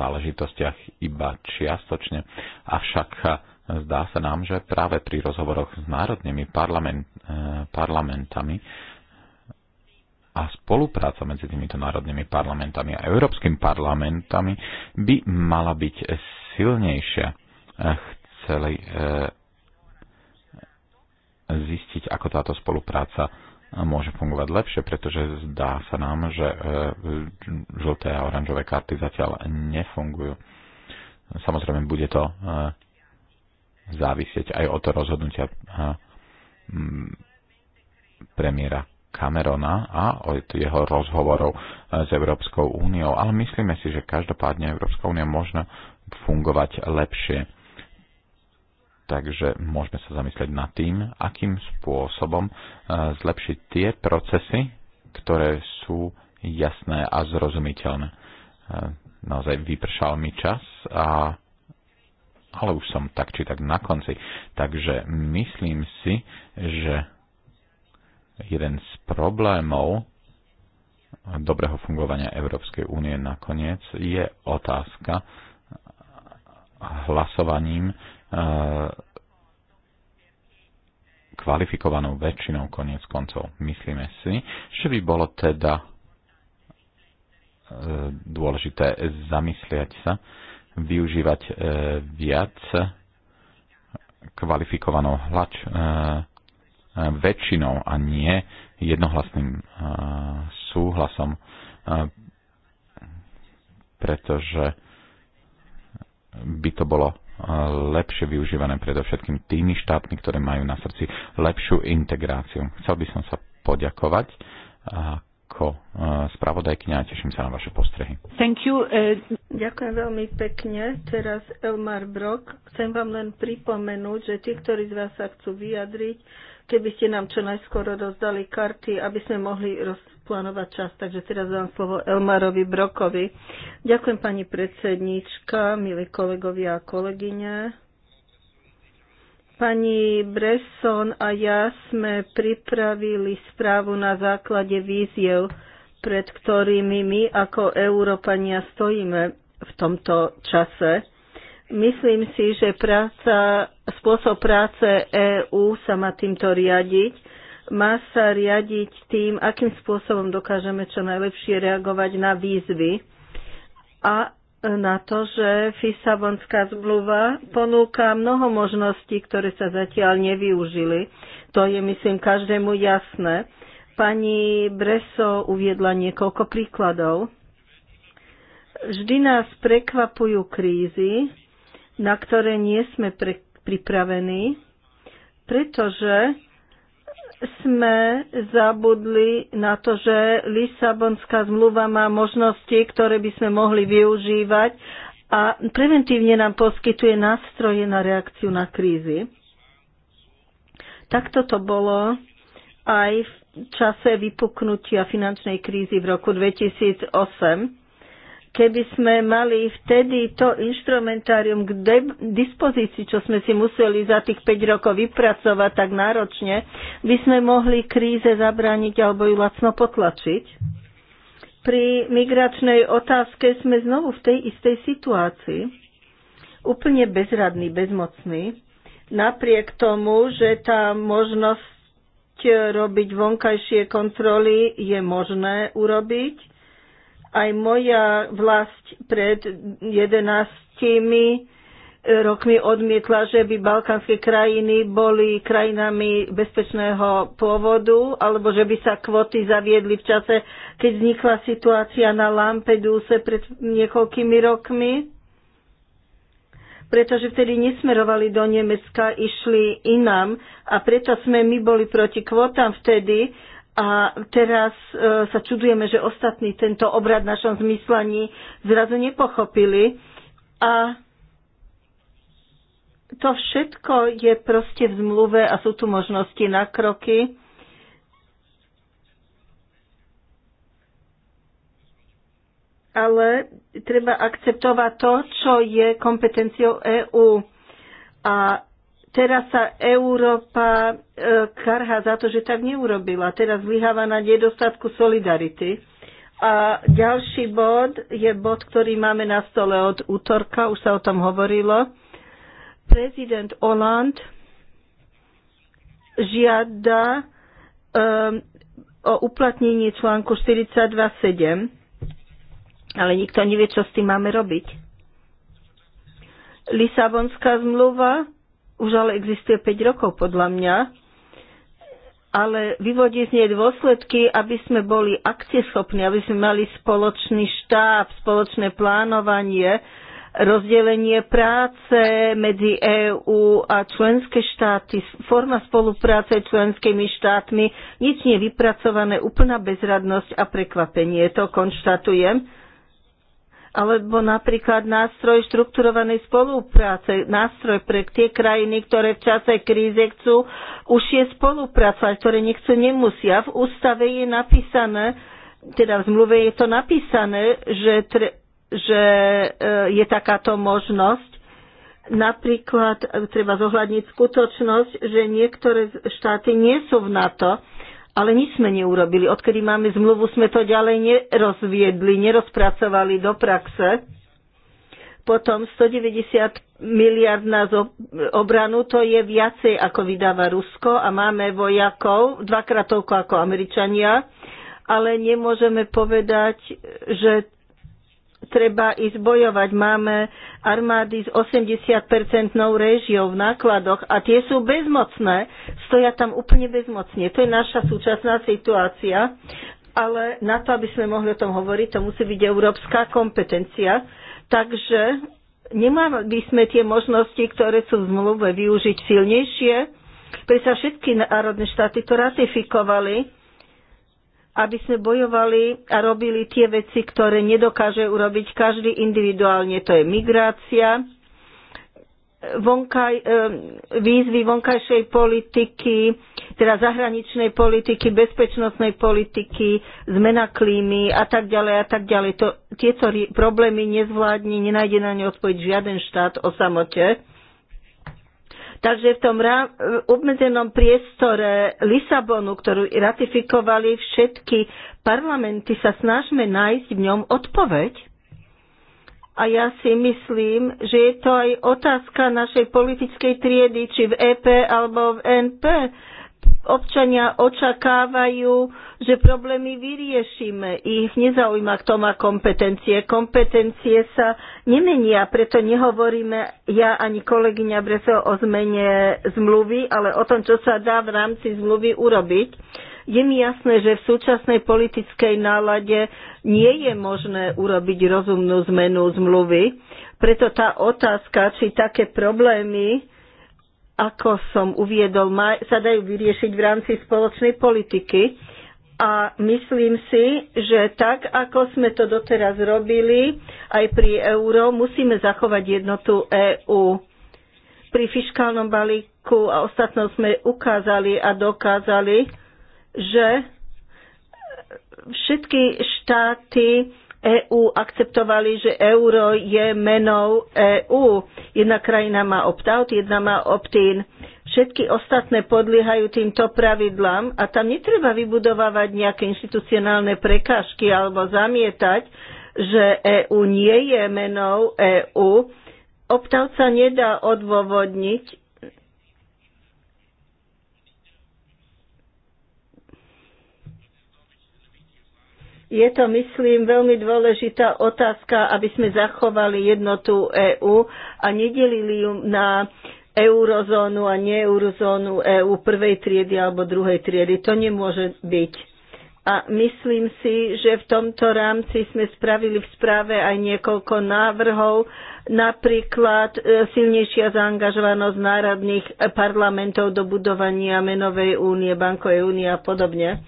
záležitostiach iba čiastočne, avšak zdá sa nám, že práve pri rozhovoroch s národnými parlament, parlamentami a spolupráca medzi týmito národnými parlamentami a európskym parlamentami by mala byť silnejšia. Chceli eh, zistiť, ako táto spolupráca eh, môže fungovať lepšie, pretože zdá sa nám, že eh, žlté a oranžové karty zatiaľ nefungujú. Samozrejme, bude to závisieť aj od rozhodnutia premiéra Camerona a od jeho rozhovorov eh, s Európskou úniou, ale myslíme si, že každopádne Európska únia možno fungovať lepšie. Takže môžeme sa zamyslieť nad tým, akým spôsobom eh, zlepšiť tie procesy, ktoré sú jasné a zrozumiteľné. Eh, naozaj vypršal mi čas, a, ale už som tak či tak na konci. Takže myslím si, že jeden z problémov dobrého fungovania Európskej únie nakoniec je otázka hlasovaním e, kvalifikovanou väčšinou koniec koncov. Myslíme si, že by bolo teda e, dôležité zamysliať sa, využívať e, viac kvalifikovanou hlač, väčšinou a nie jednohlasným súhlasom, pretože by to bolo lepšie využívané predovšetkým tými štátmi, ktoré majú na srdci lepšiu integráciu. Chcel by som sa poďakovať ako spravodajkyňa a teším sa na vaše postrehy. Thank you. Uh, Ďakujem veľmi pekne. Teraz Elmar Brok. Chcem vám len pripomenúť, že tí, ktorí z vás sa chcú vyjadriť, keby ste nám čo najskôr rozdali karty, aby sme mohli rozplánovať čas. Takže teraz dám slovo Elmarovi Brokovi. Ďakujem pani predsednička, milí kolegovia a kolegyne. Pani Bresson a ja sme pripravili správu na základe víziev, pred ktorými my ako Európania stojíme v tomto čase. Myslím si, že práca, spôsob práce EÚ sa má týmto riadiť. Má sa riadiť tým, akým spôsobom dokážeme čo najlepšie reagovať na výzvy a na to, že Fisabonská zmluva ponúka mnoho možností, ktoré sa zatiaľ nevyužili. To je, myslím, každému jasné. Pani Breso uviedla niekoľko príkladov. Vždy nás prekvapujú krízy, na ktoré nie sme pre, pripravení, pretože sme zabudli na to, že Lisabonská zmluva má možnosti, ktoré by sme mohli využívať a preventívne nám poskytuje nástroje na reakciu na krízy. Takto to bolo aj v čase vypuknutia finančnej krízy v roku 2008 keby sme mali vtedy to instrumentárium k dispozícii, čo sme si museli za tých 5 rokov vypracovať tak náročne, by sme mohli kríze zabrániť alebo ju lacno potlačiť. Pri migračnej otázke sme znovu v tej istej situácii, úplne bezradný, bezmocný, napriek tomu, že tá možnosť robiť vonkajšie kontroly je možné urobiť, aj moja vlast pred 11 e, rokmi odmietla, že by balkánske krajiny boli krajinami bezpečného pôvodu, alebo že by sa kvoty zaviedli v čase, keď vznikla situácia na Lampeduse pred niekoľkými rokmi. Pretože vtedy nesmerovali do Nemecka, išli inám a preto sme my boli proti kvotám vtedy, a teraz e, sa čudujeme, že ostatní tento obrad v našom zmyslení zrazu nepochopili. A to všetko je proste v zmluve a sú tu možnosti na kroky. Ale treba akceptovať to, čo je kompetenciou EÚ. A Teraz sa Európa e, karhá za to, že tak neurobila. Teraz vyháva na nedostatku solidarity. A ďalší bod je bod, ktorý máme na stole od útorka, už sa o tom hovorilo. Prezident Oland žiada e, o uplatnení článku 42.7, ale nikto nevie, čo s tým máme robiť. Lisabonská zmluva už ale existuje 5 rokov podľa mňa, ale vyvodí z nej dôsledky, aby sme boli akcieschopní, aby sme mali spoločný štáb, spoločné plánovanie, rozdelenie práce medzi EÚ a členské štáty, forma spolupráce členskými štátmi, nič nie vypracované, úplná bezradnosť a prekvapenie. To konštatujem alebo napríklad nástroj štrukturovanej spolupráce, nástroj pre tie krajiny, ktoré v čase kríze chcú už je spolupracovať, ktoré nechcú, nemusia. V ústave je napísané, teda v zmluve je to napísané, že, tre, že e, je takáto možnosť. Napríklad e, treba zohľadniť skutočnosť, že niektoré štáty nie sú v NATO, ale nič sme neurobili. Odkedy máme zmluvu, sme to ďalej nerozviedli, nerozpracovali do praxe. Potom 190 miliard na obranu, to je viacej ako vydáva Rusko a máme vojakov, dvakrát toľko ako Američania, ale nemôžeme povedať, že treba ísť bojovať. Máme armády s 80-percentnou réžiou v nákladoch a tie sú bezmocné. Stoja tam úplne bezmocne. To je naša súčasná situácia. Ale na to, aby sme mohli o tom hovoriť, to musí byť európska kompetencia. Takže nemali by sme tie možnosti, ktoré sú v zmluve, využiť silnejšie. Pre sa všetky národné štáty to ratifikovali aby sme bojovali a robili tie veci, ktoré nedokáže urobiť každý individuálne. To je migrácia, vonkaj, e, výzvy vonkajšej politiky, teda zahraničnej politiky, bezpečnostnej politiky, zmena klímy a tak ďalej a tak ďalej. To, tieto problémy nezvládne, nenájde na ne odpoveď žiaden štát o samote. Takže v tom obmedzenom priestore Lisabonu, ktorú ratifikovali všetky parlamenty, sa snažme nájsť v ňom odpoveď. A ja si myslím, že je to aj otázka našej politickej triedy, či v EP alebo v NP občania očakávajú, že problémy vyriešime. Ich nezaujíma, kto má kompetencie. Kompetencie sa nemenia, preto nehovoríme ja ani kolegyňa Breso o zmene zmluvy, ale o tom, čo sa dá v rámci zmluvy urobiť. Je mi jasné, že v súčasnej politickej nálade nie je možné urobiť rozumnú zmenu zmluvy, preto tá otázka, či také problémy, ako som uviedol, sa dajú vyriešiť v rámci spoločnej politiky. A myslím si, že tak, ako sme to doteraz robili, aj pri euro, musíme zachovať jednotu EÚ. Pri fiskálnom balíku a ostatnom sme ukázali a dokázali, že všetky štáty EÚ akceptovali, že euro je menou EÚ. Jedna krajina má opt-out, jedna má opt-in. Všetky ostatné podliehajú týmto pravidlám a tam netreba vybudovávať nejaké inštitucionálne prekážky alebo zamietať, že EÚ nie je menou EÚ. Opt-out sa nedá odôvodniť Je to, myslím, veľmi dôležitá otázka, aby sme zachovali jednotu EÚ a nedelili ju na eurozónu a neeurozónu EÚ prvej triedy alebo druhej triedy. To nemôže byť. A myslím si, že v tomto rámci sme spravili v správe aj niekoľko návrhov, napríklad e, silnejšia zaangažovanosť národných parlamentov do budovania menovej únie, bankovej únie a podobne.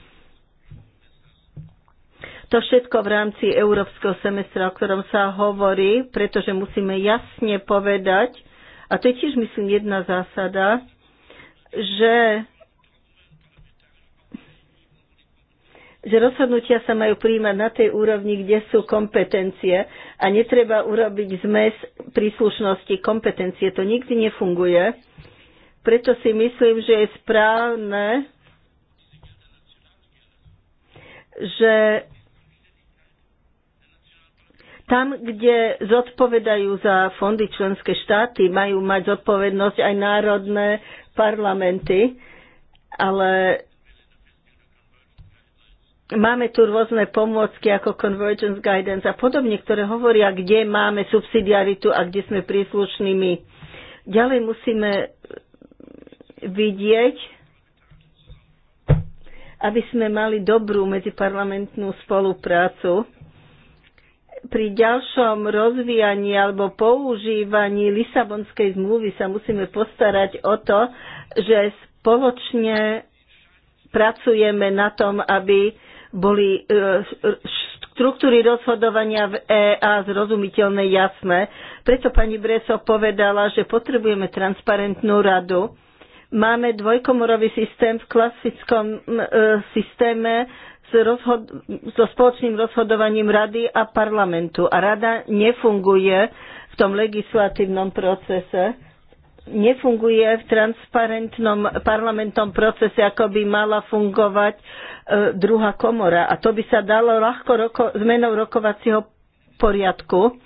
To všetko v rámci európskeho semestra, o ktorom sa hovorí, pretože musíme jasne povedať, a to je tiež myslím jedna zásada, že že rozhodnutia sa majú príjmať na tej úrovni, kde sú kompetencie a netreba urobiť zmes príslušnosti kompetencie. To nikdy nefunguje. Preto si myslím, že je správne, že tam, kde zodpovedajú za fondy členské štáty, majú mať zodpovednosť aj národné parlamenty, ale máme tu rôzne pomôcky ako Convergence Guidance a podobne, ktoré hovoria, kde máme subsidiaritu a kde sme príslušnými. Ďalej musíme vidieť, aby sme mali dobrú medziparlamentnú spoluprácu pri ďalšom rozvíjaní alebo používaní Lisabonskej zmluvy sa musíme postarať o to, že spoločne pracujeme na tom, aby boli e, štruktúry rozhodovania v EA zrozumiteľné, jasné. Preto pani Breso povedala, že potrebujeme transparentnú radu. Máme dvojkomorový systém v klasickom e, systéme s, rozhod- so spoločným rozhodovaním rady a parlamentu. A rada nefunguje v tom legislatívnom procese, nefunguje v transparentnom parlamentnom procese, ako by mala fungovať e, druhá komora. A to by sa dalo ľahko roko- zmenou rokovacieho poriadku.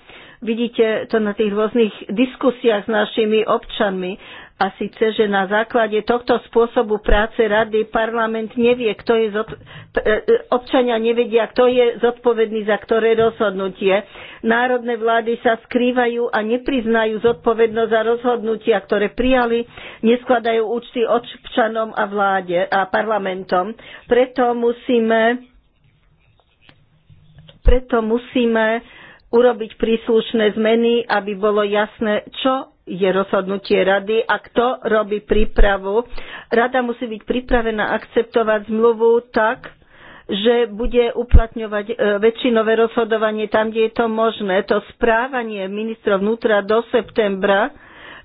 Vidíte to na tých rôznych diskusiách s našimi občanmi. A síce, že na základe tohto spôsobu práce rady parlament nevie, kto je zod... E, e, občania nevedia, kto je zodpovedný za ktoré rozhodnutie. Národné vlády sa skrývajú a nepriznajú zodpovednosť za rozhodnutia, ktoré prijali, neskladajú účty občanom a vláde a parlamentom. Preto musíme preto musíme urobiť príslušné zmeny, aby bolo jasné, čo je rozhodnutie rady a kto robí prípravu. Rada musí byť pripravená akceptovať zmluvu tak, že bude uplatňovať e, väčšinové rozhodovanie tam, kde je to možné. To správanie ministra vnútra do septembra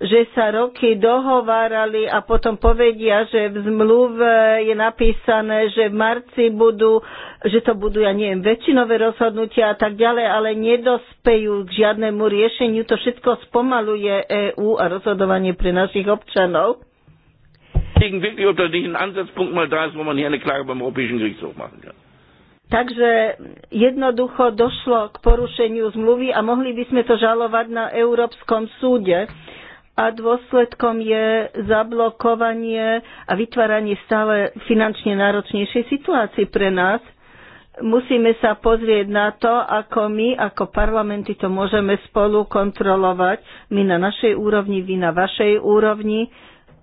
že sa roky dohovárali a potom povedia, že v zmluve je napísané, že v marci budú, že to budú, ja neviem, väčšinové rozhodnutia a tak ďalej, ale nedospejú k žiadnemu riešeniu. To všetko spomaluje EÚ a rozhodovanie pre našich občanov. Takže jednoducho došlo k porušeniu zmluvy a mohli by sme to žalovať na Európskom súde a dôsledkom je zablokovanie a vytváranie stále finančne náročnejšej situácii pre nás. Musíme sa pozrieť na to, ako my, ako parlamenty to môžeme spolu kontrolovať. My na našej úrovni, vy na vašej úrovni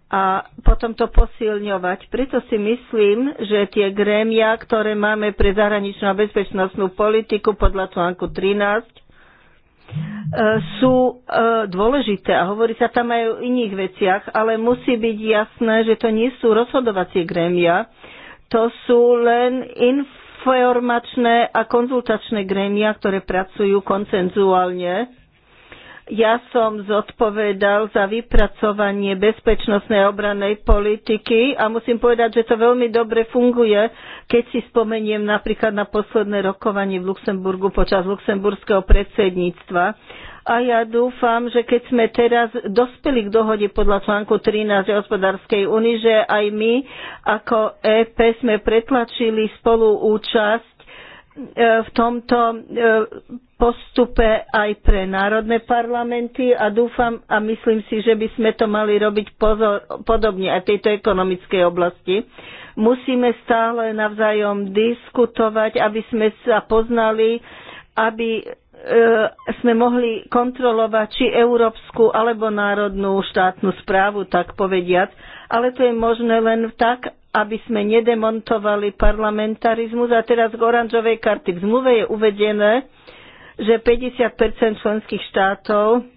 a potom to posilňovať. Preto si myslím, že tie grémia, ktoré máme pre zahraničnú a bezpečnostnú politiku podľa článku 13, E, sú e, dôležité a hovorí sa tam aj o iných veciach, ale musí byť jasné, že to nie sú rozhodovacie grémia, to sú len informačné a konzultačné grémia, ktoré pracujú koncenzuálne ja som zodpovedal za vypracovanie bezpečnostnej obrannej politiky a musím povedať, že to veľmi dobre funguje, keď si spomeniem napríklad na posledné rokovanie v Luxemburgu počas luxemburského predsedníctva. A ja dúfam, že keď sme teraz dospeli k dohode podľa článku 13 hospodárskej únie, že aj my ako EP sme pretlačili spoluúčasť E, v tomto e, postupe aj pre národné parlamenty a dúfam a myslím si, že by sme to mali robiť pozor, podobne aj v tejto ekonomickej oblasti. Musíme stále navzájom diskutovať, aby sme sa poznali, aby e, sme mohli kontrolovať či európsku alebo národnú štátnu správu, tak povediať, ale to je možné len tak, aby sme nedemontovali parlamentarizmus. A teraz z oranžovej karty v zmluve je uvedené, že 50 členských štátov,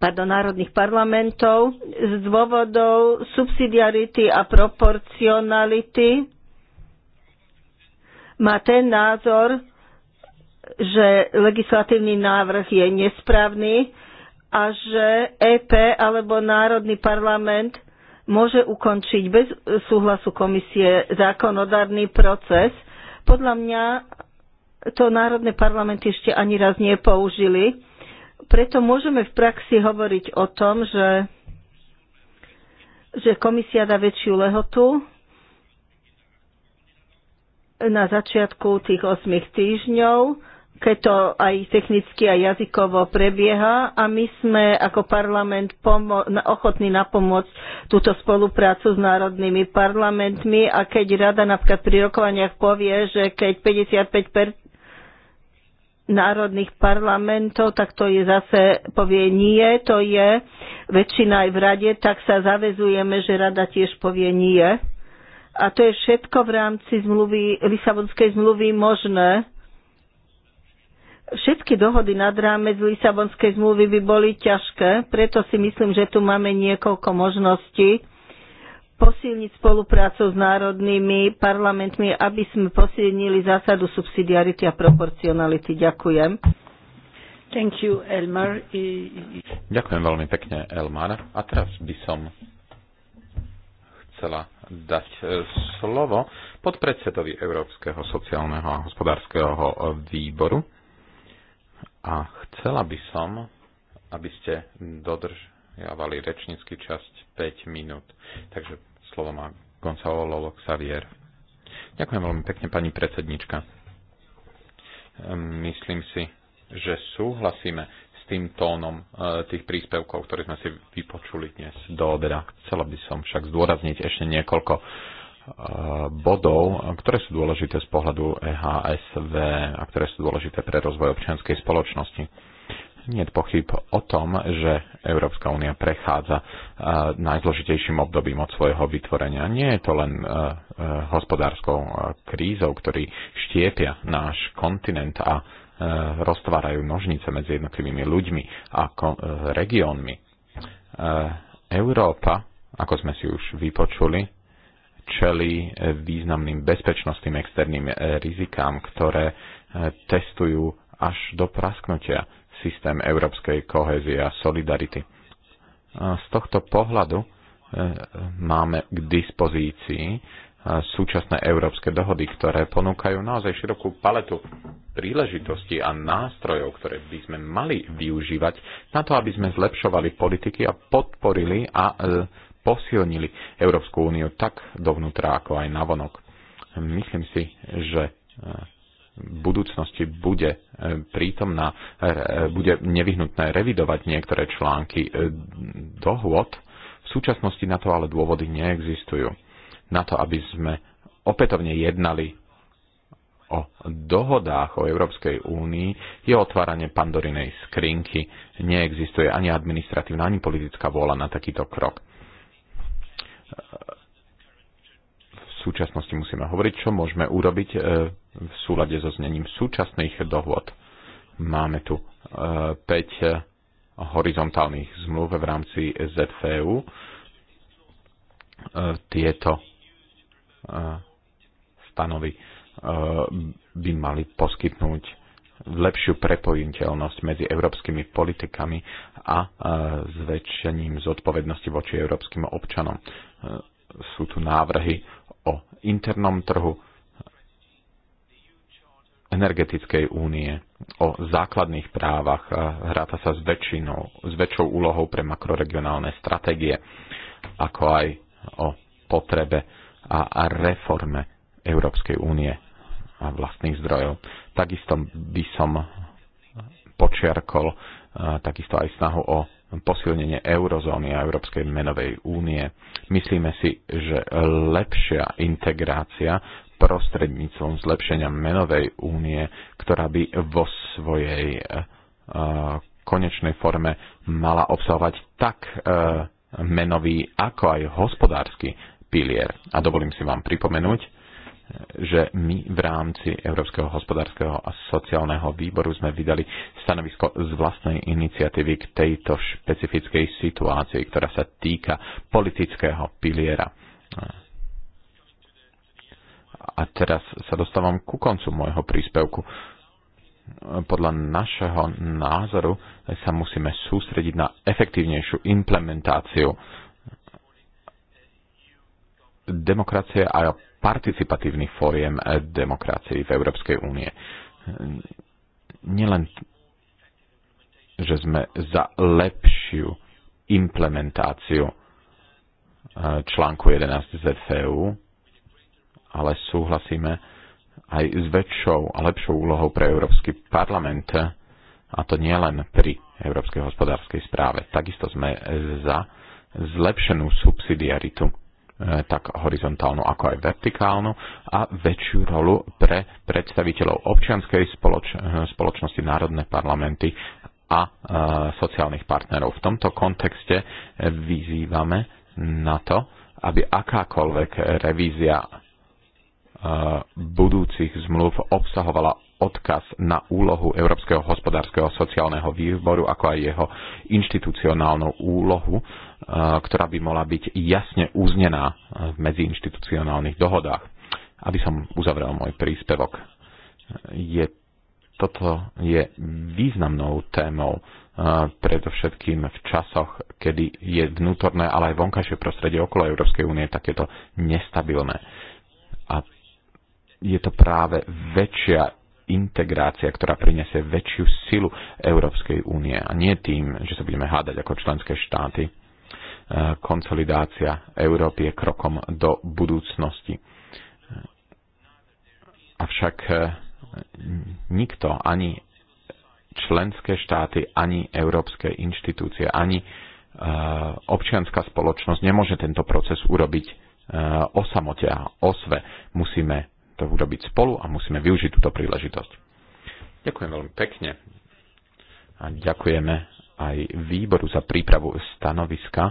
pardon, národných parlamentov z dôvodov subsidiarity a proporcionality má ten názor, že legislatívny návrh je nesprávny a že EP alebo Národný parlament môže ukončiť bez súhlasu komisie zákonodárny proces. Podľa mňa to národné parlamenty ešte ani raz nepoužili. Preto môžeme v praxi hovoriť o tom, že, že komisia dá väčšiu lehotu na začiatku tých 8 týždňov keď to aj technicky a jazykovo prebieha a my sme ako parlament pomo- ochotní napomôcť túto spoluprácu s národnými parlamentmi a keď rada napríklad pri rokovaniach povie, že keď 55 per- národných parlamentov, tak to je zase, povie nie, to je väčšina aj v rade, tak sa zavezujeme, že rada tiež povie nie. A to je všetko v rámci zmluvy, Lisabonskej zmluvy možné všetky dohody nad rámec Lisabonskej zmluvy by boli ťažké, preto si myslím, že tu máme niekoľko možností posilniť spoluprácu s národnými parlamentmi, aby sme posilnili zásadu subsidiarity a proporcionality. Ďakujem. Thank you, Elmar. Ďakujem veľmi pekne, Elmar. A teraz by som chcela dať e, slovo podpredsedovi Európskeho sociálneho a hospodárskeho výboru, a chcela by som, aby ste dodržiavali rečnícky časť 5 minút. Takže slovo má Gonzalo Lolo Xavier. Ďakujem veľmi pekne, pani predsednička. Ehm, myslím si, že súhlasíme s tým tónom e, tých príspevkov, ktoré sme si vypočuli dnes do obeda. Chcela by som však zdôrazniť ešte niekoľko Eh, bodov, ktoré sú dôležité z pohľadu EHSV a ktoré sú dôležité pre rozvoj občianskej spoločnosti. Nie je pochyb o tom, že Európska únia prechádza eh, najzložitejším obdobím od svojho vytvorenia. Nie je to len eh, hospodárskou krízou, ktorý štiepia náš kontinent a roztvárajú nožnice medzi jednotlivými ľuďmi a regiónmi. Európa, ako sme si už vypočuli, čeli eh, významným bezpečnostným externým eh, rizikám, ktoré eh, testujú až do prasknutia systém európskej kohézie a solidarity. Z tohto pohľadu máme k dispozícii súčasné európske dohody, ktoré ponúkajú naozaj širokú paletu príležitostí a nástrojov, ktoré by sme mali využívať na to, aby sme zlepšovali politiky a podporili a posilnili Európsku úniu tak dovnútra, ako aj navonok. Myslím si, že e, v budúcnosti bude e, prítomná, e, bude nevyhnutné revidovať niektoré články dohôd. V súčasnosti na to ale dôvody neexistujú. Na to, aby sme opätovne jednali o dohodách o Európskej únii je otváranie pandorinej skrinky. Neexistuje ani administratívna, ani politická vôľa na takýto krok v súčasnosti musíme hovoriť, čo môžeme urobiť e, v súlade so znením súčasných dohôd. Máme tu 5 e, e, horizontálnych zmluv v rámci ZFU. Tieto stanovy by mali poskytnúť lepšiu prepojiteľnosť medzi európskymi politikami a e, zväčšením zodpovednosti voči európskym občanom. E, sú tu návrhy o internom trhu, energetickej únie, o základných právach, e, hráta sa s, väčšinou, s väčšou úlohou pre makroregionálne stratégie, ako aj o potrebe a reforme Európskej únie vlastných zdrojov. Takisto by som počiarkol e, takisto aj snahu o posilnenie eurozóny a Európskej menovej únie. Myslíme si, že lepšia integrácia prostredníctvom zlepšenia menovej únie, ktorá by vo svojej e, konečnej forme mala obsahovať tak e, menový, ako aj hospodársky pilier. A dovolím si vám pripomenúť, že my v rámci Európskeho hospodárskeho a sociálneho výboru sme vydali stanovisko z vlastnej iniciatívy k tejto špecifickej situácii, ktorá sa týka politického piliera. A teraz sa dostávam ku koncu môjho príspevku. Podľa našeho názoru sa musíme sústrediť na efektívnejšiu implementáciu demokracie a participatívnych fóriem eh, demokracie v Európskej únie. Nielen, že sme za lepšiu implementáciu eh, článku 11 ZFU, e ale súhlasíme aj s väčšou a lepšou úlohou pre Európsky parlament, a to nielen pri Európskej hospodárskej správe. Takisto sme za zlepšenú subsidiaritu Eh, tak horizontálnu ako aj vertikálnu a väčšiu rolu pre predstaviteľov občianskej spoloč- eh, spoločnosti, národné parlamenty a e, sociálnych partnerov. V tomto kontexte vyzývame na to, aby akákoľvek revízia budúcich zmluv obsahovala odkaz na úlohu Európskeho hospodárskeho sociálneho výboru, ako aj jeho inštitucionálnu úlohu, ktorá by mohla byť jasne uznená v medziinštitucionálnych dohodách. Aby som uzavrel môj príspevok, je, toto je významnou témou predovšetkým v časoch, kedy je vnútorné, ale aj vonkajšie prostredie okolo Európskej únie takéto nestabilné je to práve väčšia integrácia, ktorá prinesie väčšiu silu Európskej únie a nie tým, že sa budeme hádať ako členské štáty. E, konsolidácia Európy je krokom do budúcnosti. E, avšak e, nikto, ani členské štáty, ani európske inštitúcie, ani občianská spoločnosť nemôže tento proces urobiť o samote a o sve. Musíme to urobiť spolu a musíme využiť túto príležitosť. Ďakujem veľmi pekne a ďakujeme aj výboru za prípravu stanoviska,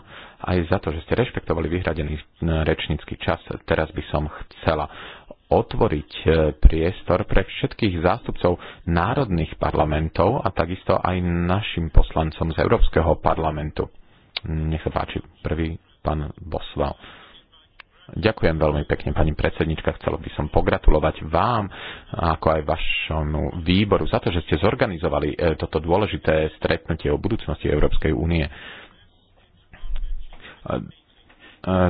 aj za to, že ste rešpektovali vyhradený rečnícky čas. Teraz by som chcela otvoriť e, priestor pre všetkých zástupcov národných parlamentov a takisto aj našim poslancom z Európskeho parlamentu. Nech sa páči, prvý pán Bosval. Ďakujem veľmi pekne, pani predsednička. Chcela by som pogratulovať vám, ako aj vašomu výboru, za to, že ste zorganizovali e, toto dôležité stretnutie o budúcnosti Európskej únie. E, e,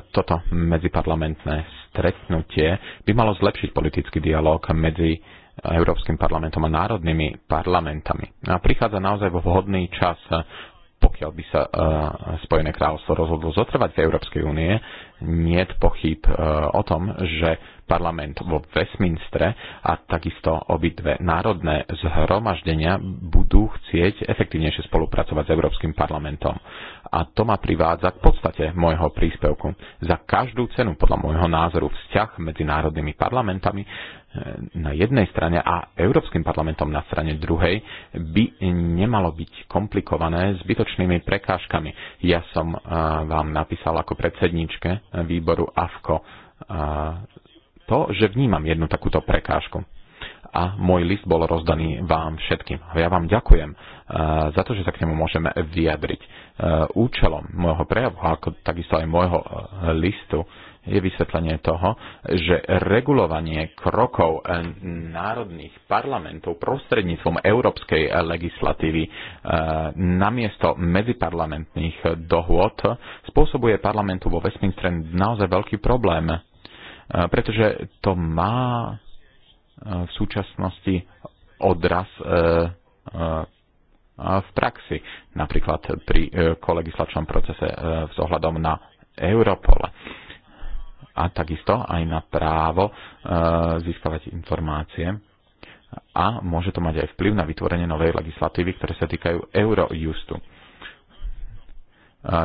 toto medziparlamentné stretnutie by malo zlepšiť politický dialog medzi Európskym parlamentom a národnými parlamentami. A prichádza naozaj vo vhodný čas, pokiaľ by sa Spojené kráľovstvo rozhodlo zotrvať v Európskej únie, nie je pochyb eh, o tom, že parlament vo Westminstre a takisto obidve národné zhromaždenia budú chcieť efektívnejšie spolupracovať s Európskym parlamentom. A to ma privádza k podstate môjho príspevku. Za každú cenu, podľa môjho názoru, vzťah medzi národnými parlamentami eh, na jednej strane a Európskym parlamentom na strane druhej by nemalo byť komplikované zbytočnými prekážkami. Ja som eh, vám napísal ako predsedničke výboru AFKO. A to, že vnímam jednu takúto prekážku. A môj list bol rozdaný vám všetkým. A ja vám ďakujem e, za to, že sa k nemu môžeme vyjadriť. E, účelom môjho prejavu, ako takisto aj môjho e, listu, je vysvetlenie toho, že regulovanie krokov eh, národných parlamentov prostredníctvom európskej eh, legislatívy eh, namiesto medziparlamentných dohôd spôsobuje parlamentu vo Westminstre naozaj veľký problém, pretože to má v súčasnosti odraz v praxi, napríklad pri kolegislačnom procese s ohľadom na Europol a takisto aj na právo e, získavať informácie a môže to mať aj vplyv na vytvorenie novej legislatívy, ktoré sa týkajú Eurojustu. E,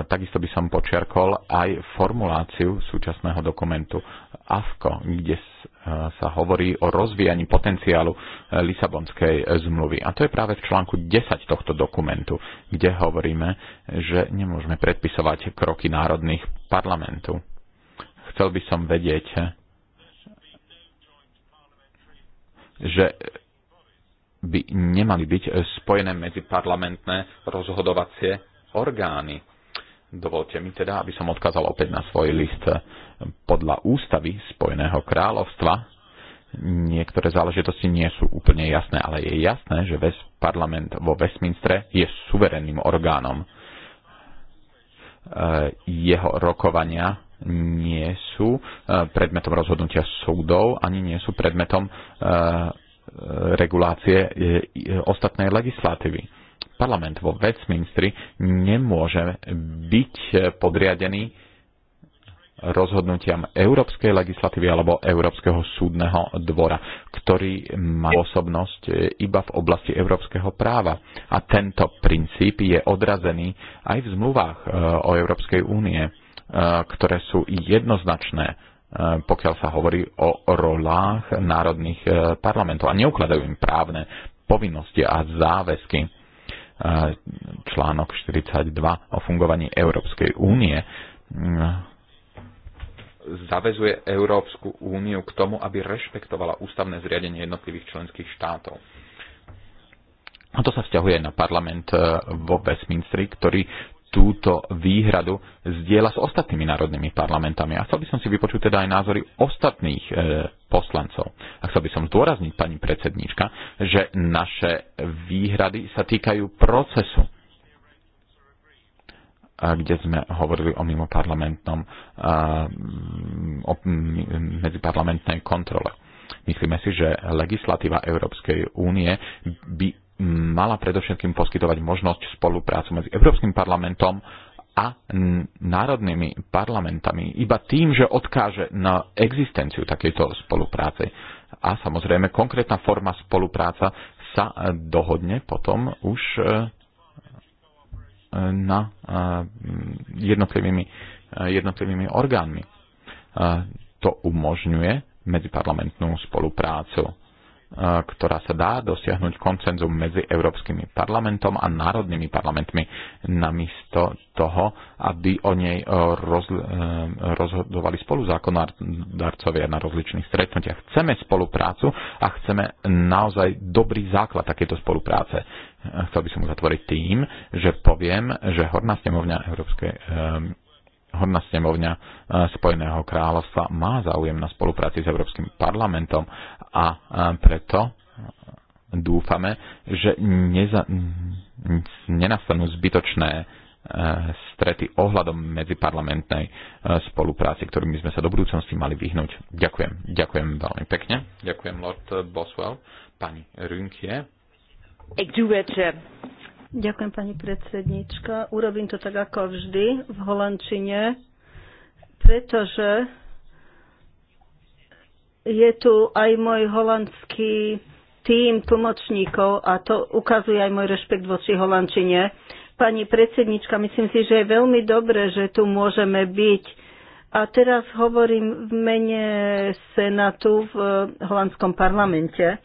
takisto by som počiarkol aj formuláciu súčasného dokumentu AFCO, kde e, sa hovorí o rozvíjaní potenciálu Lisabonskej zmluvy. A to je práve v článku 10 tohto dokumentu, kde hovoríme, že nemôžeme predpisovať kroky národných parlamentov Chcel by som vedieť, že by nemali byť spojené medziparlamentné rozhodovacie orgány. Dovolte mi teda, aby som odkázal opäť na svoj list. Podľa ústavy Spojeného kráľovstva niektoré záležitosti nie sú úplne jasné, ale je jasné, že parlament vo Westminstre je suverenným orgánom. E, jeho rokovania nie sú e, predmetom rozhodnutia súdov, ani nie sú predmetom e, e, regulácie ostatnej legislatívy. Parlament vo Westminstri nemôže byť podriadený rozhodnutiam európskej legislatívy alebo Európskeho súdneho dvora, ktorý má osobnosť iba v oblasti európskeho práva. A tento princíp je odrazený aj v zmluvách o Európskej únie Eh, ktoré sú jednoznačné, eh, pokiaľ sa hovorí o rolách národných eh, parlamentov a neukladajú im právne povinnosti a záväzky. Článok 42 o fungovaní Európskej únie mm, zavezuje Európsku úniu k tomu, aby rešpektovala ústavné zriadenie jednotlivých členských štátov. A to sa vzťahuje na parlament vo Westminstri, ktorý túto výhradu zdieľa s ostatnými národnými parlamentami. A chcel by som si vypočuť teda aj názory ostatných e, poslancov. A chcel by som zdôrazniť, pani predsedníčka, že naše výhrady sa týkajú procesu, kde sme hovorili o mimoparlamentnom, a, o medziparlamentnej kontrole. Myslíme si, že legislatíva Európskej únie by mala predovšetkým poskytovať možnosť spoluprácu medzi Európskym parlamentom a národnými parlamentami iba tým, že odkáže na existenciu takejto spolupráce. A samozrejme, konkrétna forma spolupráca sa e, dohodne potom už e, e, na jednotlivými, jednotlivými orgánmi. To umožňuje medziparlamentnú spoluprácu ktorá sa dá dosiahnuť koncenzum medzi Európskym parlamentom a národnými parlamentmi, namiesto toho, aby o nej e, roz, e, rozhodovali zákonodarcovia na rozličných stretnutiach. Chceme spoluprácu a chceme naozaj dobrý základ takéto spolupráce. E, chcel by som uzatvoriť tým, že poviem, že Horná snemovňa Európskej Horná snemovňa e, Spojeného kráľovstva má záujem na spolupráci s Európskym parlamentom a e, preto e, dúfame, že neza, nenastanú zbytočné strety ohľadom medziparlamentnej spolupráci, ktorými sme sa do budúcnosti mali vyhnúť. Ďakujem. Ďakujem veľmi pekne. Ďakujem, Lord Boswell. Pani Rynkie. Ik doe het eh, Ďakujem, pani predsednička. Urobím to tak ako vždy v holandčine, pretože je tu aj môj holandský tým tlmočníkov a to ukazuje aj môj rešpekt voči holandčine. Pani predsednička, myslím si, že je veľmi dobré, že tu môžeme byť. A teraz hovorím v mene Senátu v eh, holandskom parlamente.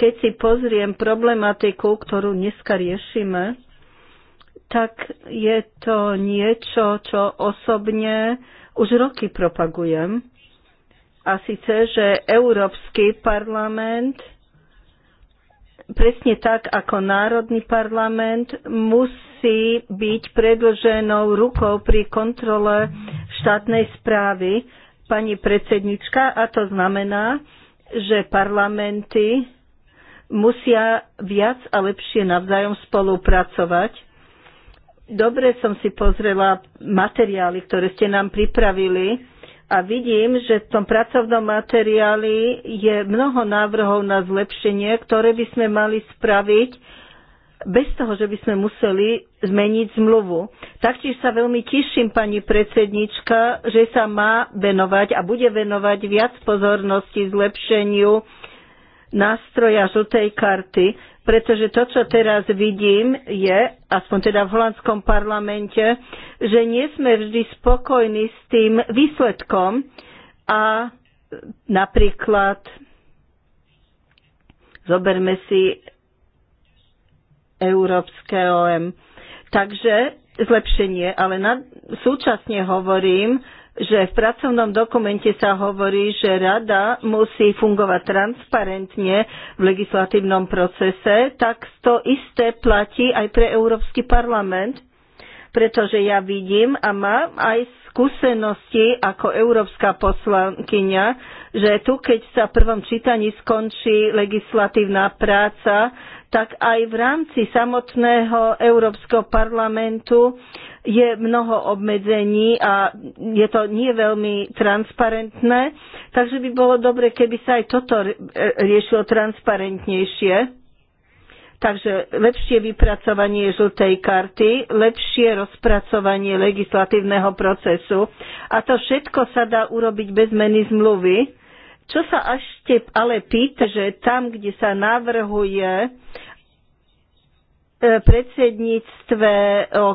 Keď si pozriem problematiku, ktorú dneska riešime, tak je to niečo, čo osobne už roky propagujem. A síce, že Európsky parlament presne tak ako Národný parlament musí byť predlženou rukou pri kontrole štátnej správy pani predsednička a to znamená, že parlamenty musia viac a lepšie navzájom spolupracovať. Dobre som si pozrela materiály, ktoré ste nám pripravili a vidím, že v tom pracovnom materiáli je mnoho návrhov na zlepšenie, ktoré by sme mali spraviť bez toho, že by sme museli zmeniť zmluvu. Taktiež sa veľmi teším, pani predsednička, že sa má venovať a bude venovať viac pozornosti zlepšeniu nástroja žltej karty, pretože to, čo teraz vidím, je, aspoň teda v holandskom parlamente, že nie sme vždy spokojní s tým výsledkom a napríklad zoberme si Európske OM. Takže zlepšenie, ale na, súčasne hovorím, že v pracovnom dokumente sa hovorí, že rada musí fungovať transparentne v legislatívnom procese, tak to isté platí aj pre Európsky parlament, pretože ja vidím a mám aj skúsenosti ako európska poslankyňa, že tu, keď sa v prvom čítaní skončí legislatívna práca, tak aj v rámci samotného Európskeho parlamentu je mnoho obmedzení a je to nie veľmi transparentné, takže by bolo dobre, keby sa aj toto riešilo transparentnejšie. Takže lepšie vypracovanie žltej karty, lepšie rozpracovanie legislatívneho procesu. A to všetko sa dá urobiť bez meny zmluvy čo sa ešte ale pýta, že tam, kde sa navrhuje e, predsedníctve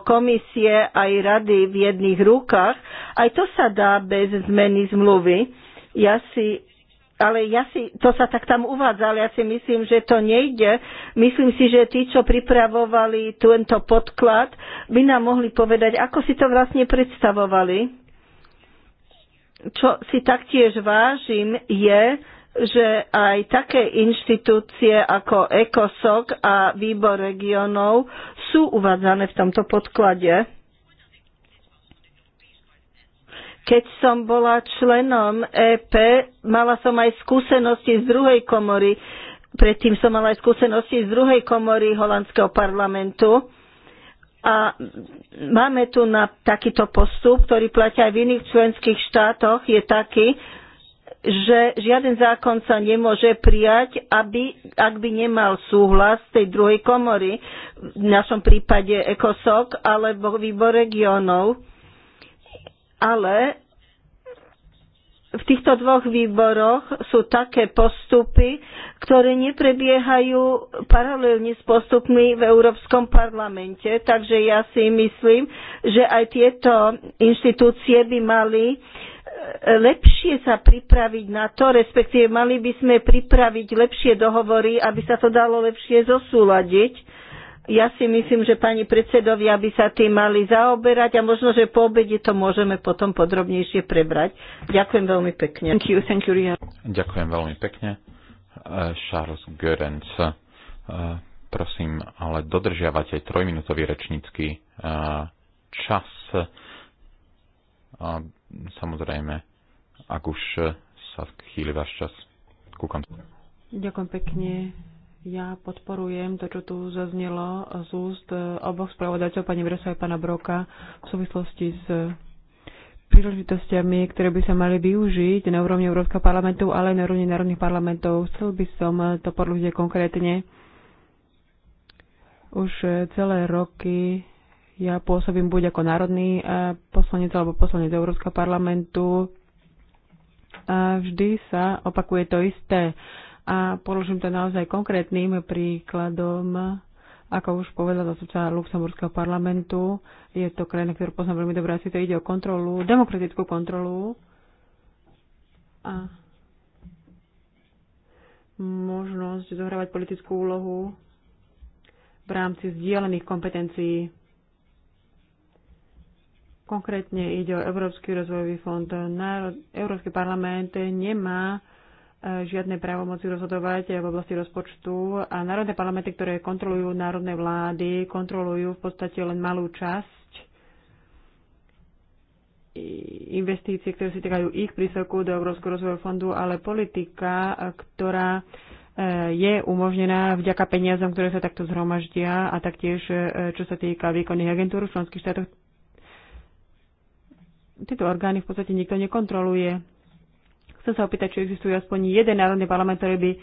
komisie aj rady v jedných rukách, aj to sa dá bez zmeny zmluvy. Ja si ale ja si, to sa tak tam uvádza, ale ja si myslím, že to nejde. Myslím si, že tí, čo pripravovali tento podklad, by nám mohli povedať, ako si to vlastne predstavovali. Čo si taktiež vážim je, že aj také inštitúcie ako ECOSOC a Výbor regionov sú uvádzané v tomto podklade. Keď som bola členom EP, mala som aj skúsenosti z druhej komory. Predtým som mala aj skúsenosti z druhej komory holandského parlamentu a máme tu na takýto postup, ktorý platia aj v iných členských štátoch, je taký, že žiaden zákon sa nemôže prijať, aby, ak by nemal súhlas tej druhej komory, v našom prípade ECOSOC alebo výbor regionov. Ale v týchto dvoch výboroch sú také postupy, ktoré neprebiehajú paralelne s postupmi v Európskom parlamente. Takže ja si myslím, že aj tieto inštitúcie by mali e, lepšie sa pripraviť na to, respektíve mali by sme pripraviť lepšie dohovory, aby sa to dalo lepšie zosúladiť ja si myslím, že pani predsedovia by sa tým mali zaoberať a možno, že po obede to môžeme potom podrobnejšie prebrať. Ďakujem veľmi pekne. Thank you, thank you, Ria. Ďakujem veľmi pekne. E, Charles Görens, e, prosím, ale dodržiavate trojminútový rečnícky e, čas. Samozrejme, ak už sa chýli váš čas ku koncu. Ďakujem pekne ja podporujem to, čo tu zaznelo z úst e, oboch spravodajcov, pani Vresa a pana Broka, v súvislosti s príležitostiami, ktoré by sa mali využiť na úrovni Európskeho parlamentu, ale aj na úrovni národných parlamentov. Chcel by som to podľúdiť konkrétne. Už e, celé roky ja pôsobím buď ako národný e, poslanec alebo poslanec Európskeho parlamentu. A vždy sa opakuje to isté a položím to naozaj konkrétnym príkladom. Ako už povedala zastupca Luxemburského parlamentu, je to krajina, ktorú poznám veľmi dobre, asi to ide o kontrolu, demokratickú kontrolu. A možnosť zohrávať politickú úlohu v rámci zdieľaných kompetencií. Konkrétne ide o Európsky rozvojový fond. Národ, Európsky parlament nemá žiadne právomoci rozhodovať v oblasti rozpočtu a národné parlamenty, ktoré kontrolujú národné vlády, kontrolujú v podstate len malú časť investície, ktoré sa týkajú ich prísoku do Európskeho rozvojového fondu, ale politika, ktorá eh, je umožnená vďaka peniazom, ktoré sa takto zhromaždia a taktiež, eh, čo sa týka výkonných agentúr v členských štátoch, tieto orgány v podstate nikto nekontroluje. Chcem sa opýtať, či existuje aspoň jeden národný parlament, ktorý by e,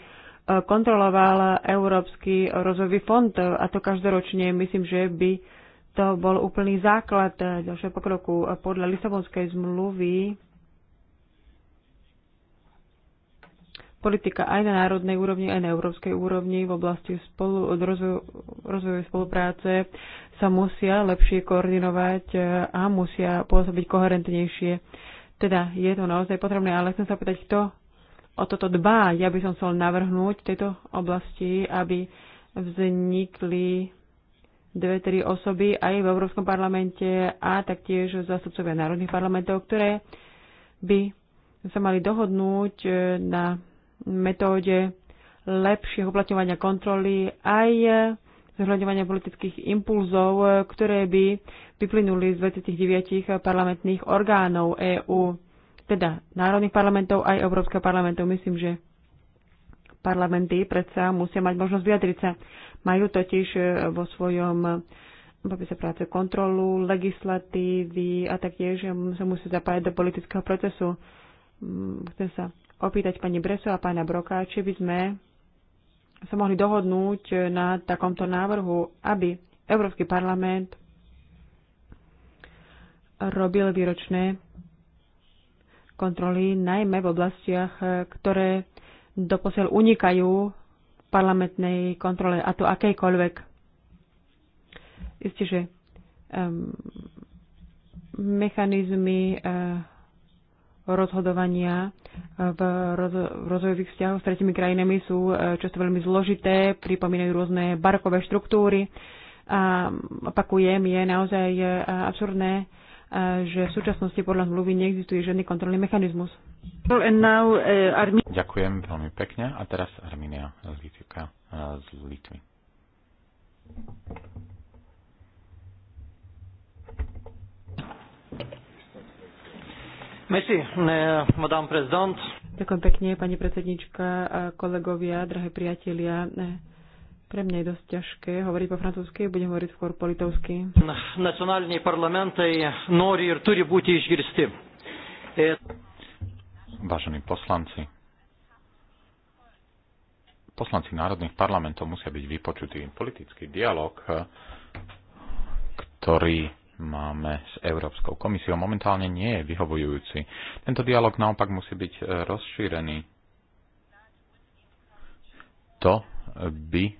kontroloval Európsky rozvojový fond e, a to každoročne. Myslím, že by to bol úplný základ e, ďalšieho pokroku. Podľa Lisabonskej zmluvy politika aj na národnej úrovni, aj na európskej úrovni v oblasti spolu, rozvoju, rozvojovej spolupráce sa musia lepšie koordinovať a musia pôsobiť koherentnejšie. Teda je to naozaj potrebné, ale chcem sa pýtať, kto o toto dbá. Ja by som chcel navrhnúť v tejto oblasti, aby vznikli dve, tri osoby aj v Európskom parlamente a taktiež zastupcovia národných parlamentov, ktoré by sa mali dohodnúť e, na metóde lepšieho uplatňovania kontroly aj zohľadňovania politických impulzov, e, ktoré by vyplynuli z 29 parlamentných orgánov EÚ, teda národných parlamentov aj Európskeho parlamentov. Myslím, že parlamenty predsa musia mať možnosť vyjadriť sa. Majú totiž e, vo svojom popise práce kontrolu, legislatívy a taktiež e, sa musí zapájať do politického procesu. Mm, chcem sa opýtať pani Breso a pána Broka, či by sme sa mohli dohodnúť na takomto návrhu, aby Európsky parlament robil výročné kontroly najmä v oblastiach, ktoré doposiaľ unikajú parlamentnej kontrole, a to akejkoľvek. Isté, že um, mechanizmy uh, rozhodovania e, v rozvojových vzťahoch s tretimi krajinami sú e, často veľmi zložité, pripomínajú rôzne barkové štruktúry a opakujem, je naozaj e, absurdné, že v súčasnosti podľa zmluvy neexistuje žiadny kontrolný mechanizmus. Ďakujem veľmi pekne. A teraz Arminia z, Litvika, z Litvy. Thank you. Merci, eh, madame prezident. Ďakujem pekne, pani predsednička, kolegovia, drahé priatelia. Eh, pre mňa je dosť ťažké hovoriť po francúzsky, budem hovoriť skôr po litovsky. Nacionálne parlamenty nori ir turi byť išgirsti. Eh, Vážení poslanci, poslanci národných parlamentov musia byť vypočutí. Politický dialog, ktorý máme s Európskou komisiou, momentálne nie je vyhovujúci. Tento dialog naopak musí byť e, rozšírený. To by e,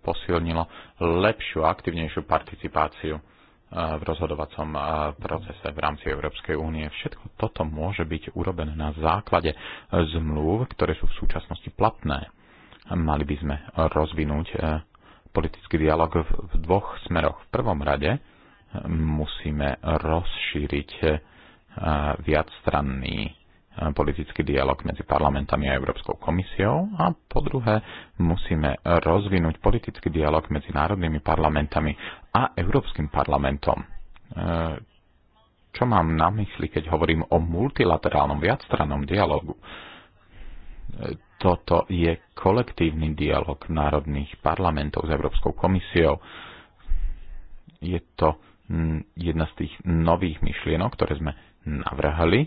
posilnilo lepšiu a aktivnejšiu participáciu e, v rozhodovacom procese v rámci Európskej únie. Všetko toto môže byť urobené na základe zmluv, ktoré sú v súčasnosti platné. Mali by sme rozvinúť politický dialog v dvoch smeroch. V prvom rade musíme rozšíriť eh, viacstranný eh, politický dialog medzi parlamentami a Európskou komisiou a po druhé musíme rozvinúť politický dialog medzi národnými parlamentami a Európskym parlamentom. Eh, čo mám na mysli, keď hovorím o multilaterálnom viacstrannom dialogu? Toto je kolektívny dialog národných parlamentov s Európskou komisiou. Je to jedna z tých nových myšlienok, ktoré sme navrhli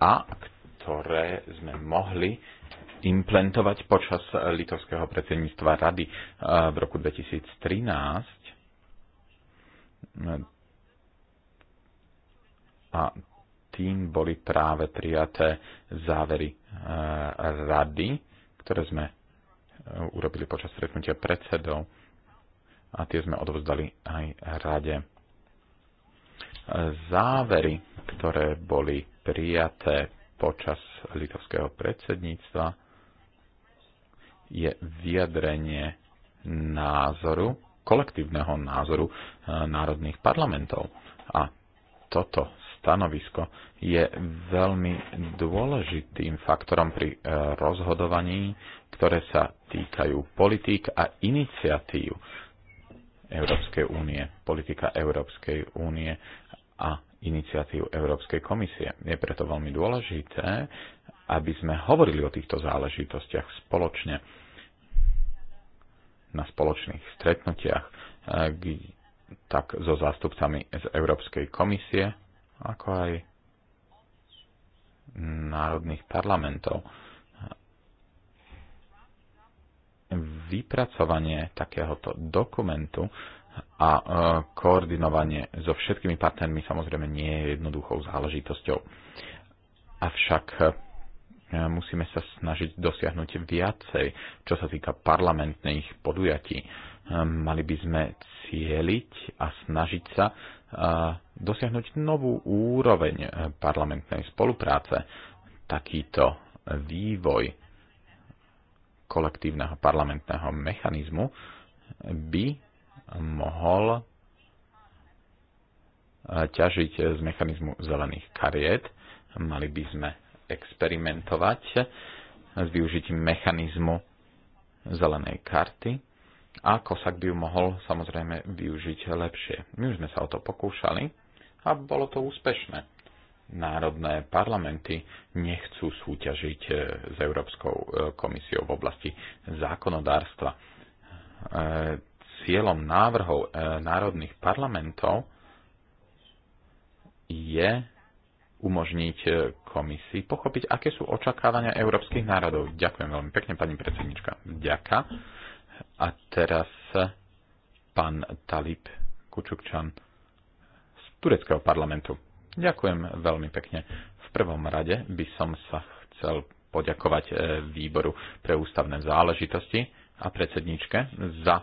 a ktoré sme mohli implementovať počas litovského predsedníctva rady e, v roku 2013. E, a tým boli práve prijaté závery e, rady, ktoré sme urobili počas stretnutia predsedov a tie sme odovzdali aj rade závery, ktoré boli prijaté počas litovského predsedníctva, je vyjadrenie názoru, kolektívneho názoru eh, národných parlamentov. A toto stanovisko je veľmi dôležitým faktorom pri eh, rozhodovaní, ktoré sa týkajú politík a iniciatív Európskej únie. Politika Európskej únie a iniciatív Európskej komisie. Je preto veľmi dôležité, aby sme hovorili o týchto záležitostiach spoločne na spoločných stretnutiach eh, tak so zástupcami z Európskej komisie, ako aj národných parlamentov. Vypracovanie takéhoto dokumentu a e, koordinovanie so všetkými partnermi samozrejme nie je jednoduchou záležitosťou. Avšak e, musíme sa snažiť dosiahnuť viacej, čo sa týka parlamentných podujatí. E, mali by sme cieliť a snažiť sa dosiahnuť novú úroveň parlamentnej spolupráce. Takýto vývoj kolektívneho parlamentného mechanizmu by mohol eh, ťažiť z mechanizmu zelených kariet. Mali by sme experimentovať eh, s využitím mechanizmu zelenej karty a Kosak by ju mohol samozrejme využiť lepšie. My už sme sa o to pokúšali a bolo to úspešné. Národné parlamenty nechcú súťažiť eh, s Európskou komisiou v oblasti zákonodárstva cieľom návrhov e, národných parlamentov je umožniť e, komisii pochopiť, aké sú očakávania európskych národov. Ďakujem veľmi pekne, pani predsednička. Ďaká. A teraz e, pán Talib Kučukčan z tureckého parlamentu. Ďakujem veľmi pekne. V prvom rade by som sa chcel poďakovať výboru pre ústavné záležitosti a predsedničke za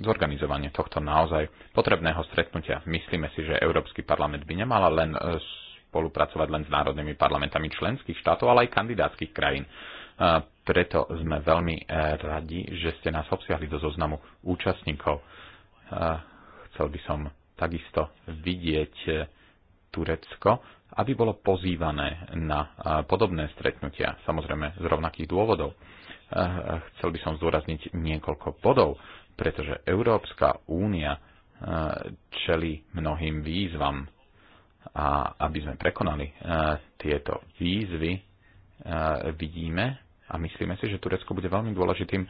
zorganizovanie tohto naozaj potrebného stretnutia. Myslíme si, že Európsky parlament by nemal len e, spolupracovať len s národnými parlamentami členských štátov, ale aj kandidátskych krajín. E, preto sme veľmi e, radi, že ste nás obsiahli do zoznamu účastníkov. Chcel by som takisto vidieť Turecko, aby bolo pozývané na podobné stretnutia, samozrejme z rovnakých dôvodov. Chcel by som zdôrazniť niekoľko bodov, pretože Európska únia e, čeli mnohým výzvam a aby sme prekonali e, tieto výzvy, e, vidíme a myslíme si, že Turecko bude veľmi dôležitým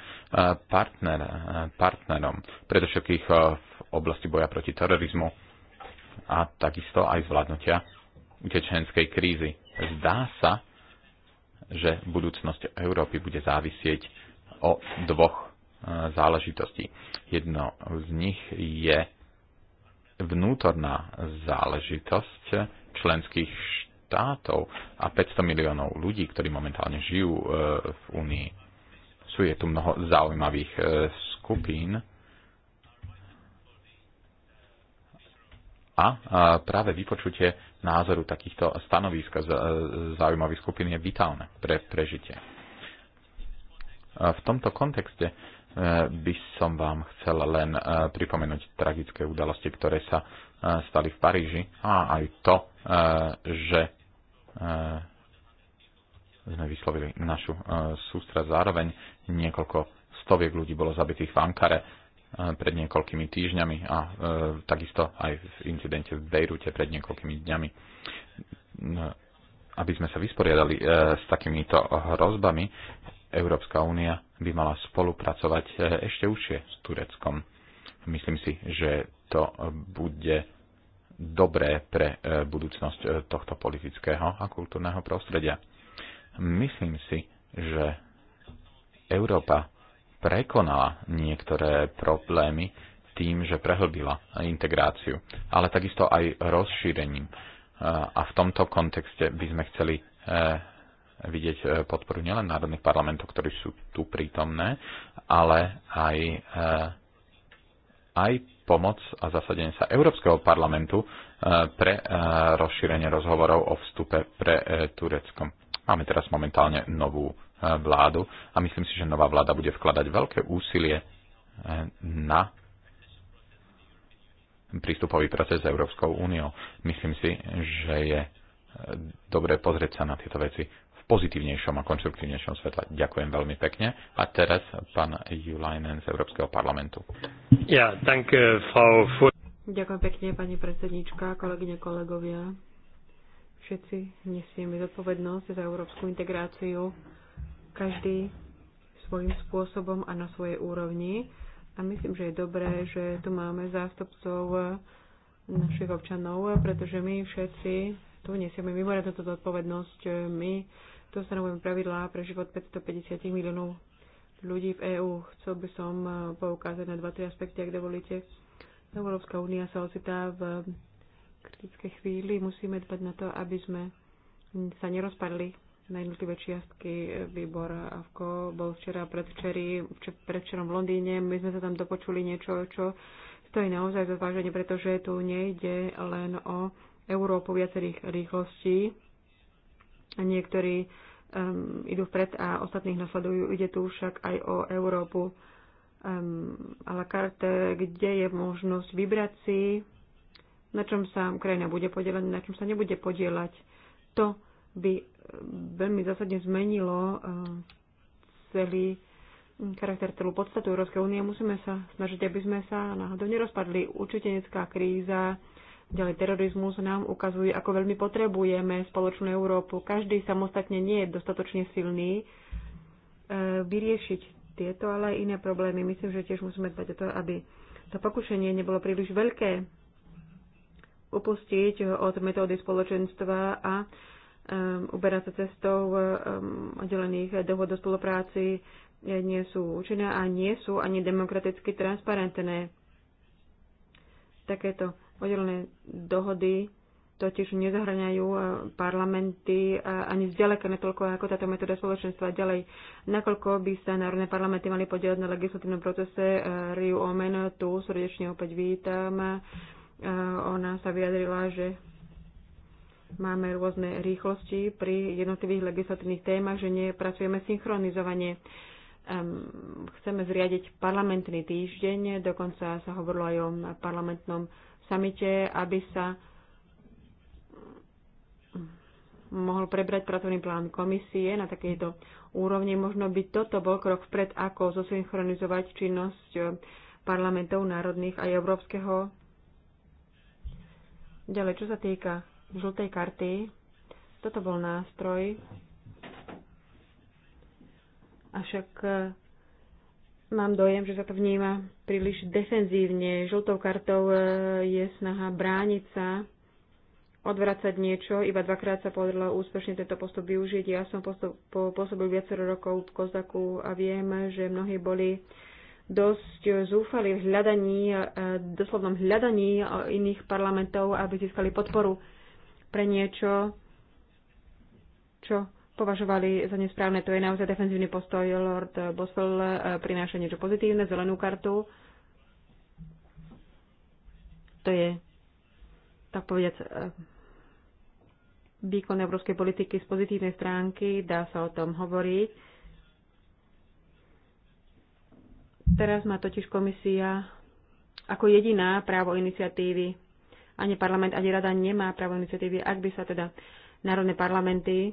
partner, partnerom, predovšetkých v oblasti boja proti terorizmu a takisto aj zvládnutia utečenskej krízy. Zdá sa, že budúcnosť Európy bude závisieť o dvoch E, záležitostí. Jedno z nich je vnútorná záležitosť členských štátov a 500 miliónov ľudí, ktorí momentálne žijú e, v Únii. Sú je tu mnoho zaujímavých e, skupín a práve vypočutie názoru takýchto stanovísk zaujímavých skupín je vitálne pre prežitie. V tomto kontexte Eh, by som vám chcel len eh, pripomenúť tragické udalosti, ktoré sa eh, stali v Paríži a aj to, že sme vyslovili našu sústra Zároveň niekoľko stoviek ľudí bolo zabitých v Ankare pred niekoľkými týždňami a takisto aj v incidente v Bejrute pred niekoľkými dňami. No, aby sme sa vysporiadali s takýmito hrozbami, Európska únia by mala spolupracovať e, ešte užšie s Tureckom. Myslím si, že to bude dobré pre e, budúcnosť e, tohto politického a kultúrneho prostredia. Myslím si, že Európa prekonala niektoré problémy tým, že prehlbila integráciu, ale takisto aj rozšírením. A v tomto kontexte by sme chceli vidieť e, podporu nielen národných parlamentov, ktorí sú tu prítomné, ale aj, e, aj pomoc a zasadenie sa Európskeho parlamentu e, pre rozšírenie rozhovorov o vstupe pre Turecko. Máme teraz momentálne novú vládu a myslím si, že nová vláda bude vkladať veľké úsilie na prístupový proces s Európskou úniou. Myslím si, že je dobre pozrieť sa na tieto veci pozitívnejšom a konštruktívnejšom svetle. Ďakujem veľmi pekne. A teraz pán Julajnen z Európskeho parlamentu. Ja, you, for... Ďakujem pekne, pani predsednička, kolegyne, kolegovia. Všetci nesieme zodpovednosť za európsku integráciu. Každý svojím spôsobom a na svojej úrovni. A myslím, že je dobré, že tu máme zástupcov našich občanov, pretože my všetci tu nesieme mimoriadnú zodpovednosť. My to stanovujem pravidlá pre život 550 miliónov ľudí v EÚ. Chcel by som eh, poukázať na dva, tri aspekty, ak dovolíte. Európska únia sa ocitá v kritickej chvíli. Musíme dbať na to, aby sme sa nerozpadli na jednotlivé čiastky. Výbor AVKO bol včera, predvčeri, predvčerom v Londýne. My sme sa tam dopočuli niečo, čo stojí naozaj za zváženie, pretože tu nejde len o Európu viacerých rýchlostí, a Niektorí um, idú vpred a ostatných nasledujú. Ide tu však aj o Európu um, a la carte, kde je možnosť vybrať si, na čom sa krajina bude podielať, na čom sa nebude podielať. To by um, veľmi zásadne zmenilo uh, celý charakter, celú podstatu Európskej únie. Musíme sa snažiť, aby sme sa náhodou nerozpadli. Učitenecká kríza, Ďalej terorizmus nám ukazuje, ako veľmi potrebujeme spoločnú Európu. Každý samostatne nie je dostatočne silný e, vyriešiť tieto, ale aj iné problémy. Myslím, že tiež musíme dbať o to, aby to pokušenie nebolo príliš veľké upustiť od metódy spoločenstva a um, uberať sa cestou um, oddelených dohod o spolupráci nie sú účinné a nie sú ani demokraticky transparentné. Takéto Oddelené dohody totiž nezahraňajú eh, parlamenty eh, ani zďaleka netoľko ako táto metóda spoločenstva ďalej. Nakoľko by sa národné parlamenty mali podielať na legislatívnom procese, eh, Riu Omen tu srdečne opäť vítam. Ona sa vyjadrila, že máme rôzne rýchlosti pri jednotlivých legislatívnych témach, že nepracujeme synchronizovanie. Chceme zriadiť parlamentný týždeň, dokonca sa hovorilo aj o parlamentnom samite, aby sa mohol prebrať pracovný plán komisie na takejto úrovni. Možno by toto bol krok vpred, ako zosynchronizovať činnosť parlamentov národných aj európskeho. Ďalej, čo sa týka žltej karty, toto bol nástroj, avšak Mám dojem, že sa to vníma príliš defenzívne. Žltou kartou e, je snaha brániť sa, odvracať niečo. Iba dvakrát sa podarilo úspešne tento postup využiť. Ja som pôsobil viacero rokov v Kozaku a viem, že mnohí boli dosť zúfali v hľadaní, e, doslovnom hľadaní e, iných parlamentov, aby získali podporu pre niečo, čo považovali za nesprávne. To je naozaj defenzívny postoj. Lord Boswell e, prináša niečo pozitívne, zelenú kartu. To je, tak povedať, e, výkon európskej politiky z pozitívnej stránky. Dá sa o tom hovoriť. Teraz má totiž komisia ako jediná právo iniciatívy. Ani parlament, ani rada nemá právo iniciatívy, ak by sa teda národné parlamenty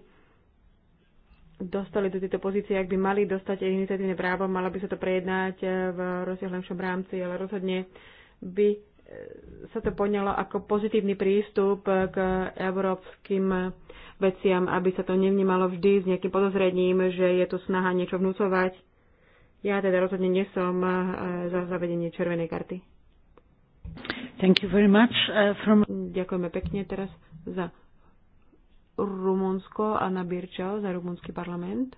dostali do tejto pozície, ak by mali dostať iniciatívne právo, malo by sa to prejednať e, v rozsiahlejšom rámci, ale rozhodne by e, sa to poňalo ako pozitívny prístup k európskym veciam, aby sa to nevnímalo vždy s nejakým podozrením, že je tu snaha niečo vnúcovať. Ja teda rozhodne nesom e, za zavedenie červenej karty. Thank you very much. Uh, from... Ďakujeme pekne teraz za Rumunsko, a na Birča za rumunský parlament.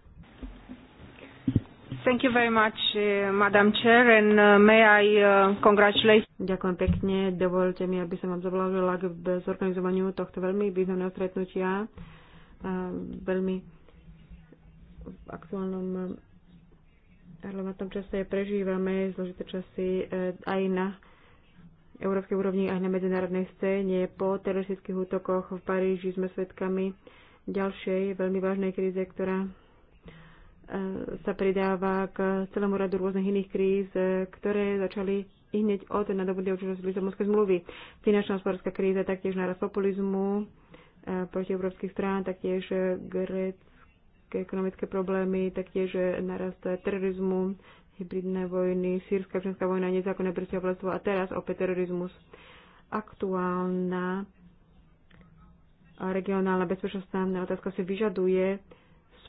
Thank you very much, uh, Madam Chair, and uh, may I uh, congratulate... Ďakujem pekne. Dovolte mi, aby som vám zablahožila k zorganizovaniu tohto veľmi významného stretnutia. Veľmi v aktuálnom relevantnom čase prežívame zložité časy aj na európskej úrovni aj na medzinárodnej scéne. Po teroristických útokoch v Paríži sme svedkami ďalšej veľmi vážnej kríze, ktorá e, sa pridáva k celému radu rôznych iných kríz, e, ktoré začali i hneď od nadobudnej účinnosti Lisabonskej zmluvy. Finančná sporská kríza, taktiež naraz populizmu e, proti európskych strán, taktiež grecké ekonomické problémy, taktiež narast terorizmu, hybridné vojny, sírska občianská vojna, nezákonné presťahovalectvo a teraz opäť terorizmus. Aktuálna regionálna bezpečnostná otázka si vyžaduje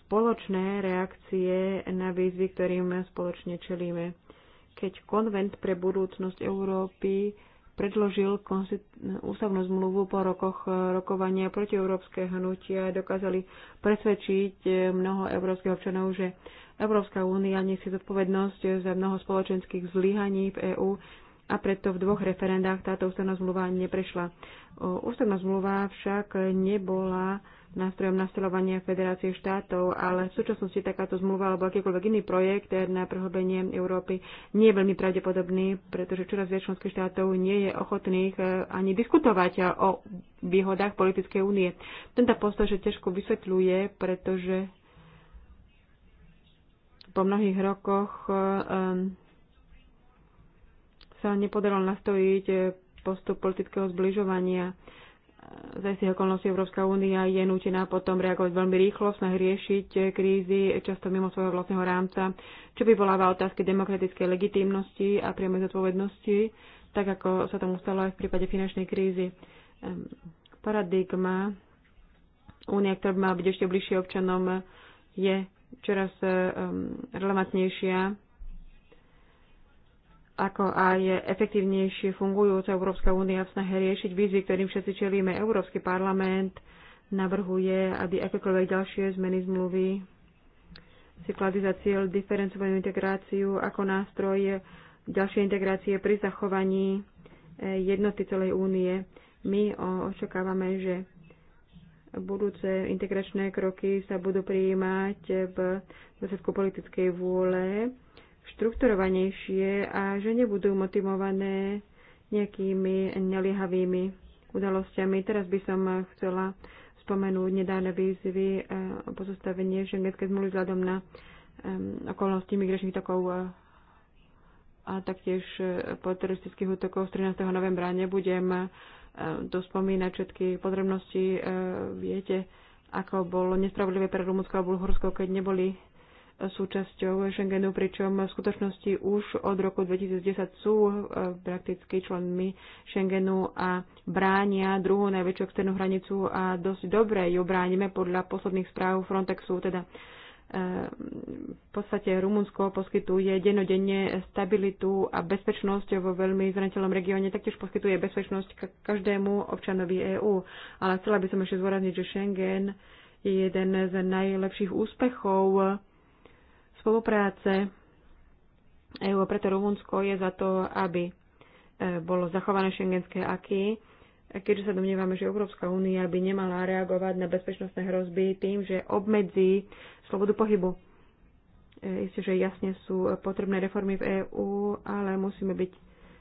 spoločné reakcie na výzvy, ktorým spoločne čelíme. Keď konvent pre budúcnosť Európy predložil ústavnú zmluvu po rokoch rokovania proti európske hnutia, dokázali presvedčiť mnoho európskych občanov, že Európska únia nesie zodpovednosť za mnoho spoločenských zlyhaní v EÚ a preto v dvoch referendách táto ústavná zmluva neprešla. Ústavná zmluva však nebola nástrojom nastolovania Federácie štátov, ale v súčasnosti takáto zmluva alebo akýkoľvek iný projekt na prehlbenie Európy nie je veľmi pravdepodobný, pretože čoraz viac členských štátov nie je ochotných e, ani diskutovať o výhodách politickej únie. Tento postoj sa ťažko vysvetľuje, pretože po mnohých rokoch eh, eh, sa nepodarilo nastojiť eh, postup politického zbližovania. Za istých okolností Európska únia je nutená potom reagovať veľmi rýchlo, snah riešiť krízy, často mimo svojho vlastného rámca, čo vyvoláva otázky demokratickej legitímnosti a priamej zodpovednosti, tak ako sa tomu stalo aj v prípade finančnej krízy. Ehm, paradigma únia, ktorá by mala byť ešte bližšie občanom, je čoraz eh, relevantnejšia ako aj efektívnejšie fungujúca Európska únia v snahe riešiť výzvy, ktorým všetci čelíme. Európsky parlament navrhuje, aby akékoľvek ďalšie zmeny zmluvy si kladli za cieľ diferencovanú integráciu ako nástroj ďalšej integrácie pri zachovaní eh, jednoty celej únie. My očakávame, že budúce integračné kroky sa budú prijímať v dôsledku politickej vôle štrukturovanejšie a že nebudú motivované nejakými neliehavými udalosťami. Teraz by som chcela spomenúť nedávne výzvy o eh, pozostavenie šengenské zmluvy vzhľadom na eh, okolnosti migračných tokov eh, a taktiež po teroristických útokov z 13. novembra nebudem tu spomínať všetky podrobnosti. E, viete, ako bolo nespravodlivé pre Rumunsko a Bulhorsko, keď neboli e, súčasťou Schengenu, pričom v skutočnosti už od roku 2010 sú e, prakticky členmi Schengenu a bránia druhú najväčšiu externú hranicu a dosť dobre ju bránime podľa posledných správ Frontexu, teda v podstate Rumunsko poskytuje denodenne stabilitu a bezpečnosť vo veľmi zraniteľnom regióne, taktiež poskytuje bezpečnosť každému občanovi EÚ. Ale chcela by som ešte zvorazniť, že Schengen je jeden z najlepších úspechov spolupráce EÚ, preto Rumunsko je za to, aby eh, bolo zachované šengenské aky a keďže sa domnievame, že Európska únia by nemala reagovať na bezpečnostné hrozby tým, že obmedzí slobodu pohybu. E, isté, že jasne sú potrebné reformy v EÚ, ale musíme byť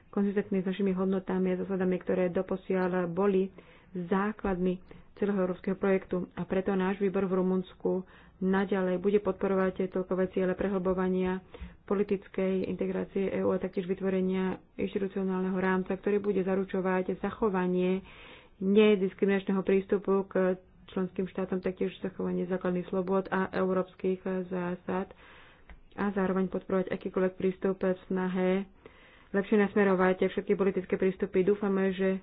konzistentní s našimi hodnotami a zásadami, ktoré doposiaľ boli základmi celého európskeho projektu. A preto náš výbor v Rumunsku naďalej bude podporovať toľkové ciele prehlbovania politickej integrácie EÚ a taktiež vytvorenia inštitucionálneho rámca, ktorý bude zaručovať zachovanie nediskriminačného prístupu k členským štátom, taktiež zachovanie základných slobod a európskych zásad a zároveň podporovať akýkoľvek prístup v snahe lepšie nasmerovať všetky politické prístupy. Dúfame, že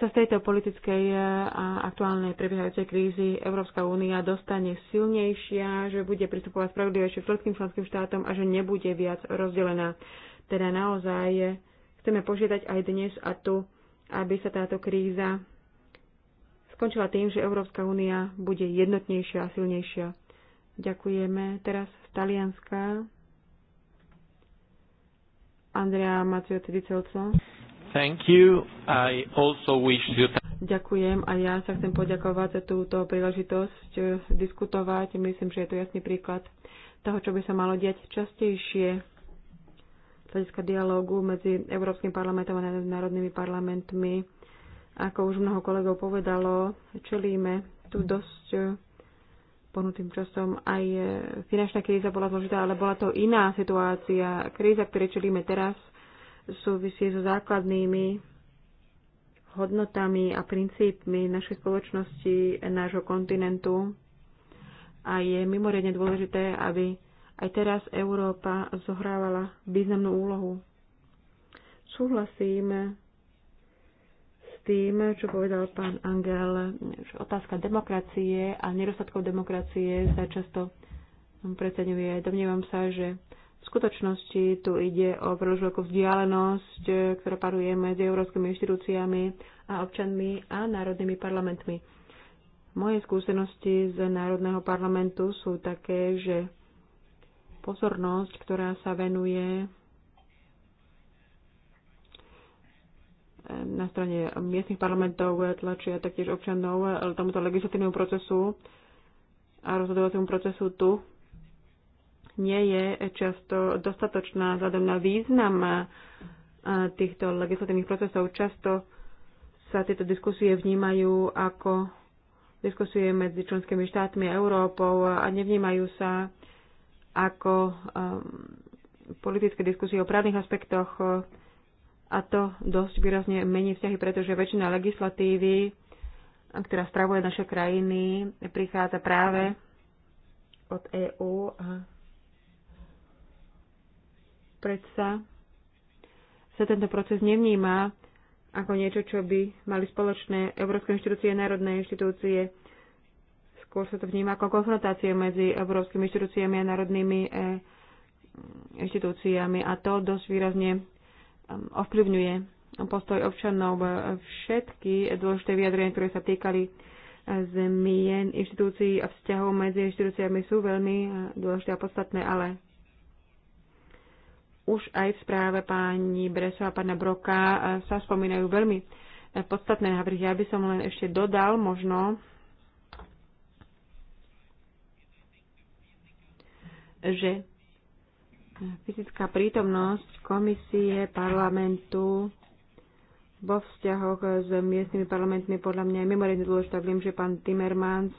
sa z tejto politickej eh, a aktuálnej prebiehajúcej krízy Európska únia dostane silnejšia, že bude pristupovať spravodlivejšie všetkým členským štátom a že nebude viac rozdelená. Teda naozaj eh, chceme požiadať aj dnes a tu, aby sa táto kríza skončila tým, že Európska únia bude jednotnejšia a silnejšia. Ďakujeme. Teraz z Talianska. Andrea Maciotidicelco. Celco. Thank you. I also wish you Ďakujem a ja sa chcem poďakovať za túto príležitosť eh, diskutovať. Myslím, že je to jasný príklad toho, čo by sa malo diať častejšie z hľadiska dialógu medzi Európskym parlamentom a národnými parlamentmi. Ako už mnoho kolegov povedalo, čelíme tu dosť eh, ponutým časom. Aj eh, finančná kríza bola zložitá, ale bola to iná situácia. Kríza, ktorej čelíme teraz, súvisí so základnými hodnotami a princípmi našej spoločnosti, nášho kontinentu. A je mimoriadne dôležité, aby aj teraz Európa zohrávala významnú úlohu. Súhlasím s tým, čo povedal pán Angel, že otázka demokracie a nedostatkov demokracie sa často preceňuje. Domnievam sa, že v skutočnosti tu ide o príliš veľkú vzdialenosť, e, ktorá paruje medzi európskymi inštitúciami a občanmi a národnými parlamentmi. Moje skúsenosti z Národného parlamentu sú také, že pozornosť, ktorá sa venuje e, na strane miestnych parlamentov tlačia taktiež občanov tomuto legislatívnemu procesu a rozhodovaciemu procesu tu nie je často dostatočná vzhľadom na význam týchto legislatívnych procesov. Často sa tieto diskusie vnímajú ako diskusie medzi členskými štátmi a Európou a nevnímajú sa ako um, politické diskusie o právnych aspektoch a to dosť výrazne mení vzťahy, pretože väčšina legislatívy, ktorá spravuje naše krajiny, prichádza práve od EÚ a predsa sa tento proces nevníma ako niečo, čo by mali spoločné európske inštitúcie a národné inštitúcie. Skôr sa to vníma ako konfrontácie medzi európskymi inštitúciami a národnými eh, inštitúciami a to dosť výrazne ovplyvňuje postoj občanov. Všetky dôležité vyjadrenia, ktoré sa týkali eh, zmien inštitúcií a vzťahov medzi inštitúciami sú veľmi eh, dôležité a podstatné, ale už aj v správe pani Breso a pána Broka e, sa spomínajú veľmi e, podstatné návrhy. Ja by som len ešte dodal možno, že fyzická prítomnosť komisie parlamentu vo vzťahoch s miestnymi parlamentmi podľa mňa je mimoriadne dôležitá. Viem, že pán Timmermans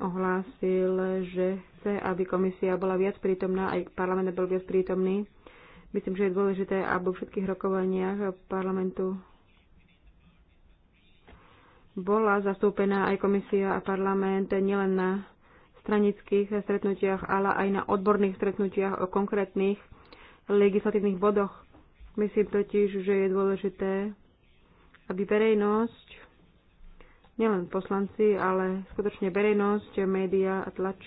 ohlásil, že chce, aby komisia bola viac prítomná, aj parlament bol viac prítomný. Myslím, že je dôležité, aby vo všetkých rokovaniach parlamentu bola zastúpená aj komisia a parlament nielen na stranických stretnutiach, ale aj na odborných stretnutiach o konkrétnych legislatívnych bodoch. Myslím totiž, že je dôležité, aby verejnosť nielen poslanci, ale skutočne verejnosť, média a tlač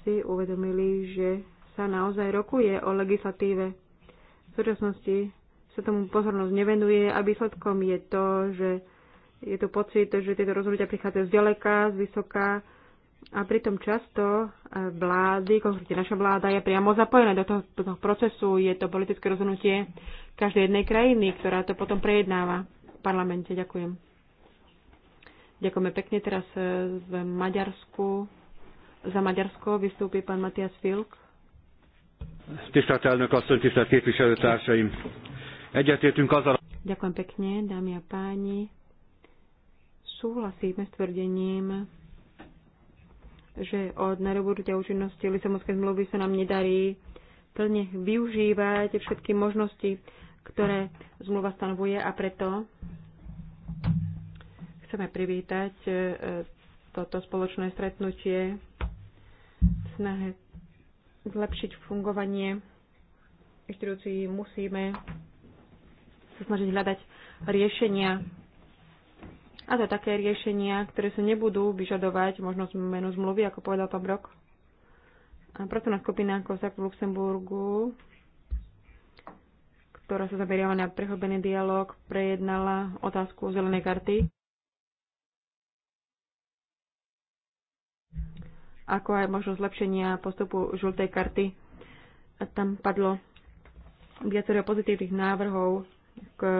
si uvedomili, že sa naozaj rokuje o legislatíve. V súčasnosti sa tomu pozornosť nevenuje a výsledkom je to, že je tu pocit, že tieto rozhodnutia prichádzajú z ďaleka, z vysoká a pritom často eh, vlády, konkrétne naša vláda je priamo zapojená do toho, do toho procesu. Je to politické rozhodnutie každej jednej krajiny, ktorá to potom prejednáva v parlamente. Ďakujem. Ďakujeme pekne. Teraz e, v Maďarsku, za Maďarsko vystúpi pán Matias Filk. Tisztelt elnök asszony, tisztelt képviselőtársaim! Egyetértünk azzal... Ďakujem pekne, dámy a páni. Súhlasíme s tvrdením, že od narobudutia účinnosti Lisabonskej zmluvy sa nám nedarí plne využívať všetky možnosti, ktoré zmluva stanovuje a preto Chceme privítať e, toto spoločné stretnutie v snahe zlepšiť fungovanie inštitúcií. Musíme sa snažiť hľadať riešenia a to také riešenia, ktoré sa nebudú vyžadovať možno zmenu zmluvy, ako povedal pán Brok. A pracovná na skupina Kozak v Luxemburgu, ktorá sa zaberiava na prehlbený dialog, prejednala otázku zelenej karty. ako aj možno zlepšenia postupu žltej karty. Tam padlo viacero pozitívnych návrhov k e,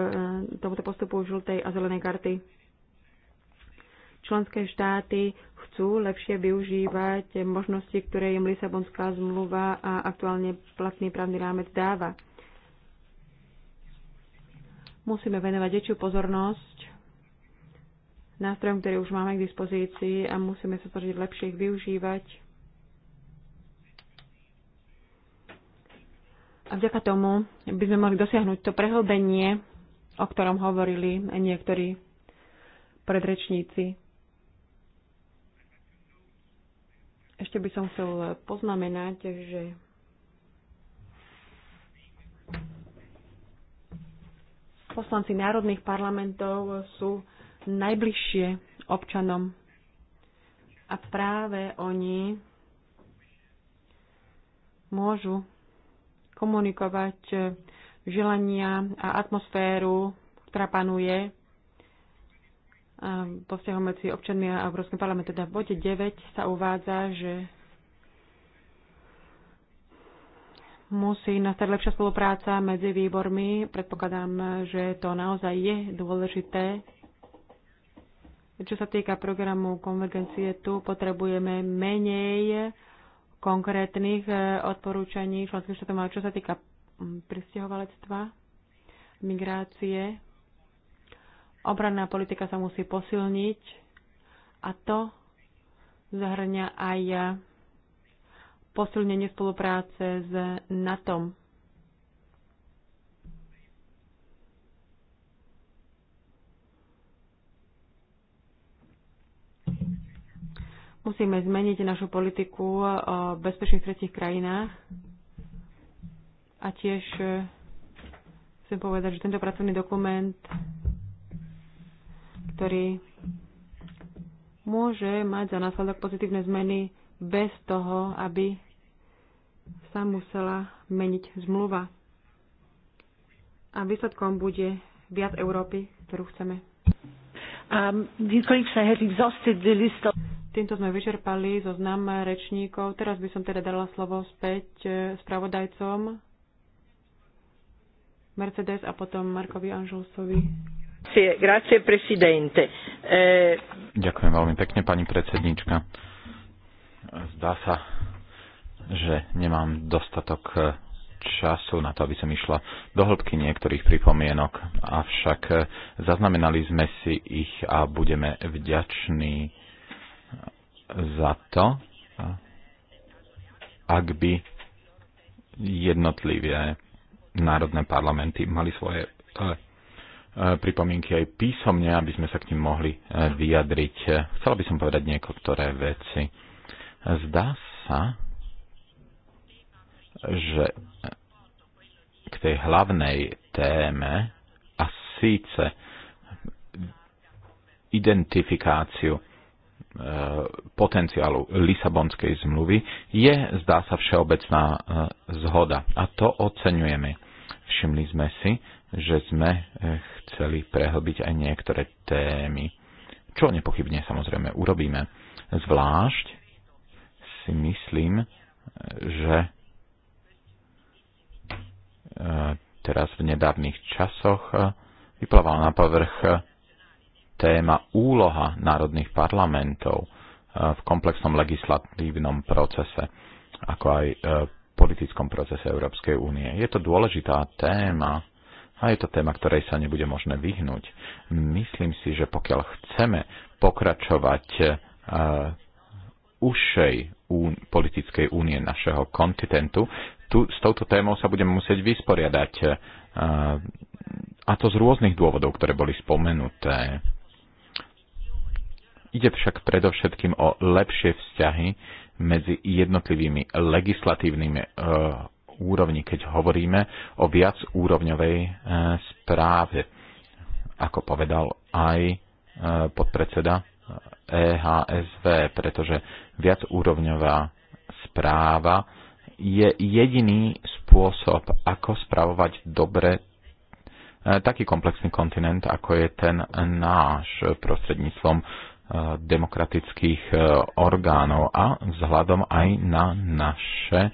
tomuto postupu žltej a zelenej karty. Členské štáty chcú lepšie využívať možnosti, ktoré im Lisabonská zmluva a aktuálne platný právny rámec dáva. Musíme venovať väčšiu pozornosť nástrojom, ktorý už máme k dispozícii a musíme sa snažiť lepšie ich využívať. A vďaka tomu by sme mohli dosiahnuť to prehlbenie, o ktorom hovorili niektorí predrečníci. Ešte by som chcel poznamenať, že poslanci národných parlamentov sú najbližšie občanom. A práve oni môžu komunikovať e, želania a atmosféru, ktorá panuje e, po vzťahu medzi občanmi a Európskym parlamentom. Teda v bode 9 sa uvádza, že musí nastať lepšia spolupráca medzi výbormi. Predpokladám, že to naozaj je dôležité čo sa týka programu konvergencie, tu potrebujeme menej konkrétnych e, odporúčaní členských štátov, čo sa týka mm, pristahovalectva, migrácie, obranná politika sa musí posilniť a to zahrňa aj posilnenie spolupráce s NATO. Musíme zmeniť našu politiku o eh, bezpečných tretich krajinách a tiež eh, chcem povedať, že tento pracovný dokument, ktorý môže mať za následok pozitívne zmeny bez toho, aby sa musela meniť zmluva. A výsledkom bude viac Európy, ktorú chceme. Um, the I exhausted the list of... Týmto sme vyčerpali zoznam rečníkov. Teraz by som teda dala slovo späť e, spravodajcom Mercedes a potom Markovi Anžulsovi. Grazie, presidente. E, Ďakujem veľmi pekne, pani predsednička. Zdá sa, že nemám dostatok e, času na to, aby som išla do hĺbky niektorých pripomienok, avšak zaznamenali sme si ich a budeme vďační za to, ak by jednotlivé národné parlamenty mali svoje e, e, pripomienky aj písomne, aby sme sa k ním mohli e, vyjadriť. Chcela by som povedať niektoré veci. Zdá sa, že k tej hlavnej téme a síce identifikáciu E, potenciálu Lisabonskej zmluvy je, zdá sa, všeobecná e, zhoda. A to oceňujeme. Všimli sme si, že sme e, chceli prehlbiť aj niektoré témy, čo nepochybne samozrejme urobíme. Zvlášť si myslím, že teraz v nedávnych časoch vyplával na povrch téma úloha národných parlamentov eh, v komplexnom legislatívnom procese, ako aj eh, politickom procese Európskej únie. Je to dôležitá téma a je to téma, ktorej sa nebude možné vyhnúť. Myslím si, že pokiaľ chceme pokračovať uh, ušej un- politickej únie našeho kontinentu, tu s touto témou sa budeme musieť vysporiadať. Uh, a to z rôznych dôvodov, ktoré boli spomenuté. Ide však predovšetkým o lepšie vzťahy medzi jednotlivými legislatívnymi e, úrovni, keď hovoríme o viac úrovňovej e, správe. Ako povedal aj e, podpredseda EHSV, e pretože viacúrovňová správa je jediný spôsob, ako spravovať dobre e, taký komplexný kontinent, ako je ten náš prostredníctvom demokratických e, orgánov a vzhľadom aj na naše e,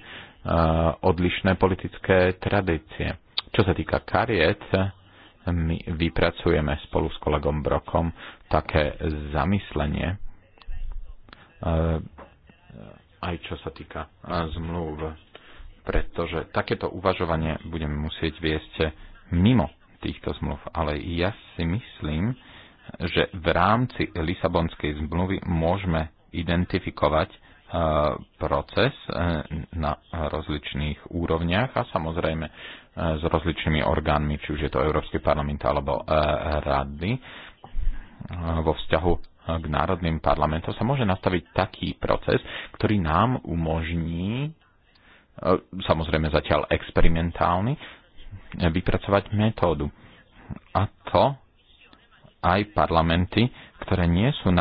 odlišné politické tradície. Čo sa týka kariet, my vypracujeme spolu s kolegom Brokom také zamyslenie, e, aj čo sa týka zmluv, pretože takéto uvažovanie budeme musieť viesť mimo týchto zmluv. Ale ja si myslím, že v rámci Lisabonskej zmluvy môžeme identifikovať e, proces e, na rozličných úrovniach a samozrejme e, s rozličnými orgánmi, či už je to Európsky parlament alebo rady, vo vzťahu k národným parlamentom sa môže nastaviť taký proces, ktorý nám umožní, samozrejme zatiaľ experimentálny, vypracovať metódu. A to aj parlamenty, ktoré nie sú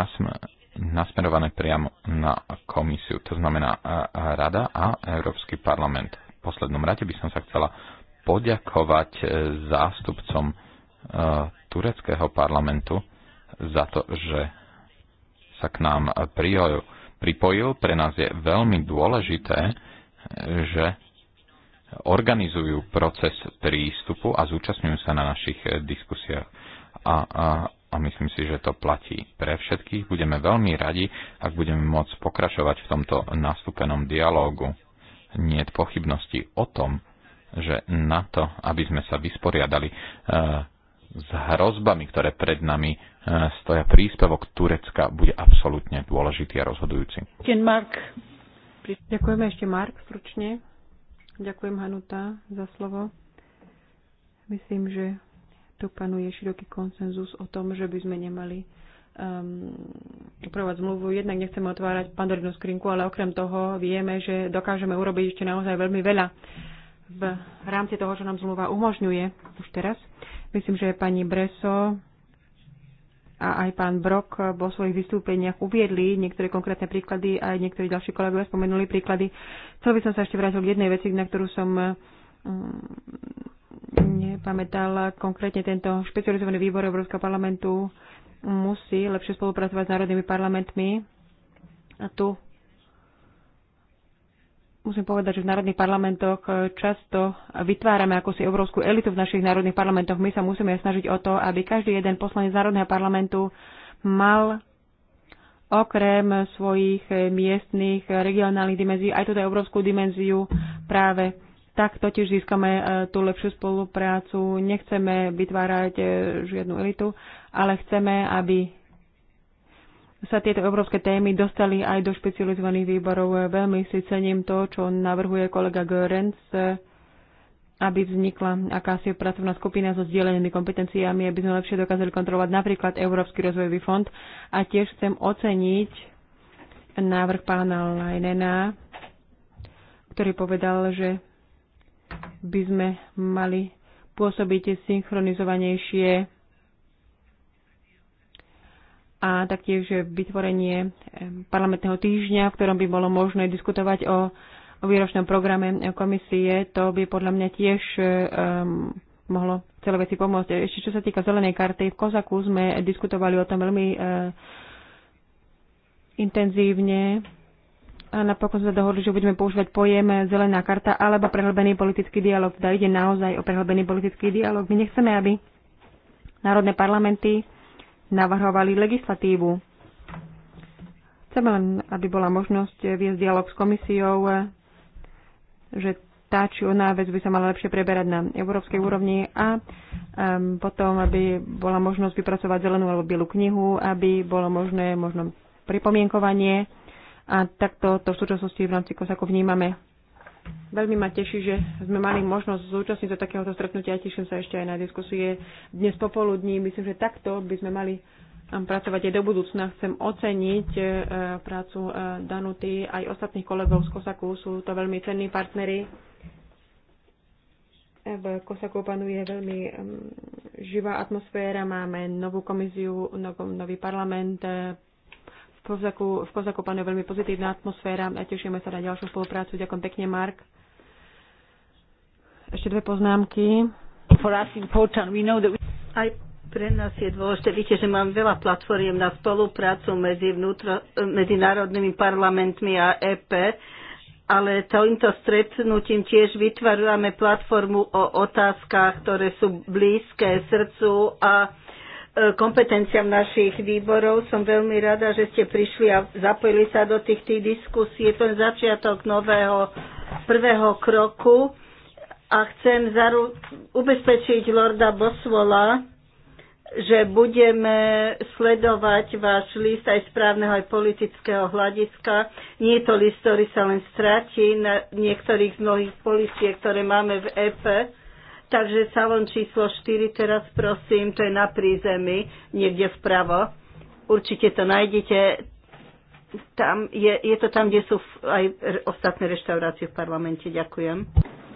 nasmerované priamo na komisiu, to znamená Rada a Európsky parlament. V poslednom rade by som sa chcela poďakovať e, zástupcom e, tureckého parlamentu za to, že sa k nám pripojil. Pre nás je veľmi dôležité, e, že organizujú proces prístupu a zúčastňujú sa na našich diskusiách a, a, a myslím si, že to platí pre všetkých. Budeme veľmi radi, ak budeme môcť pokračovať v tomto nastúpenom dialógu. Nie je pochybnosti o tom, že na to, aby sme sa vysporiadali e, s hrozbami, ktoré pred nami e, stoja, príspevok Turecka bude absolútne dôležitý a rozhodujúci. Mark. Ďakujeme ešte Mark stručne. Ďakujem Hanuta za slovo. Myslím, že tu panuje široký konsenzus o tom, že by sme nemali um, zmluvu. Jednak nechceme otvárať pandorinu skrinku, ale okrem toho vieme, že dokážeme urobiť ešte naozaj veľmi veľa v rámci toho, čo nám zmluva umožňuje už teraz. Myslím, že pani Breso a aj pán Brok vo svojich vystúpeniach uviedli niektoré konkrétne príklady a aj niektorí ďalší kolegovia spomenuli príklady. Chcel by som sa ešte vrátil k jednej veci, na ktorú som Mm, nepamätala konkrétne tento špecializovaný výbor Európskeho parlamentu musí lepšie spolupracovať s národnými parlamentmi. A tu musím povedať, že v národných parlamentoch často vytvárame akúsi európsku elitu v našich národných parlamentoch. My sa musíme snažiť o to, aby každý jeden poslanec národného parlamentu mal okrem svojich miestnych, regionálnych dimenzií aj túto európsku dimenziu práve tak totiž získame e, tú lepšiu spoluprácu. Nechceme vytvárať e, žiadnu elitu, ale chceme, aby sa tieto európske témy dostali aj do špecializovaných výborov. E, veľmi si cením to, čo navrhuje kolega Görens, aby vznikla akási pracovná skupina so zdieľanými kompetenciami, aby sme lepšie dokázali kontrolovať napríklad Európsky rozvojový fond. A tiež chcem oceniť návrh pána Lajnena, ktorý povedal, že by sme mali pôsobiť synchronizovanejšie a taktiež vytvorenie eh, parlamentného týždňa, v ktorom by bolo možné diskutovať o, o výročnom programe komisie. To by podľa mňa tiež um, mohlo celé veci pomôcť. Ešte čo sa týka zelenej karty, v Kozaku sme diskutovali o tom veľmi uh, intenzívne a napokon sme dohodli, že budeme používať pojem zelená karta alebo prehlbený politický dialog. Teda ide naozaj o prehlbený politický dialog. My nechceme, aby národné parlamenty navrhovali legislatívu. Chceme len, aby bola možnosť viesť dialog s komisiou, že tá či ona vec by sa mala lepšie preberať na európskej úrovni a um, potom, aby bola možnosť vypracovať zelenú alebo bielu knihu, aby bolo možné možno pripomienkovanie a takto to v súčasnosti v rámci Kosaku vnímame. Veľmi ma teší, že sme mali možnosť zúčastniť sa takéhoto stretnutia. Teším sa ešte aj na diskusie dnes popoludní. Myslím, že takto by sme mali um, pracovať aj do budúcna. Chcem oceniť uh, prácu uh, Danuty aj ostatných kolegov z Kosaku. Sú to veľmi cenní partnery. V Kosaku panuje veľmi um, živá atmosféra. Máme novú komisiu, nový parlament, v Kozaku, v Kozaku panuje veľmi pozitívna atmosféra a tešíme sa na ďalšiu spoluprácu. Ďakujem pekne, Mark. Ešte dve poznámky. For us important, we know that we... Aj pre nás je dôležité, viete, že mám veľa platformiem na spoluprácu medzi, vnútro, medzi národnými parlamentmi a EP, ale týmto stretnutím tiež vytvárame platformu o otázkach, ktoré sú blízke srdcu a kompetenciám našich výborov. Som veľmi rada, že ste prišli a zapojili sa do tých, tých diskusí. Je to začiatok nového prvého kroku a chcem zaru- ubezpečiť Lorda Bosvola, že budeme sledovať váš list aj správneho, aj politického hľadiska. Nie je to list, ktorý sa len stráti na niektorých z mnohých policie, ktoré máme v EPE. Takže salon číslo 4 teraz prosím, to je na prízemí, niekde vpravo. Určite to nájdete. Tam je, je to tam, kde sú aj ostatné reštaurácie v parlamente. Ďakujem.